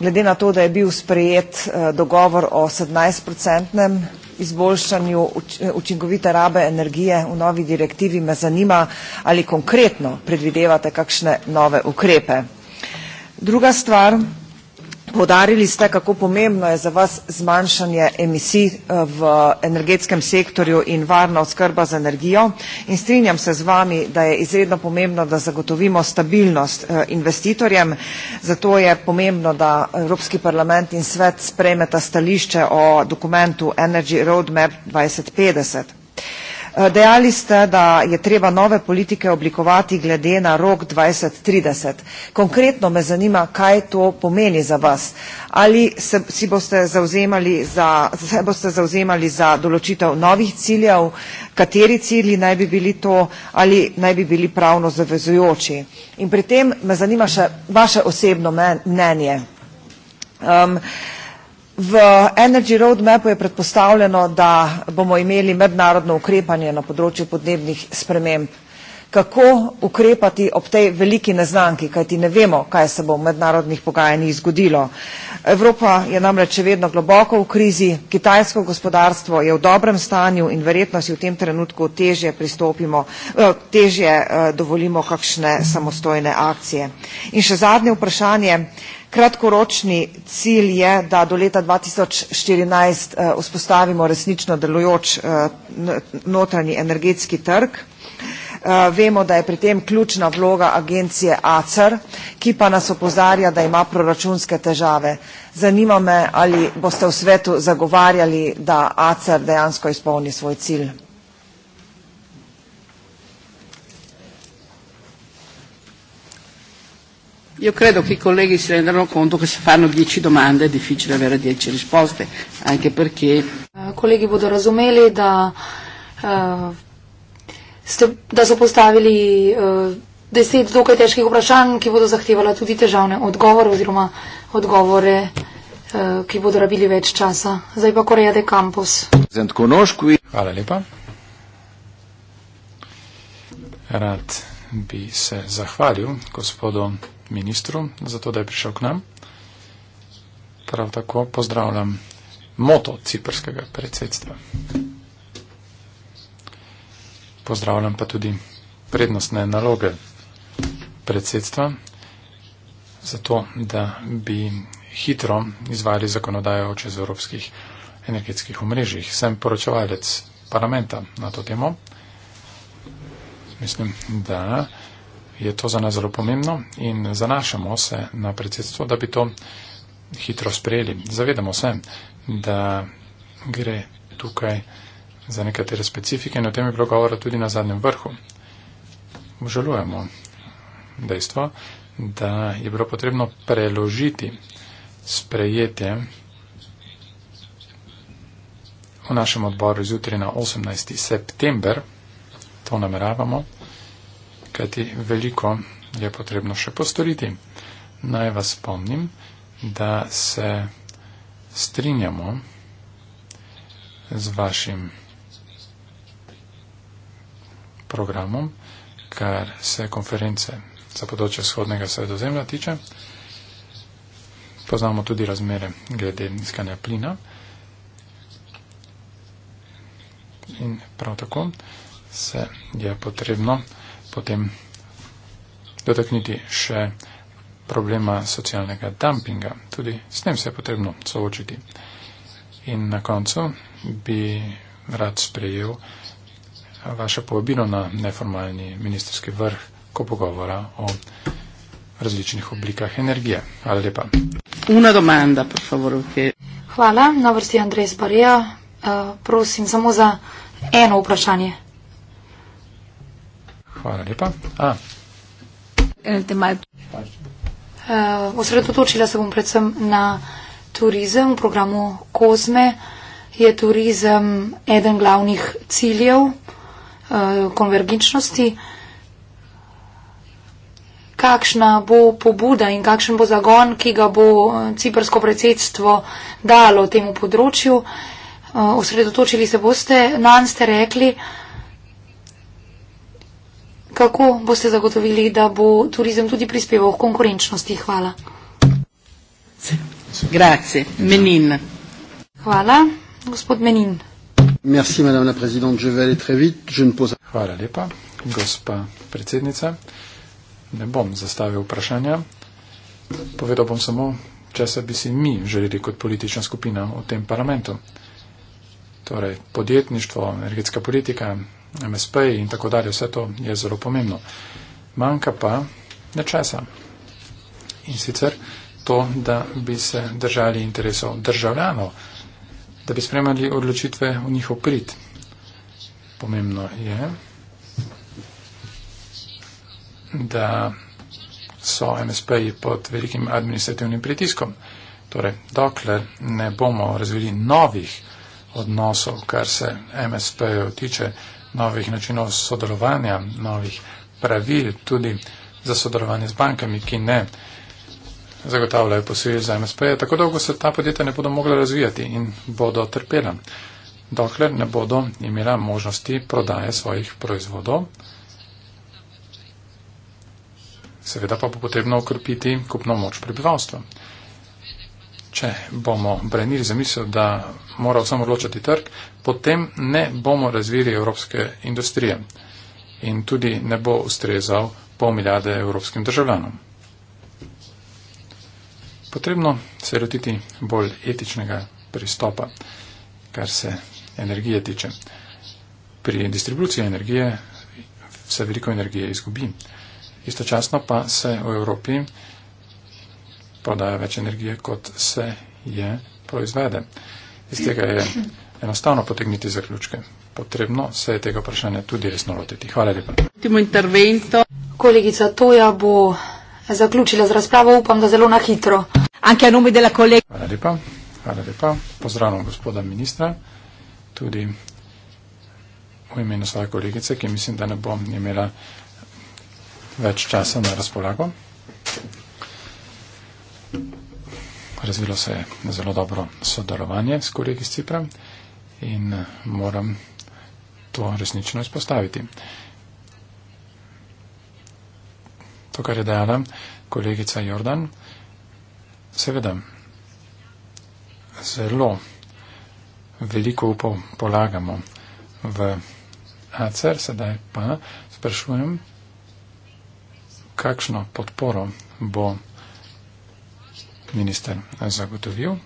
Glede na to, da je bil sprejet eh, dogovor o 17-procentnem izboljšanju eh, učinkovite rabe energije v novi direktivi, me zanima, ali konkretno predvidevate kakšne nove ukrepe. Druga stvar, Podarili ste, kako pomembno je za vas zmanjšanje emisij eh, v energetskem sektorju in varna odskrba z energijo. In strinjam se z vami, da je izredno pomembno, da zagotovimo stabilnost eh, investitorjem. Zato je pomembno, da Evropski parlament in svet sprejmeta stališče o dokumentu Energy Roadmap 2050. Eh, dejali ste, da je treba nove politike oblikovati glede na rok 2030. Konkretno me zanima, kaj to pomeni za vas. Ali se, si boste zauzemali, za, se boste zauzemali za določitev novih ciljev, kateri cilji naj bi bili to ali naj bi bili pravno zavezujoči. In pri tem me zanima še vaše osebno mnenje. Um, V Energy Roadmapu je predpostavljeno, da bomo imeli mednarodno ukrepanje na področju podnebnih sprememb. Kako ukrepati ob tej veliki neznanki, kajti ne vemo, kaj se bo v mednarodnih pogajanjih zgodilo. Evropa je namreč še vedno globoko v krizi, kitajsko gospodarstvo je v dobrem stanju in verjetno si v tem trenutku težje pristopimo, eh, težje eh, dovolimo kakšne samostojne akcije. In še zadnje vprašanje, Kratkoročni cilj je, da do leta 2014 eh, vzpostavimo resnično delujoč eh, notranji energetski trg. Eh, vemo, da je pri tem ključna vloga agencije ACER, ki pa nas opozarja, da ima proračunske težave. Zanima me, ali boste v svetu zagovarjali, da ACER dejansko izpolni svoj cilj. Io credo che i colleghi si renderanno conto che se fanno dieci domande è difficile avere dieci risposte, anche perché... Uh, colleghi Bodorazumeli, da, uh, ste, da so postavili uh, deset dokaj težkih vprašanj, ki bodo zahtevala tudi težavne odgovore oziroma odgovore, uh, ki bodo rabili več časa. Zdaj pa Koreja de Campos. Hvala lepa. Rad bi se zahvalil gospodu ministru, zato da je prišel k nam. Prav tako pozdravljam moto ciprskega predsedstva. Pozdravljam pa tudi prednostne naloge predsedstva, zato da bi hitro izvali zakonodajo o čezevropskih energetskih omrežjih. Sem poročevalec parlamenta na to temo. Mislim, da je to za nas zelo pomembno in zanašamo se na predsedstvo, da bi to hitro sprejeli. Zavedamo se, da gre tukaj za nekatere specifike in o tem je bilo govora tudi na zadnjem vrhu. Želujemo dejstvo, da je bilo potrebno preložiti sprejetje v našem odboru izjutri na 18. september. To nameravamo kajti veliko je potrebno še postoriti. Naj vas spomnim, da se strinjamo z vašim programom, kar se konference za področje vzhodnega sredozemlja tiče. Poznamo tudi razmere glede iskanja plina. In prav tako se je potrebno potem dotakniti še problema socialnega dumpinga. Tudi s tem se je potrebno soočiti. In na koncu bi rad sprejel vaše povabilo na neformalni ministerski vrh, ko pogovora o različnih oblikah energije. Hvala lepa. Una domanda, per favor, okay. Hvala, na vrsti Andres Barija. Uh, eh, prosim, samo za eno vprašanje. Hvala lepa. A. Eh, eh, osredotočila se bom predvsem na turizem. V programu COSME je turizem eden glavnih ciljev eh, konvergenčnosti. Kakšna bo pobuda in kakšen bo zagon, ki ga bo ciprsko predsedstvo dalo temu področju? Osredotočili se boste, nanj ste rekli, Kako boste zagotovili, da bo turizem tudi prispeval v konkurenčnosti? Hvala. Grazie. Menin. Hvala. Gospod Menin. Merci, madame la présidente. Je vais aller très vite. Je ne pose... Hvala lepa, gospa predsednica. Ne bom zastavil vprašanja. Povedal bom samo, česa bi si mi želeli kot politična skupina v tem parlamentu. Torej, podjetništvo, energetska politika, MSP in tako dalje, vse to je zelo pomembno. Manjka pa nečesa. In sicer to, da bi se držali interesov državljanov, da bi spremljali odločitve v njihov prid. Pomembno je, da so MSP-ji pod velikim administrativnim pritiskom. Torej, dokler ne bomo razvili novih odnosov, kar se MSP-jo tiče, novih načinov sodelovanja, novih pravil tudi za sodelovanje z bankami, ki ne zagotavljajo posojil za MSP, tako dolgo se ta podjetja ne bodo mogla razvijati in bodo trpela, dokler ne bodo imela možnosti prodaje svojih proizvodov. Seveda pa bo potrebno okrepiti kupno moč prebivalstva če bomo brenili za misel, da mora samo odločati trg, potem ne bomo razvili evropske industrije in tudi ne bo ustrezal pol milijarde evropskim državljanom. Potrebno se je lotiti bolj etičnega pristopa, kar se energije tiče. Pri distribuciji energije se veliko energije izgubi. Istočasno pa se v Evropi prodaja več energije, kot se je proizvede. Iz tega je enostavno potegniti zaključke. Potrebno se je tega vprašanja tudi resno lotiti. Hvala lepa. Kolegica Toja bo zaključila z razpravo, upam, da zelo na hitro. Hvala lepa. Hvala lepa. Pozdravljam gospoda ministra, tudi v imenu svoje kolegice, ki mislim, da ne bom imela več časa na razpolago. Razvilo se je zelo dobro sodelovanje s kolegi iz Cipra in eh, moram to resnično izpostaviti. To, kar je dejala kolegica Jordan, seveda zelo veliko upov polagamo v ACER, sedaj pa sprašujem, kakšno podporo bo minister zagotovil.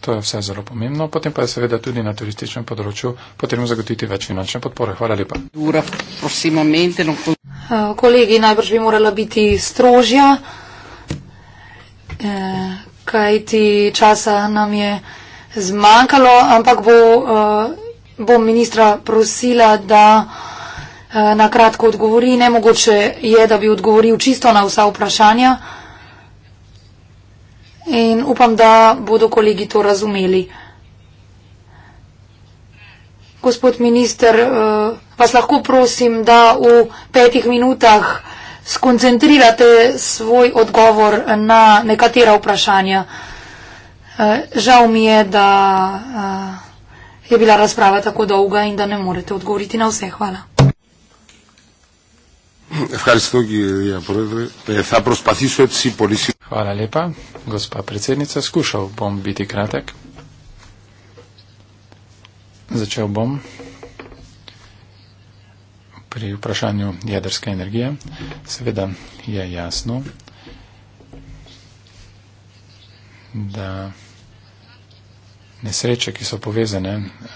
To je vse zelo pomembno. Potem pa je seveda tudi na turističnem področju potrebno zagotoviti več finančne podpore. Hvala lepa. Ura, prosim, eh, Kolegi, najbrž bi morala biti strožja, eh, kaj ti časa nam je zmanjkalo, ampak bo, eh, bom ministra prosila, da na kratko odgovori. Nemogoče je, da bi odgovoril čisto na vsa vprašanja. In upam, da bodo kolegi to razumeli. Gospod minister, eh, vas lahko prosim, da v petih minutah skoncentrirate svoj odgovor na nekatera vprašanja. Eh, žal mi je, da eh, je bila razprava tako dolga in da ne morete odgovoriti na vse. Hvala. Ευχαριστώ κυρία Πρόεδρε. Ε, θα προσπαθήσω έτσι πολύ σύντομα. Hvala lepa, gospa predsednica. Skušal bom biti kratek. Začel bom pri vprašanju jedrske energije. Seveda je jasno, da nesreče, ki so povezane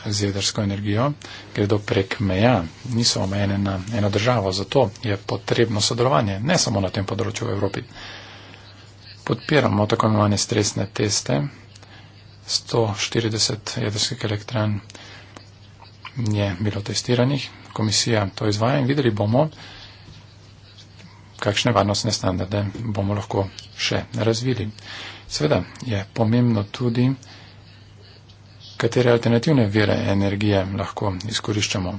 z jedrsko energijo, gredo prek meja, niso omejene na eno državo. Zato je potrebno sodelovanje, ne samo na tem področju v Evropi. Podpiramo tako imenovane stresne teste. 140 jedrskih elektran je bilo testiranih, komisija to izvaja in videli bomo, kakšne varnostne standarde bomo lahko še razvili. Seveda je pomembno tudi, katere alternativne vire energije lahko izkoriščamo.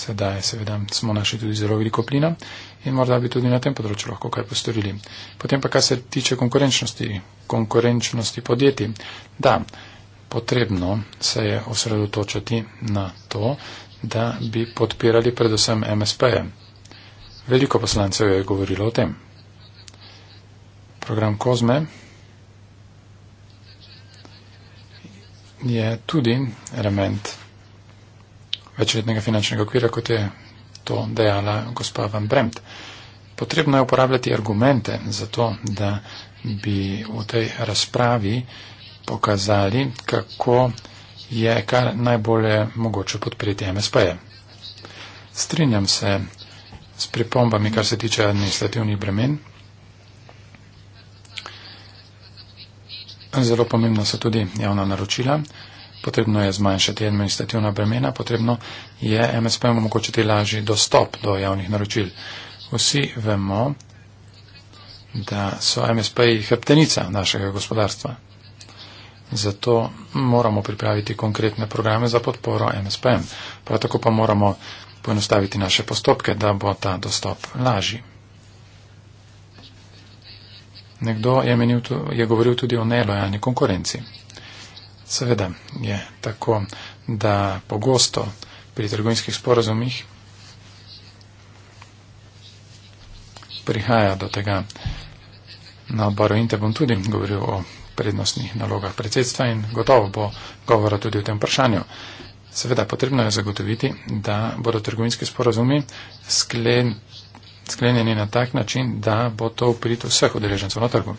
Sedaj seveda smo našli tudi zelo veliko plina in morda bi tudi na tem področju lahko kaj postorili. Potem pa, kar se tiče konkurenčnosti, konkurenčnosti podjetij. Da, potrebno se je osredotočiti na to, da bi podpirali predvsem MSP-je. Veliko poslancev je govorilo o tem. Program Kozme. je tudi element večletnega finančnega okvira, kot je to dejala gospa Van Bremt. Potrebno je uporabljati argumente za to, da bi v tej razpravi pokazali, kako je kar najbolje mogoče podpreti MSP-je. Strinjam se s pripombami, kar se tiče administrativnih bremen. Zelo pomembna so tudi javna naročila. Potrebno je zmanjšati administrativna bremena, potrebno je MSP-om omogočiti lažji dostop do javnih naročil. Vsi vemo, da so MSP-ji heptenica našega gospodarstva. Zato moramo pripraviti konkretne programe za podporo MSP-em. Prav tako pa moramo poenostaviti naše postopke, da bo ta dostop lažji. Nekdo je, menil, je govoril tudi o nelojalni konkurenci. Seveda je tako, da pogosto pri trgovinskih sporazumih prihaja do tega. Na odboru Inte bom tudi govoril o prednostnih nalogah predsedstva in gotovo bo govora tudi o tem vprašanju. Seveda potrebno je zagotoviti, da bodo trgovinski sporazumi sklenjeni sklenjeni na tak način, da bo to uprito vseh udeležencev na trgu.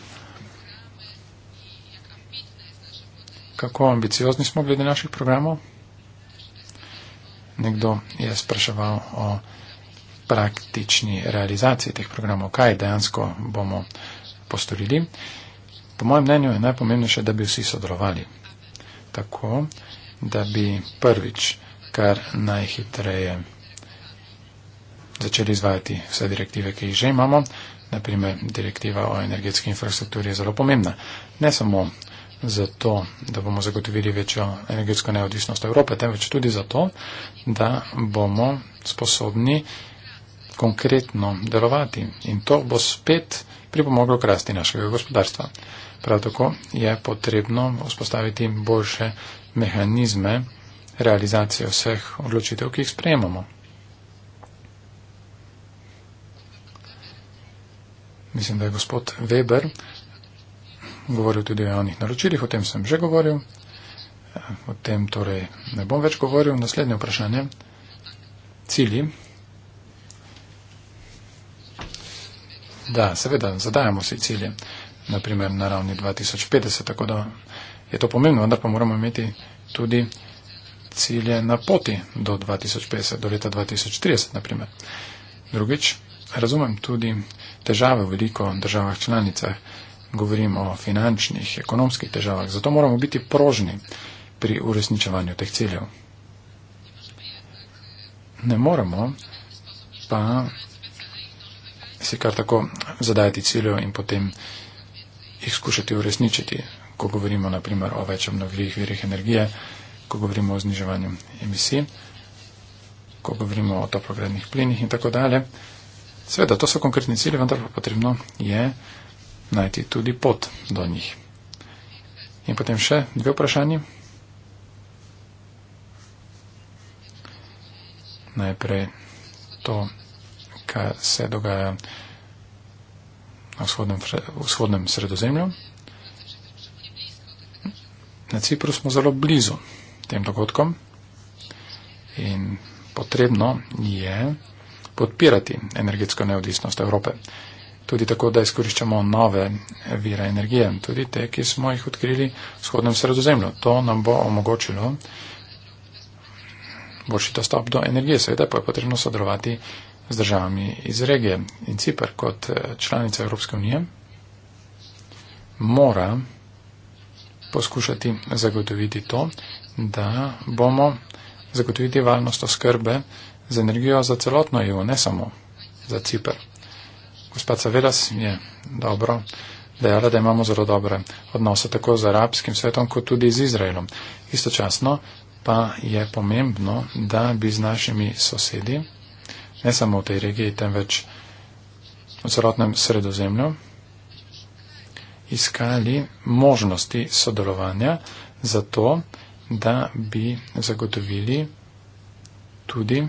Kako ambiciozni smo glede naših programov? Nekdo je spraševal o praktični realizaciji teh programov, kaj dejansko bomo postorili. Po mojem mnenju je najpomembnejše, da bi vsi sodelovali. Tako, da bi prvič kar najhitreje začeli izvajati vse direktive, ki jih že imamo. Naprimer, direktiva o energetski infrastrukturi je zelo pomembna. Ne samo zato, da bomo zagotovili večjo energetsko neodvisnost Evrope, temveč tudi zato, da bomo sposobni konkretno delovati. In to bo spet pripomoglo k rasti našega gospodarstva. Prav tako je potrebno vzpostaviti boljše mehanizme realizacije vseh odločitev, ki jih sprejemamo. mislim, da je gospod Weber govoril tudi o javnih naročilih, o tem sem že govoril, o tem torej ne bom več govoril. Naslednje vprašanje. Cili. Da, seveda, zadajamo si cilje, naprimer na ravni 2050, tako da je to pomembno, vendar pa moramo imeti tudi cilje na poti do 2050, do leta 2030, naprimer. Drugič, razumem tudi težave v veliko državah članicah, govorim o finančnih, ekonomskih težavah, zato moramo biti prožni pri uresničevanju teh ciljev. Ne moramo pa si kar tako zadajati ciljev in potem jih skušati uresničiti, ko govorimo naprimer o več obnovljivih virih energije, ko govorimo o zniževanju emisij, ko govorimo o toplogrednih plinih in tako dalje. Sveda, to so konkretni cilji, vendar pa potrebno je najti tudi pot do njih. In potem še dve vprašanje. Najprej to, kaj se dogaja na vzhodnem, vzhodnem sredozemlju. Na Cipru smo zelo blizu tem dogodkom in potrebno je podpirati energetsko neodvisnost Evrope. Tudi tako, da izkoriščamo nove vire energije, tudi te, ki smo jih odkrili v shodnem sredozemlju. To nam bo omogočilo boljši dostop do energije. Seveda pa je potrebno sodelovati z državami iz regije. In Cipr kot eh, članica Evropske unije mora poskušati zagotoviti to, da bomo zagotoviti valnost oskrbe z energijo za celotno EU, ne samo za Cipr. Gospa Cavelas je dobro dejala, da imamo zelo dobre odnose tako z arabskim svetom, kot tudi z Izraelom. Istočasno pa je pomembno, da bi z našimi sosedi, ne samo v tej regiji, temveč v celotnem sredozemlju, iskali možnosti sodelovanja za to, da bi zagotovili tudi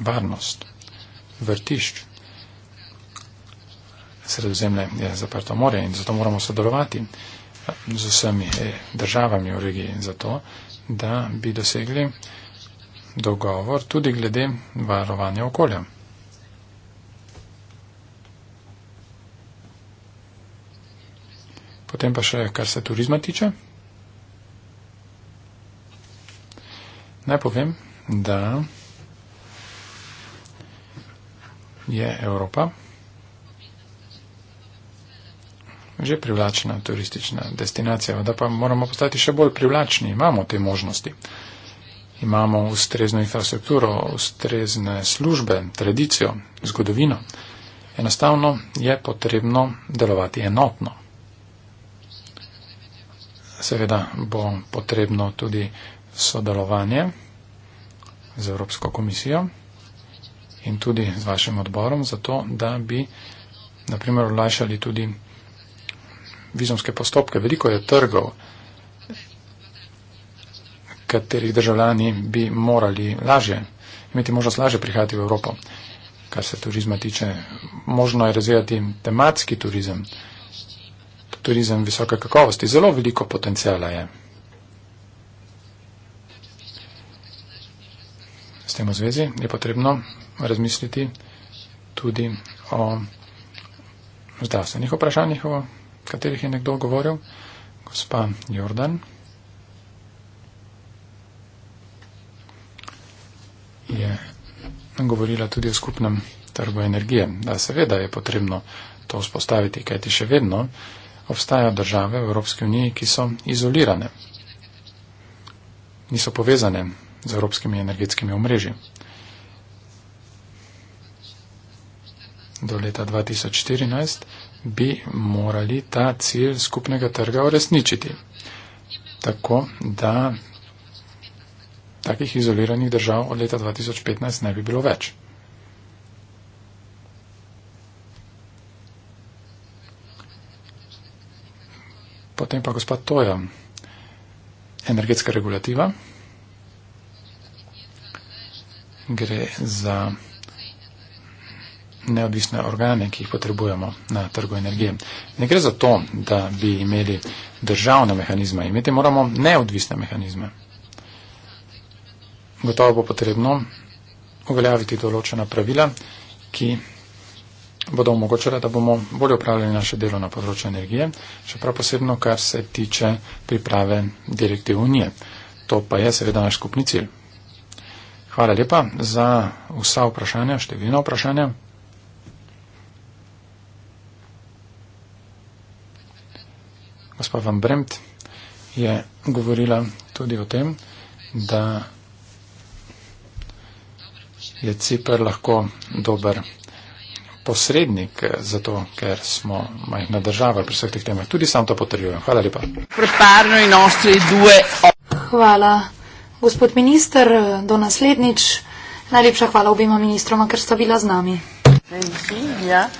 varnost, vrtišč. Sredozemlje je zaprto morje in zato moramo sodelovati eh, z vsemi eh, državami v regiji za to, da bi dosegli dogovor tudi glede varovanja okolja. Potem pa še, kar se turizma tiče. Naj povem, da je Evropa že privlačna turistična destinacija, da pa moramo postati še bolj privlačni. Imamo te možnosti. Imamo ustrezno infrastrukturo, ustrezne službe, tradicijo, zgodovino. Enostavno je potrebno delovati enotno. Seveda bo potrebno tudi sodelovanje z Evropsko komisijo in tudi z vašim odborom za to, da bi naprimer olajšali tudi vizumske postopke. Veliko je trgov, katerih državljani bi morali lažje imeti možnost lažje prihajati v Evropo, kar se turizma tiče. Možno je razvijati tematski turizem, turizem visoke kakovosti. Zelo veliko potencijala je. S tem v zvezi je potrebno razmisliti tudi o zdravstvenih vprašanjih, o katerih je nekdo govoril, gospa Jordan. je govorila tudi o skupnem trgu energije. Da, seveda je potrebno to vzpostaviti, kajti še vedno obstajajo države v Evropski uniji, ki so izolirane, niso povezane z evropskimi energetskimi omrežji. Do leta 2014 bi morali ta cilj skupnega trga uresničiti, tako da takih izoliranih držav od leta 2015 ne bi bilo več. Potem pa gospod Toja, energetska regulativa gre za neodvisne organe, ki jih potrebujemo na trgu energije. Ne gre za to, da bi imeli državne mehanizme, imeti moramo neodvisne mehanizme. Gotovo bo potrebno uveljaviti določena pravila, ki bodo omogočile, da bomo bolje upravljali naše delo na področju energije, čeprav posebno, kar se tiče priprave direktiv Unije. To pa je seveda naš skupni cilj. Hvala lepa za vsa vprašanja, številna vprašanja. Gospa Van Bremt je govorila tudi o tem, da je Cipr lahko dober posrednik za to, ker smo majhna država pri vseh teh temah. Tudi sam to potrjujem. Hvala lepa. Hvala. Gospod minister, do naslednjič. Najlepša hvala obima ministroma, ker sta bila z nami. Thank you. Yeah.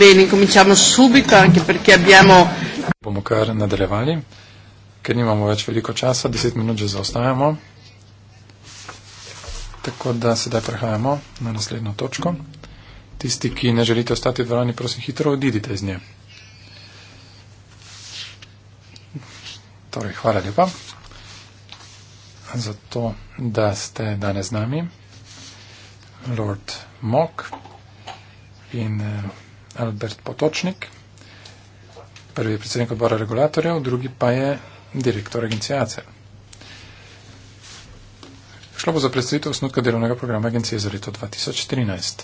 bene, cominciamo subito anche perché abbiamo... Bomo kar nadaljevali, ker nimamo več veliko časa, 10 minut že zaostajamo. Tako da sedaj prehajamo na naslednjo točko. Tisti, ki ne želite ostati v dvorani, prosim, hitro odidite iz nje. Torej, hvala lepa za to, da ste danes z nami. Lord Mok in uh, Albert Potočnik, prvi je predsednik odbora regulatorjev, drugi pa je direktor agencije ACER. Šlo bo za predstavitev osnutka delovnega programa agencije za leto 2013.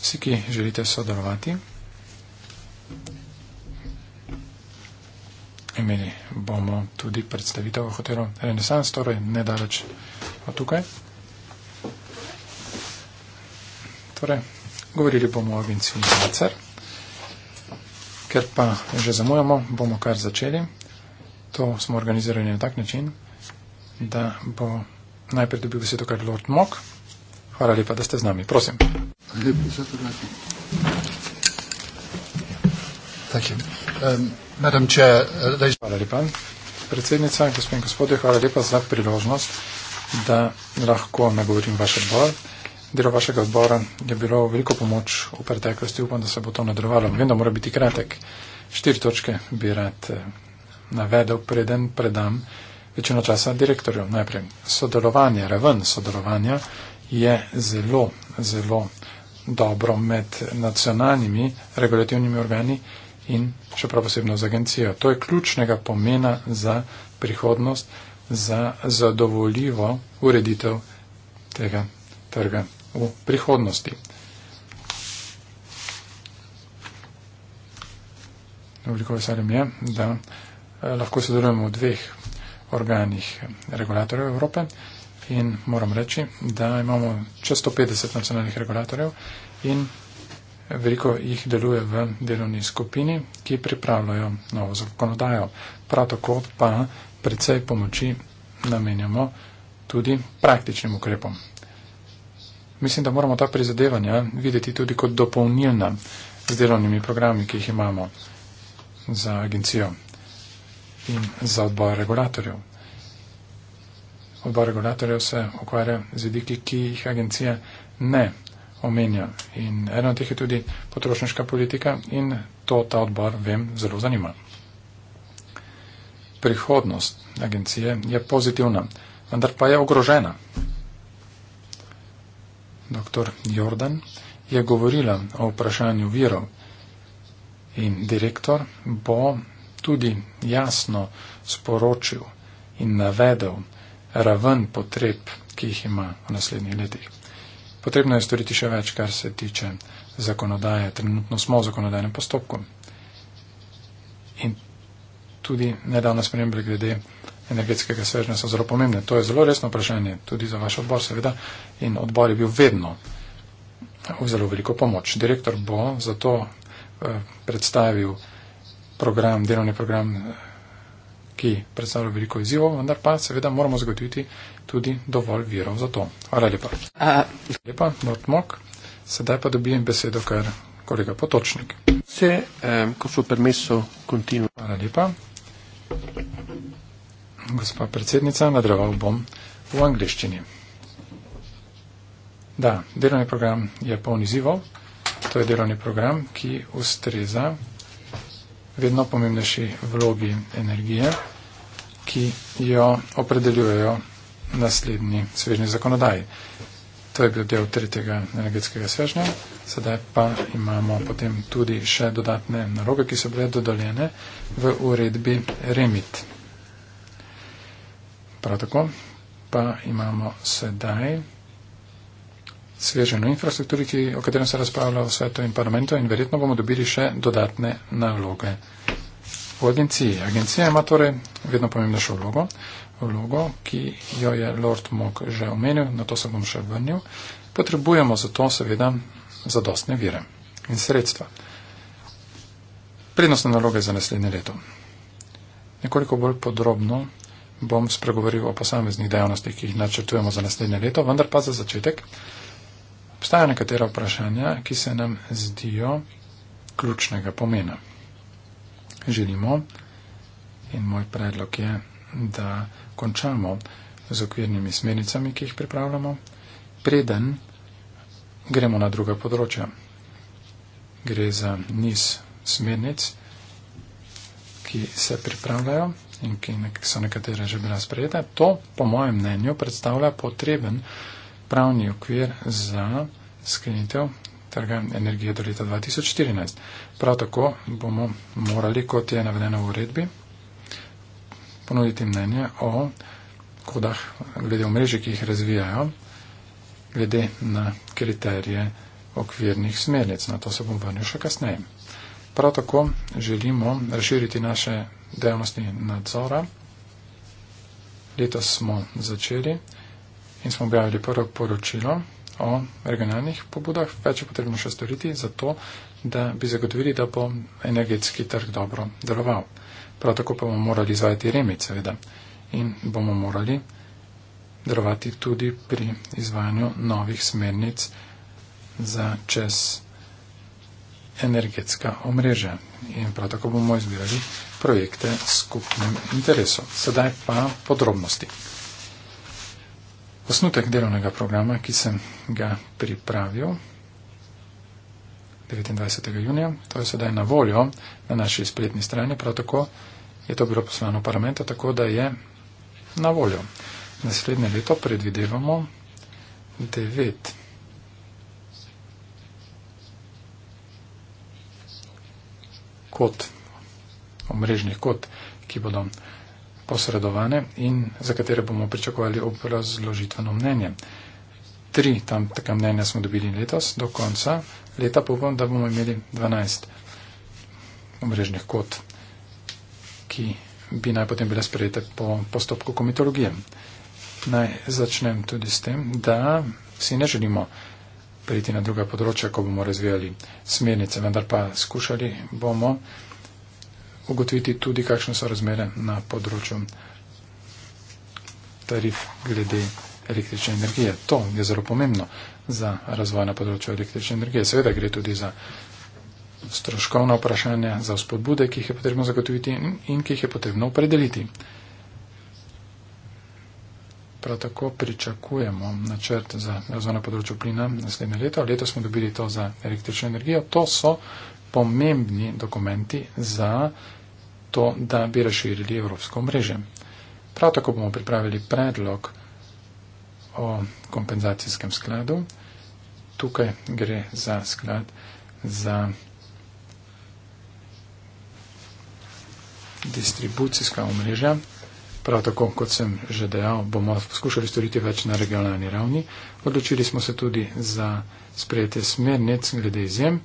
Vsi, ki želite sodelovati, imeli bomo tudi predstavitev v hotelu Renesans, torej nedaleč od tukaj. Torej, Govorili bomo o vincu in zacer. Ker pa že zamujamo, bomo kar začeli. To smo organizirali na tak način, da bo najprej dobil besedo kar Lord Mok. Hvala lepa, da ste z nami. Prosim. Um, uh, hvala lepa. Predsednica, gospod in gospodje, hvala lepa za priložnost, da lahko nagovorim vaš odbor delo vašega odbora je bilo veliko pomoč v preteklosti, upam, da se bo to nadrovalo. Vem, da mora biti kratek. Štiri točke bi rad eh, navedel, preden predam večino časa direktorju. Najprej, sodelovanje, raven sodelovanja je zelo, zelo dobro med nacionalnimi regulativnimi organi in še prav posebno z agencijo. To je ključnega pomena za prihodnost, za zadovoljivo ureditev tega trga u prihodnosti. Veliko veselje mi je, da eh, lahko sodelujemo v dveh organih regulatorjev Evrope in moram reči, da imamo čez 150 nacionalnih regulatorjev in veliko jih deluje v delovni skupini, ki pripravljajo novo zakonodajo. Prav tako pa precej pomoči namenjamo tudi praktičnim ukrepom. Mislim, da moramo ta prizadevanja videti tudi kot dopolnilna z delovnimi programi, ki jih imamo za agencijo in za odbor regulatorjev. Odbor regulatorjev se ukvarja z vidiki, ki jih agencija ne omenja. In eno od teh je tudi potrošniška politika in to ta odbor, vem, zelo zanima. Prihodnost agencije je pozitivna, vendar pa je ogrožena dr. Jordan, je govorila o vprašanju virov in direktor bo tudi jasno sporočil in navedel raven potreb, ki jih ima v naslednjih letih. Potrebno je storiti še več, kar se tiče zakonodaje. Trenutno smo v zakonodajnem postopku. In tudi nedavna sprememba glede energetskega svežnja so zelo pomembne. To je zelo resno vprašanje, tudi za vaš odbor seveda. In odbor je bil vedno eh, v zelo veliko pomoč. Direktor bo zato eh, predstavil program, delovni program, eh, ki predstavlja veliko izzivov, vendar pa seveda moramo zagotoviti tudi dovolj virov za to. Hvala lepa. Hvala lepa, Nortmok. Sedaj pa dobim besedo, ker kolega Potočnik. Se, um, ko so permiso, kontinuirano. Hvala lepa gospa predsednica, nadaljeval bom v angliščini. Da, delovni program je poln izzivov. To je delovni program, ki ustreza vedno pomembnejši vlogi energije, ki jo opredeljujejo naslednji svežni zakonodaji. To je bil del tretjega energetskega svežnja, sedaj pa imamo potem tudi še dodatne naloge, ki so bile dodaljene v uredbi REMIT. Prav tako pa imamo sedaj sveženo infrastrukturi, ki, o katerem se razpravlja v svetu in parlamentu in verjetno bomo dobili še dodatne naloge v agenciji. Agencija ima torej vedno pomembnejšo vlogo, vlogo, ki jo je Lord Mok že omenil, na to se bom še vrnil. Potrebujemo zato seveda zadostne vire in sredstva. Prednostne naloge za naslednje leto. Nekoliko bolj podrobno bom spregovoril o posameznih dejavnostih, ki jih načrtujemo za naslednje leto, vendar pa za začetek. Obstaja nekatera vprašanja, ki se nam zdijo ključnega pomena. Želimo in moj predlog je, da končamo z okvirnimi smernicami, ki jih pripravljamo, preden gremo na druga področja. Gre za niz smernic, ki se pripravljajo in ki so nekatere že bila sprejeta, to po mojem mnenju predstavlja potreben pravni okvir za sklenitev trga energije do leta 2014. Prav tako bomo morali, kot je navedeno v uredbi, ponuditi mnenje o kodah glede omrežja, ki jih razvijajo, glede na kriterije okvirnih smernic. Na to se bom vrnil še kasneje. Prav tako želimo razširiti naše dejavnosti nadzora. Letos smo začeli in smo objavili prvo poročilo o regionalnih pobudah. Več je potrebno še storiti za to, da bi zagotovili, da bo energetski trg dobro deloval. Prav tako pa bomo morali izvajati remit, seveda. In bomo morali delovati tudi pri izvajanju novih smernic za čez energetska omrežja in prav tako bomo izbirali projekte s skupnim interesom. Sedaj pa podrobnosti. Osnutek delovnega programa, ki sem ga pripravil 29. junija, to je sedaj na voljo na naši spletni strani, prav tako je to bilo poslano v parlamentu, tako da je na voljo. Naslednje leto predvidevamo devet. kot, omrežnih kot, ki bodo posredovane in za katere bomo pričakovali obrazložitveno mnenje. Tri tam taka mnenja smo dobili letos, do konca leta pa upam, da bomo imeli 12 omrežnih kot, ki bi naj potem bile sprejete po postopku komitologije. Naj začnem tudi s tem, da si ne želimo preiti na druga področja, ko bomo razvijali smernice, vendar pa skušali bomo ugotoviti tudi, kakšne so razmere na področju tarif glede električne energije. To je zelo pomembno za razvoj na področju električne energije. Seveda gre tudi za stroškovna vprašanja, za spodbude, ki jih je potrebno zagotoviti in ki jih je potrebno opredeliti. Prav tako pričakujemo načrt za razvoj na področju plina naslednje leto. Leto smo dobili to za električno energijo. To so pomembni dokumenti za to, da bi razširili evropsko mreže. Prav tako bomo pripravili predlog o kompenzacijskem skladu. Tukaj gre za sklad za distribucijska omrežja. Prav tako, kot sem že dejal, bomo poskušali storiti več na regionalni ravni. Odločili smo se tudi za sprejete smernic glede izjem.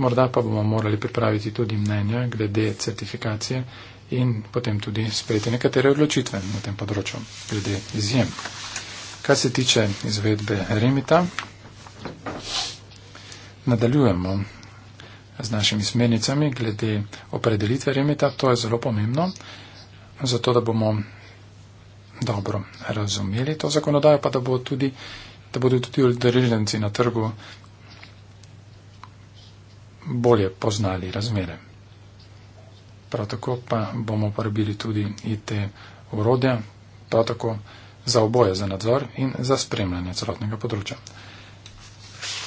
Morda pa bomo morali pripraviti tudi mnenja glede certifikacije in potem tudi sprejeti nekatere odločitve na tem področju glede izjem. Kar se tiče izvedbe REMITA, nadaljujemo z našimi smernicami glede opredelitve REMITA. To je zelo pomembno, zato da bomo dobro razumeli to zakonodajo, pa da, bo tudi, da bodo tudi udeleženci na trgu bolje poznali razmere. Prav tako pa bomo uporabili tudi IT urode, prav tako za oboje, za nadzor in za spremljanje celotnega področja.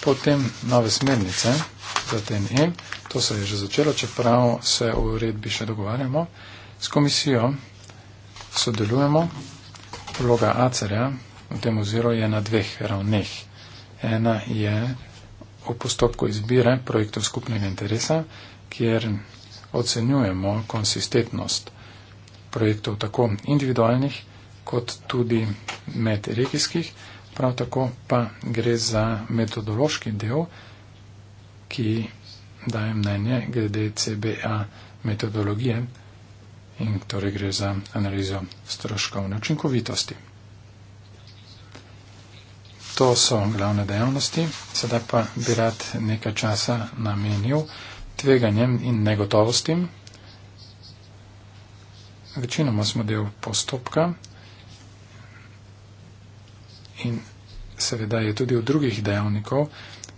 Potem nove smernice za TNE, to se je že začelo, čeprav se o uredbi še dogovarjamo, s komisijo sodelujemo vloga Acerja v tem oziru je na dveh ravneh. Ena je v postopku izbire projektov skupnega interesa, kjer ocenjujemo konsistentnost projektov tako individualnih kot tudi medregijskih, prav tako pa gre za metodološki del, ki daje mnenje glede CBA metodologije, in torej gre za analizo stroškovne učinkovitosti. To so glavne dejavnosti, sedaj pa bi rad nekaj časa namenil tveganjem in negotovostim. Večinoma smo del postopka in seveda je tudi od drugih dejavnikov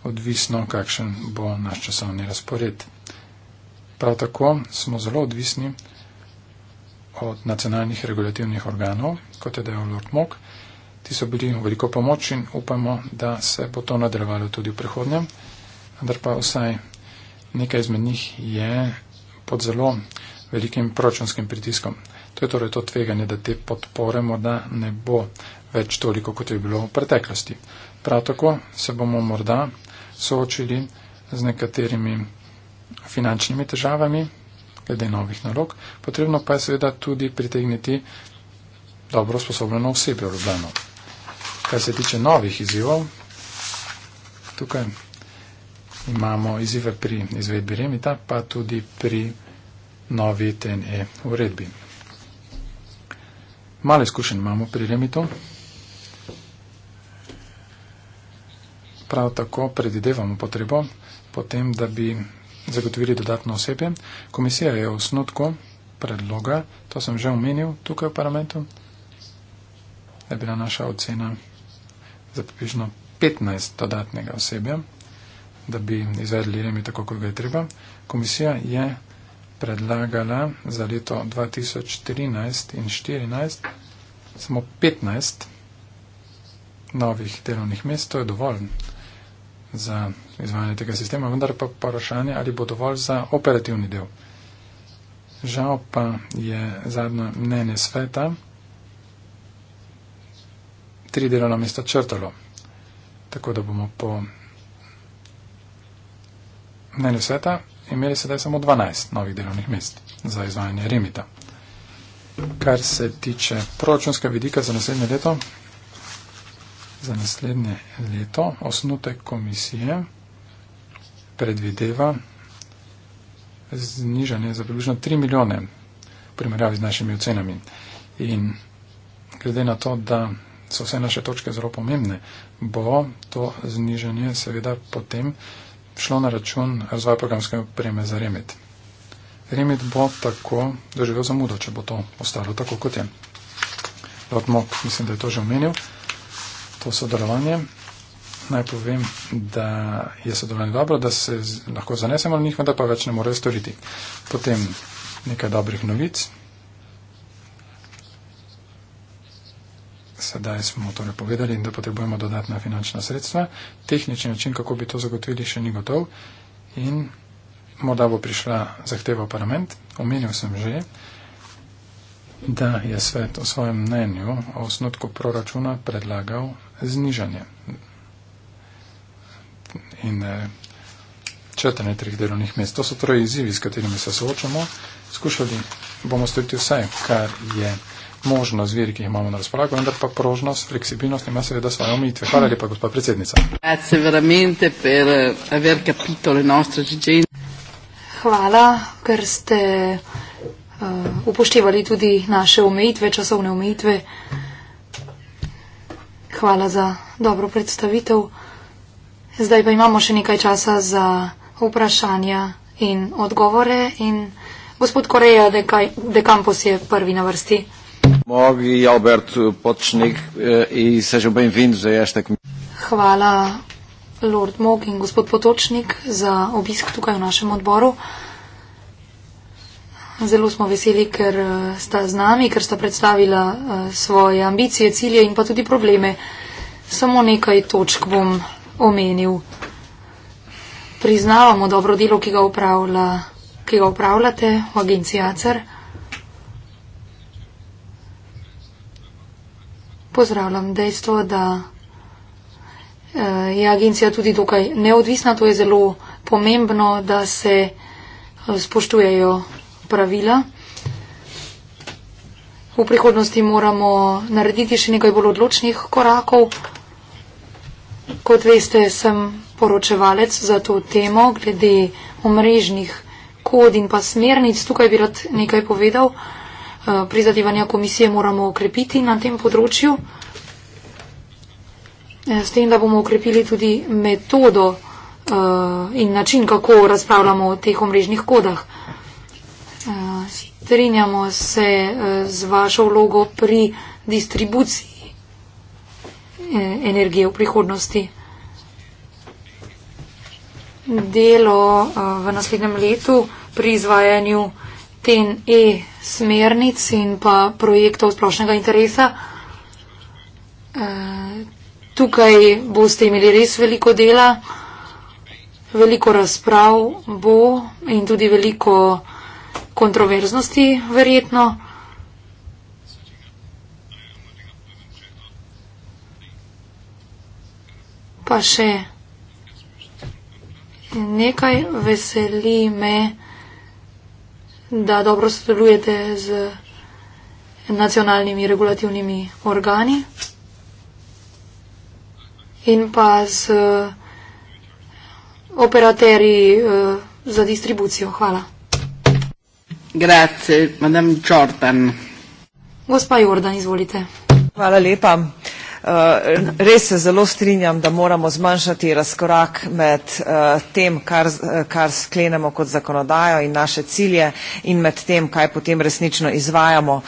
odvisno, kakšen bo naš časovni razpored. Prav tako smo zelo odvisni od nacionalnih regulativnih organov, kot je dejal Lord Mok. Ti so bili veliko pomoč in upamo, da se bo to nadaljevalo tudi v prihodnjem. Vendar pa vsaj nekaj izmed njih je pod zelo velikim proračunskim pritiskom. To je torej to tveganje, da te podpore morda ne bo več toliko, kot je bilo v preteklosti. Prav tako se bomo morda soočili z nekaterimi finančnimi težavami, glede novih nalog, potrebno pa je seveda tudi pritegniti dobro sposobljeno osebje v Ljubljano. Kar se tiče novih izzivov, tukaj imamo izzive pri izvedbi remita, pa tudi pri novi TNE uredbi. Malo izkušen imamo pri remitu. Prav tako predvidevamo potrebo potem, da bi zagotovili dodatno osebje. Komisija je v osnotku predloga, to sem že omenil tukaj v parlamentu, je bila naša ocena za približno 15 dodatnega osebja, da bi izvedli remi tako, kot ga je treba. Komisija je predlagala za leto 2013 in 2014 samo 15 novih delovnih mest, to je dovolj za izvajanje tega sistema, vendar pa vprašanje, ali bo dovolj za operativni del. Žal pa je zadnje mnenje sveta tri delovna mesta črtalo. Tako da bomo po mnenju sveta imeli sedaj samo 12 novih delovnih mest za izvajanje remita. Kar se tiče proračunskega vidika za naslednje leto, za naslednje leto. Osnutek komisije predvideva znižanje za približno 3 milijone v primerjavi z našimi ocenami. In glede na to, da so vse naše točke zelo pomembne, bo to znižanje seveda potem šlo na račun razvoja programske opreme za REMIT. REMIT bo tako doživel zamudo, če bo to ostalo tako kot je. Lotmok, mislim, da je to že omenil to sodelovanje. Naj povem, da je sodelovanje dobro, da se lahko zanesemo na njih, da pa več ne morejo storiti. Potem nekaj dobrih novic. Sedaj smo torej povedali, da potrebujemo dodatna finančna sredstva. Tehnični način, kako bi to zagotovili, še ni gotov. In morda bo prišla zahteva v parlament. Omenil sem že, da je svet o svojem mnenju o osnotku proračuna predlagal znižanje in eh, črtanje treh delovnih mest. To so torej izzivi, s katerimi se soočamo. Skušali bomo storiti vse, kar je možno z viri, ki jih imamo na razpolago, vendar pa prožnost, fleksibilnost ima seveda svoje omejitve. Hvala lepa, gospod predsednica. Eh, Hvala, ker ste uh, upoštevali tudi naše omejitve, časovne omejitve hvala za dobro predstavitev. Zdaj pa imamo še nekaj časa za vprašanja in odgovore. In gospod Koreja, de Campos je prvi na vrsti. Mogi Albert Potčnik eh, in sežo benvindu za jaštek. Hvala, Lord Mog in gospod Potočnik, za obisk tukaj v našem odboru. Zelo smo veseli, ker eh, sta z nami, ker sta predstavila eh, svoje ambicije, cilje in pa tudi probleme. Samo nekaj točk bom omenil. Priznavamo dobro delo, ki ga, upravlja, ki ga upravljate v agenciji ACER. Pozdravljam dejstvo, da eh, je agencija tudi dokaj neodvisna. To je zelo pomembno, da se spoštujejo pravila. V prihodnosti moramo narediti še nekaj bolj odločnih korakov. Kot veste, sem poročevalec za to temo glede omrežnih kod in pa smernic. Tukaj bi rad nekaj povedal. Eh, prizadevanja komisije moramo okrepiti na tem področju. Eh, s tem, da bomo okrepili tudi metodo eh, in način, kako razpravljamo o teh omrežnih kodah strinjamo se eh, z vašo vlogo pri distribuciji eh, energije v prihodnosti. Delo eh, v naslednjem letu pri izvajanju TNE smernic in pa projektov splošnega interesa. Tukaj boste imeli res veliko dela, veliko razprav bo in tudi veliko kontroverznosti, verjetno. Pa še nekaj veseli me, da dobro sodelujete z nacionalnimi regulativnimi organi in pa z eh, operaterji eh, za distribucijo. Hvala. Grazie, madame Jordan. Gospa Jordan, izvolite. Hvala lepa. Eh, res se zelo strinjam, da moramo zmanjšati razkorak med eh, tem, kar, eh, kar sklenemo kot zakonodajo in naše cilje in med tem, kaj potem resnično izvajamo.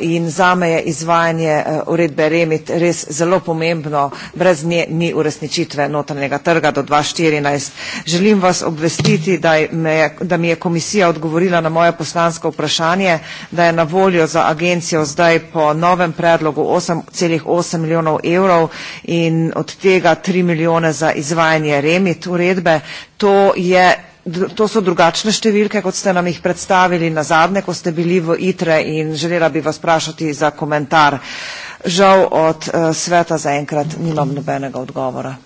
In zame je izvajanje uredbe REMIT res zelo pomembno, brez nje ni uresničitve notranjega trga do 2014. Želim vas obvestiti, da, me, da mi je komisija odgovorila na moje poslansko vprašanje, da je na voljo za agencijo zdaj po novem predlogu 8,8 milijona milijonov evrov in od tega 3 milijone za izvajanje REMIT uredbe. To je, to so drugačne številke, kot ste nam jih predstavili nazadnje, ko ste bili v ITRE in želela bi vas vprašati za komentar. Žal od eh, sveta zaenkrat nimam nobenega odgovora.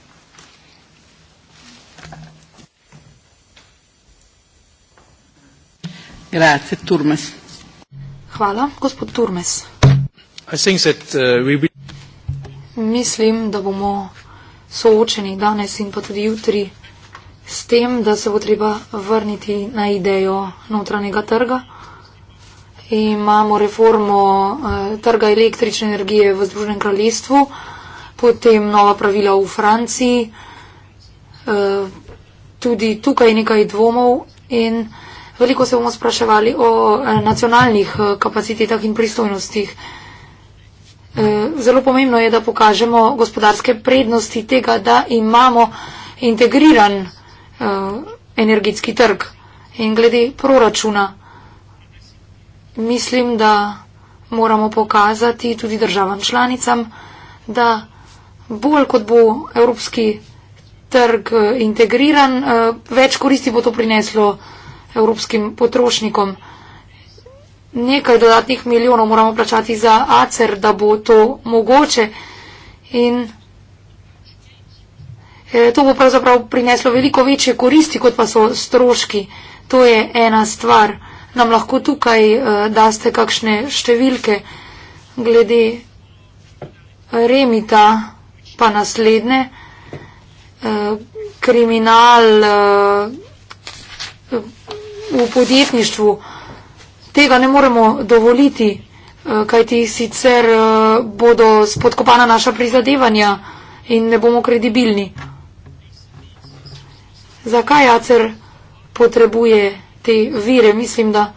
Hvala. Gospod Turmes. Mislim, da bomo soočeni danes in pa tudi jutri s tem, da se bo treba vrniti na idejo notranjega trga. Imamo reformo eh, trga električne energije v Združenem kraljestvu, potem nova pravila v Franciji. Eh, tudi tukaj nekaj dvomov in veliko se bomo spraševali o eh, nacionalnih kapacitetah in pristojnostih. Mm, zelo pomembno je, da pokažemo gospodarske prednosti tega, da imamo integriran eh, energetski trg. In glede proračuna, mislim, da moramo pokazati tudi državam članicam, da bolj kot bo evropski trg eh, integriran, eh, več koristi bo to prineslo evropskim potrošnikom nekaj dodatnih milijonov moramo plačati za ACER, da bo to mogoče. In eh, to bo pravzaprav prineslo veliko večje koristi, kot pa so stroški. To je ena stvar. Nam lahko tukaj eh, daste kakšne številke glede remita, pa naslednje, eh, kriminal v podjetništvu tega ne moremo dovoliti, eh, kajti sicer eh, bodo spodkopana naša prizadevanja in ne bomo kredibilni. Zakaj ACER potrebuje te vire? Mislim, da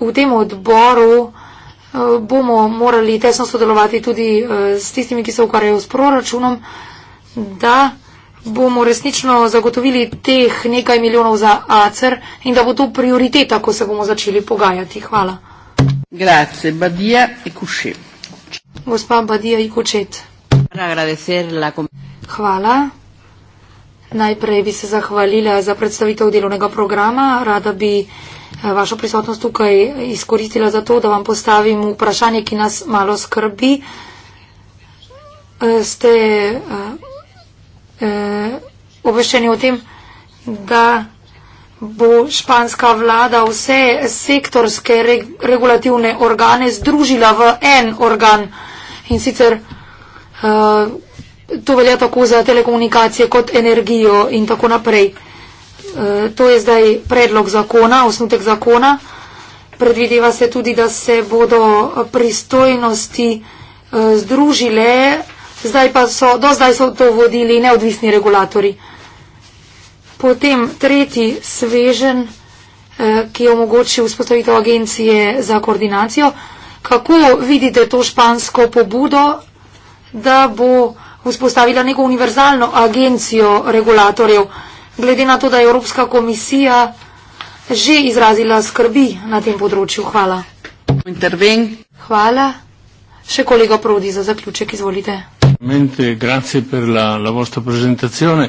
v tem odboru eh, bomo morali tesno sodelovati tudi s tistimi, ki se ukvarjajo s proračunom, da bomo resnično zagotovili teh nekaj milijonov za ACER in da bo to prioriteta, ko se bomo začeli pogajati. Hvala. Grazie, Badija Ikuši. Gospa Badija Ikučet. Hvala. Najprej bi se zahvalila za predstavitev delovnega programa. Rada bi eh, vašo prisotnost tukaj izkoristila za to, da vam postavim vprašanje, ki nas malo skrbi. Eh, ste eh, eh, obveščeni o tem, da bo španska vlada vse sektorske reg regulativne organe združila v en organ. In sicer eh, to velja tako za telekomunikacije kot energijo in tako naprej. Eh, to je zdaj predlog zakona, osnutek zakona. Predvideva se tudi, da se bodo pristojnosti eh, združile zdaj pa so, do zdaj so to vodili neodvisni regulatori. Potem tretji svežen, eh, ki je omogočil vzpostavitev agencije za koordinacijo. Kako vidite to špansko pobudo, da bo vzpostavila neko univerzalno agencijo regulatorjev, glede na to, da je Evropska komisija že izrazila skrbi na tem področju? Hvala. Interven. Hvala. Še kolega Prodi za zaključek, izvolite. Mente, grazie per la, la vostra presentazione.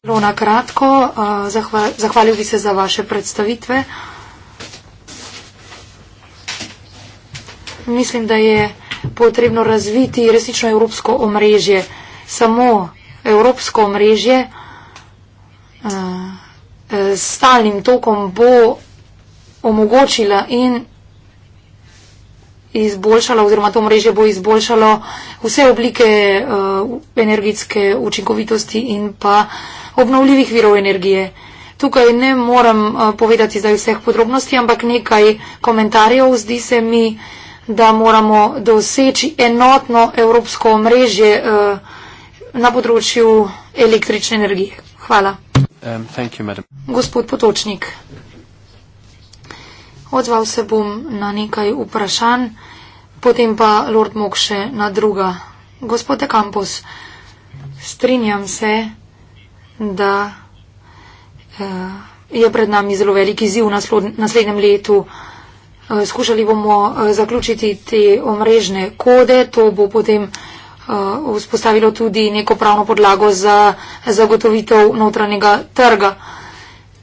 Luna, kratko, uh, eh, zahval, zahvalil bi se za vaše predstavitve. Mislim, da je potrebno razviti resnično evropsko omrežje. Samo evropsko omrežje uh, s stalnim tokom bo omogočila in izboljšalo oziroma to mreže bo izboljšalo vse oblike uh, energetske učinkovitosti in pa obnovljivih virov energije. Tukaj ne moram uh, eh, povedati zdaj vseh podrobnosti, ampak nekaj komentarjev. Zdi se mi, da moramo doseči enotno evropsko mreže uh, eh, na področju električne energije. Hvala. Um, you, Gospod Potočnik odzval se bom na nekaj vprašanj, potem pa Lord Mok še na druga. Gospod De Campos, strinjam se, da eh, je pred nami zelo velik izziv v naslednjem letu. Eh, skušali bomo eh, zaključiti te omrežne kode, to bo potem vzpostavilo tudi neko pravno podlago za zagotovitev notranjega trga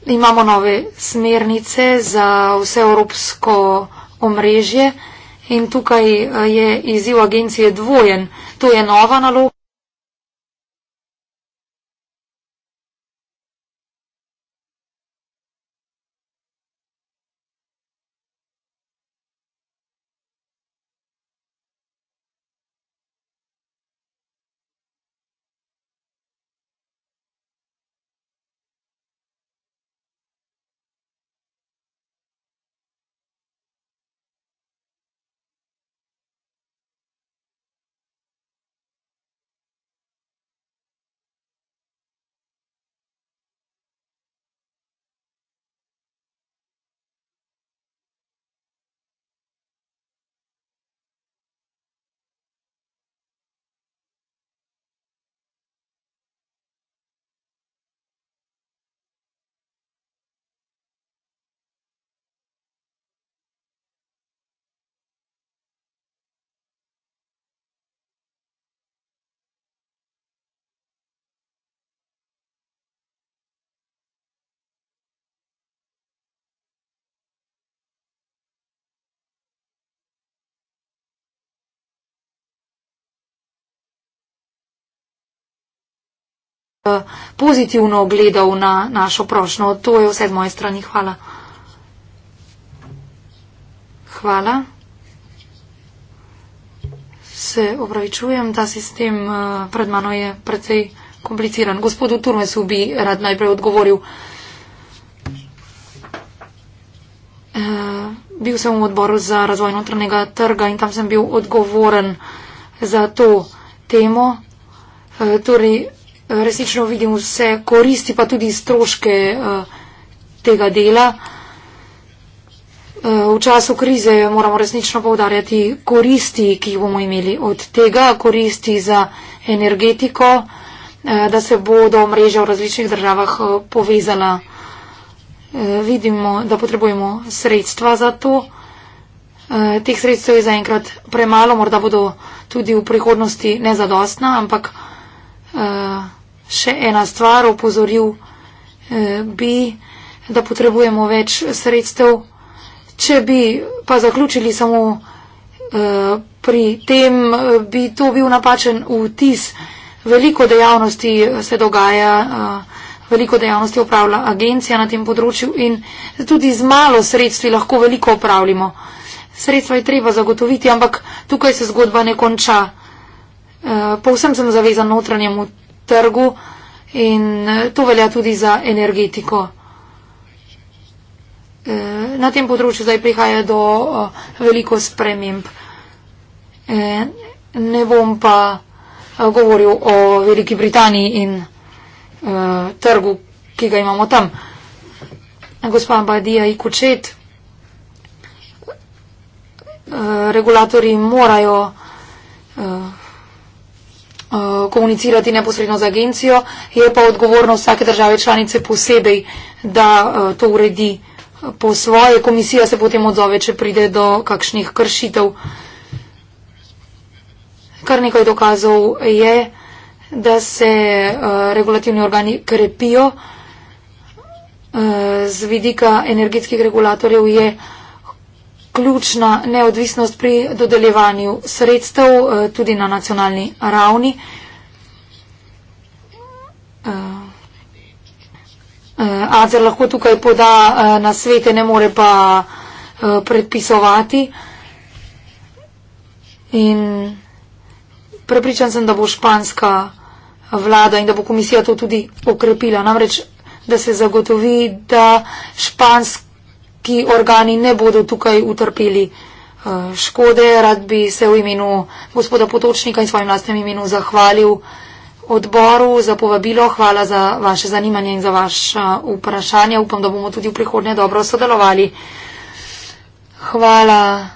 imamo nove smernice za vse evropsko omrežje in tukaj eh, je izziv agencije dvojen. To je nova naloga. pozitivno gledal na našo prošnjo. To je vse z moje strani. Hvala. Hvala. Se opravičujem, ta sistem eh, pred mano je precej kompliciran. Gospodu Turmesu bi rad najprej odgovoril. Eh, bil sem v odboru za razvoj notranjega trga in tam sem bil odgovoren za to temo. Eh, torej, resnično vidim vse koristi, pa tudi stroške eh, tega dela. Eh, v času krize moramo resnično povdarjati koristi, ki jih bomo imeli od tega, koristi za energetiko, eh, da se bodo mreže v različnih državah povezala. Vidimo, da potrebujemo sredstva za to. Teh sredstev je zaenkrat premalo, morda bodo tudi v prihodnosti nezadostna, ampak še ena stvar opozoril eh, bi, da potrebujemo več sredstev. Če bi pa zaključili samo eh, pri tem, eh, bi to bil napačen vtis. Veliko dejavnosti se dogaja, veliko dejavnosti opravlja agencija na tem področju in tudi z malo sredstvi lahko veliko opravljamo. Sredstva je treba zagotoviti, ampak tukaj se zgodba ne konča. Povsem sem zavezan notranjemu trgu in eh, to velja tudi za energetiko. Eh, na tem področju zdaj prihaja do eh, veliko sprememb. Ne bom pa govoril o Veliki Britaniji in trgu, ki ga imamo tam. Gospa Badija i Kučet, regulatori morajo Eh, komunicirati neposredno z agencijo, je pa odgovornost vsake države članice posebej, da eh, to uredi po svoje. Komisija se potem odzove, če pride do kakšnih kršitev. Kar nekaj dokazov je, da se eh, regulativni organi krepijo. Z vidika energetskih regulatorjev je ključna neodvisnost pri dodeljevanju sredstev eh, tudi na nacionalni ravni. Eh, eh, Azer lahko tukaj poda na svete, ne more pa predpisovati. In prepričan sem, da bo španska vlada in da bo komisija to tudi okrepila. Namreč, da se zagotovi, da španska ti organi ne bodo tukaj utrpeli eh, škode. Rad bi se v imenu gospoda Potočnika in svojim lastnem imenu zahvalil odboru za povabilo. Hvala za vaše zanimanje in za vaše vprašanje. Upam, da bomo tudi v prihodnje dobro sodelovali. Hvala,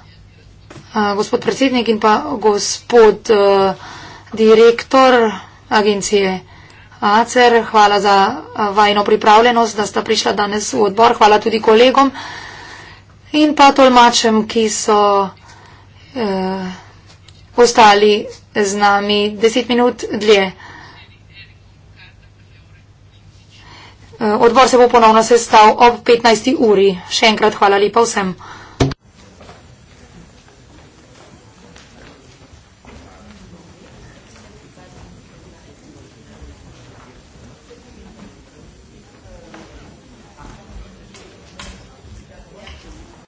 eh, gospod predsednik in pa gospod eh, direktor agencije. Acer, hvala za vajno pripravljenost, da sta prišla danes v odbor. Hvala tudi kolegom in pa tolmačem, ki so eh, ostali z nami deset minut dlje. E, odbor se bo ponovno sestal ob 15. uri. Še enkrat hvala lepa vsem.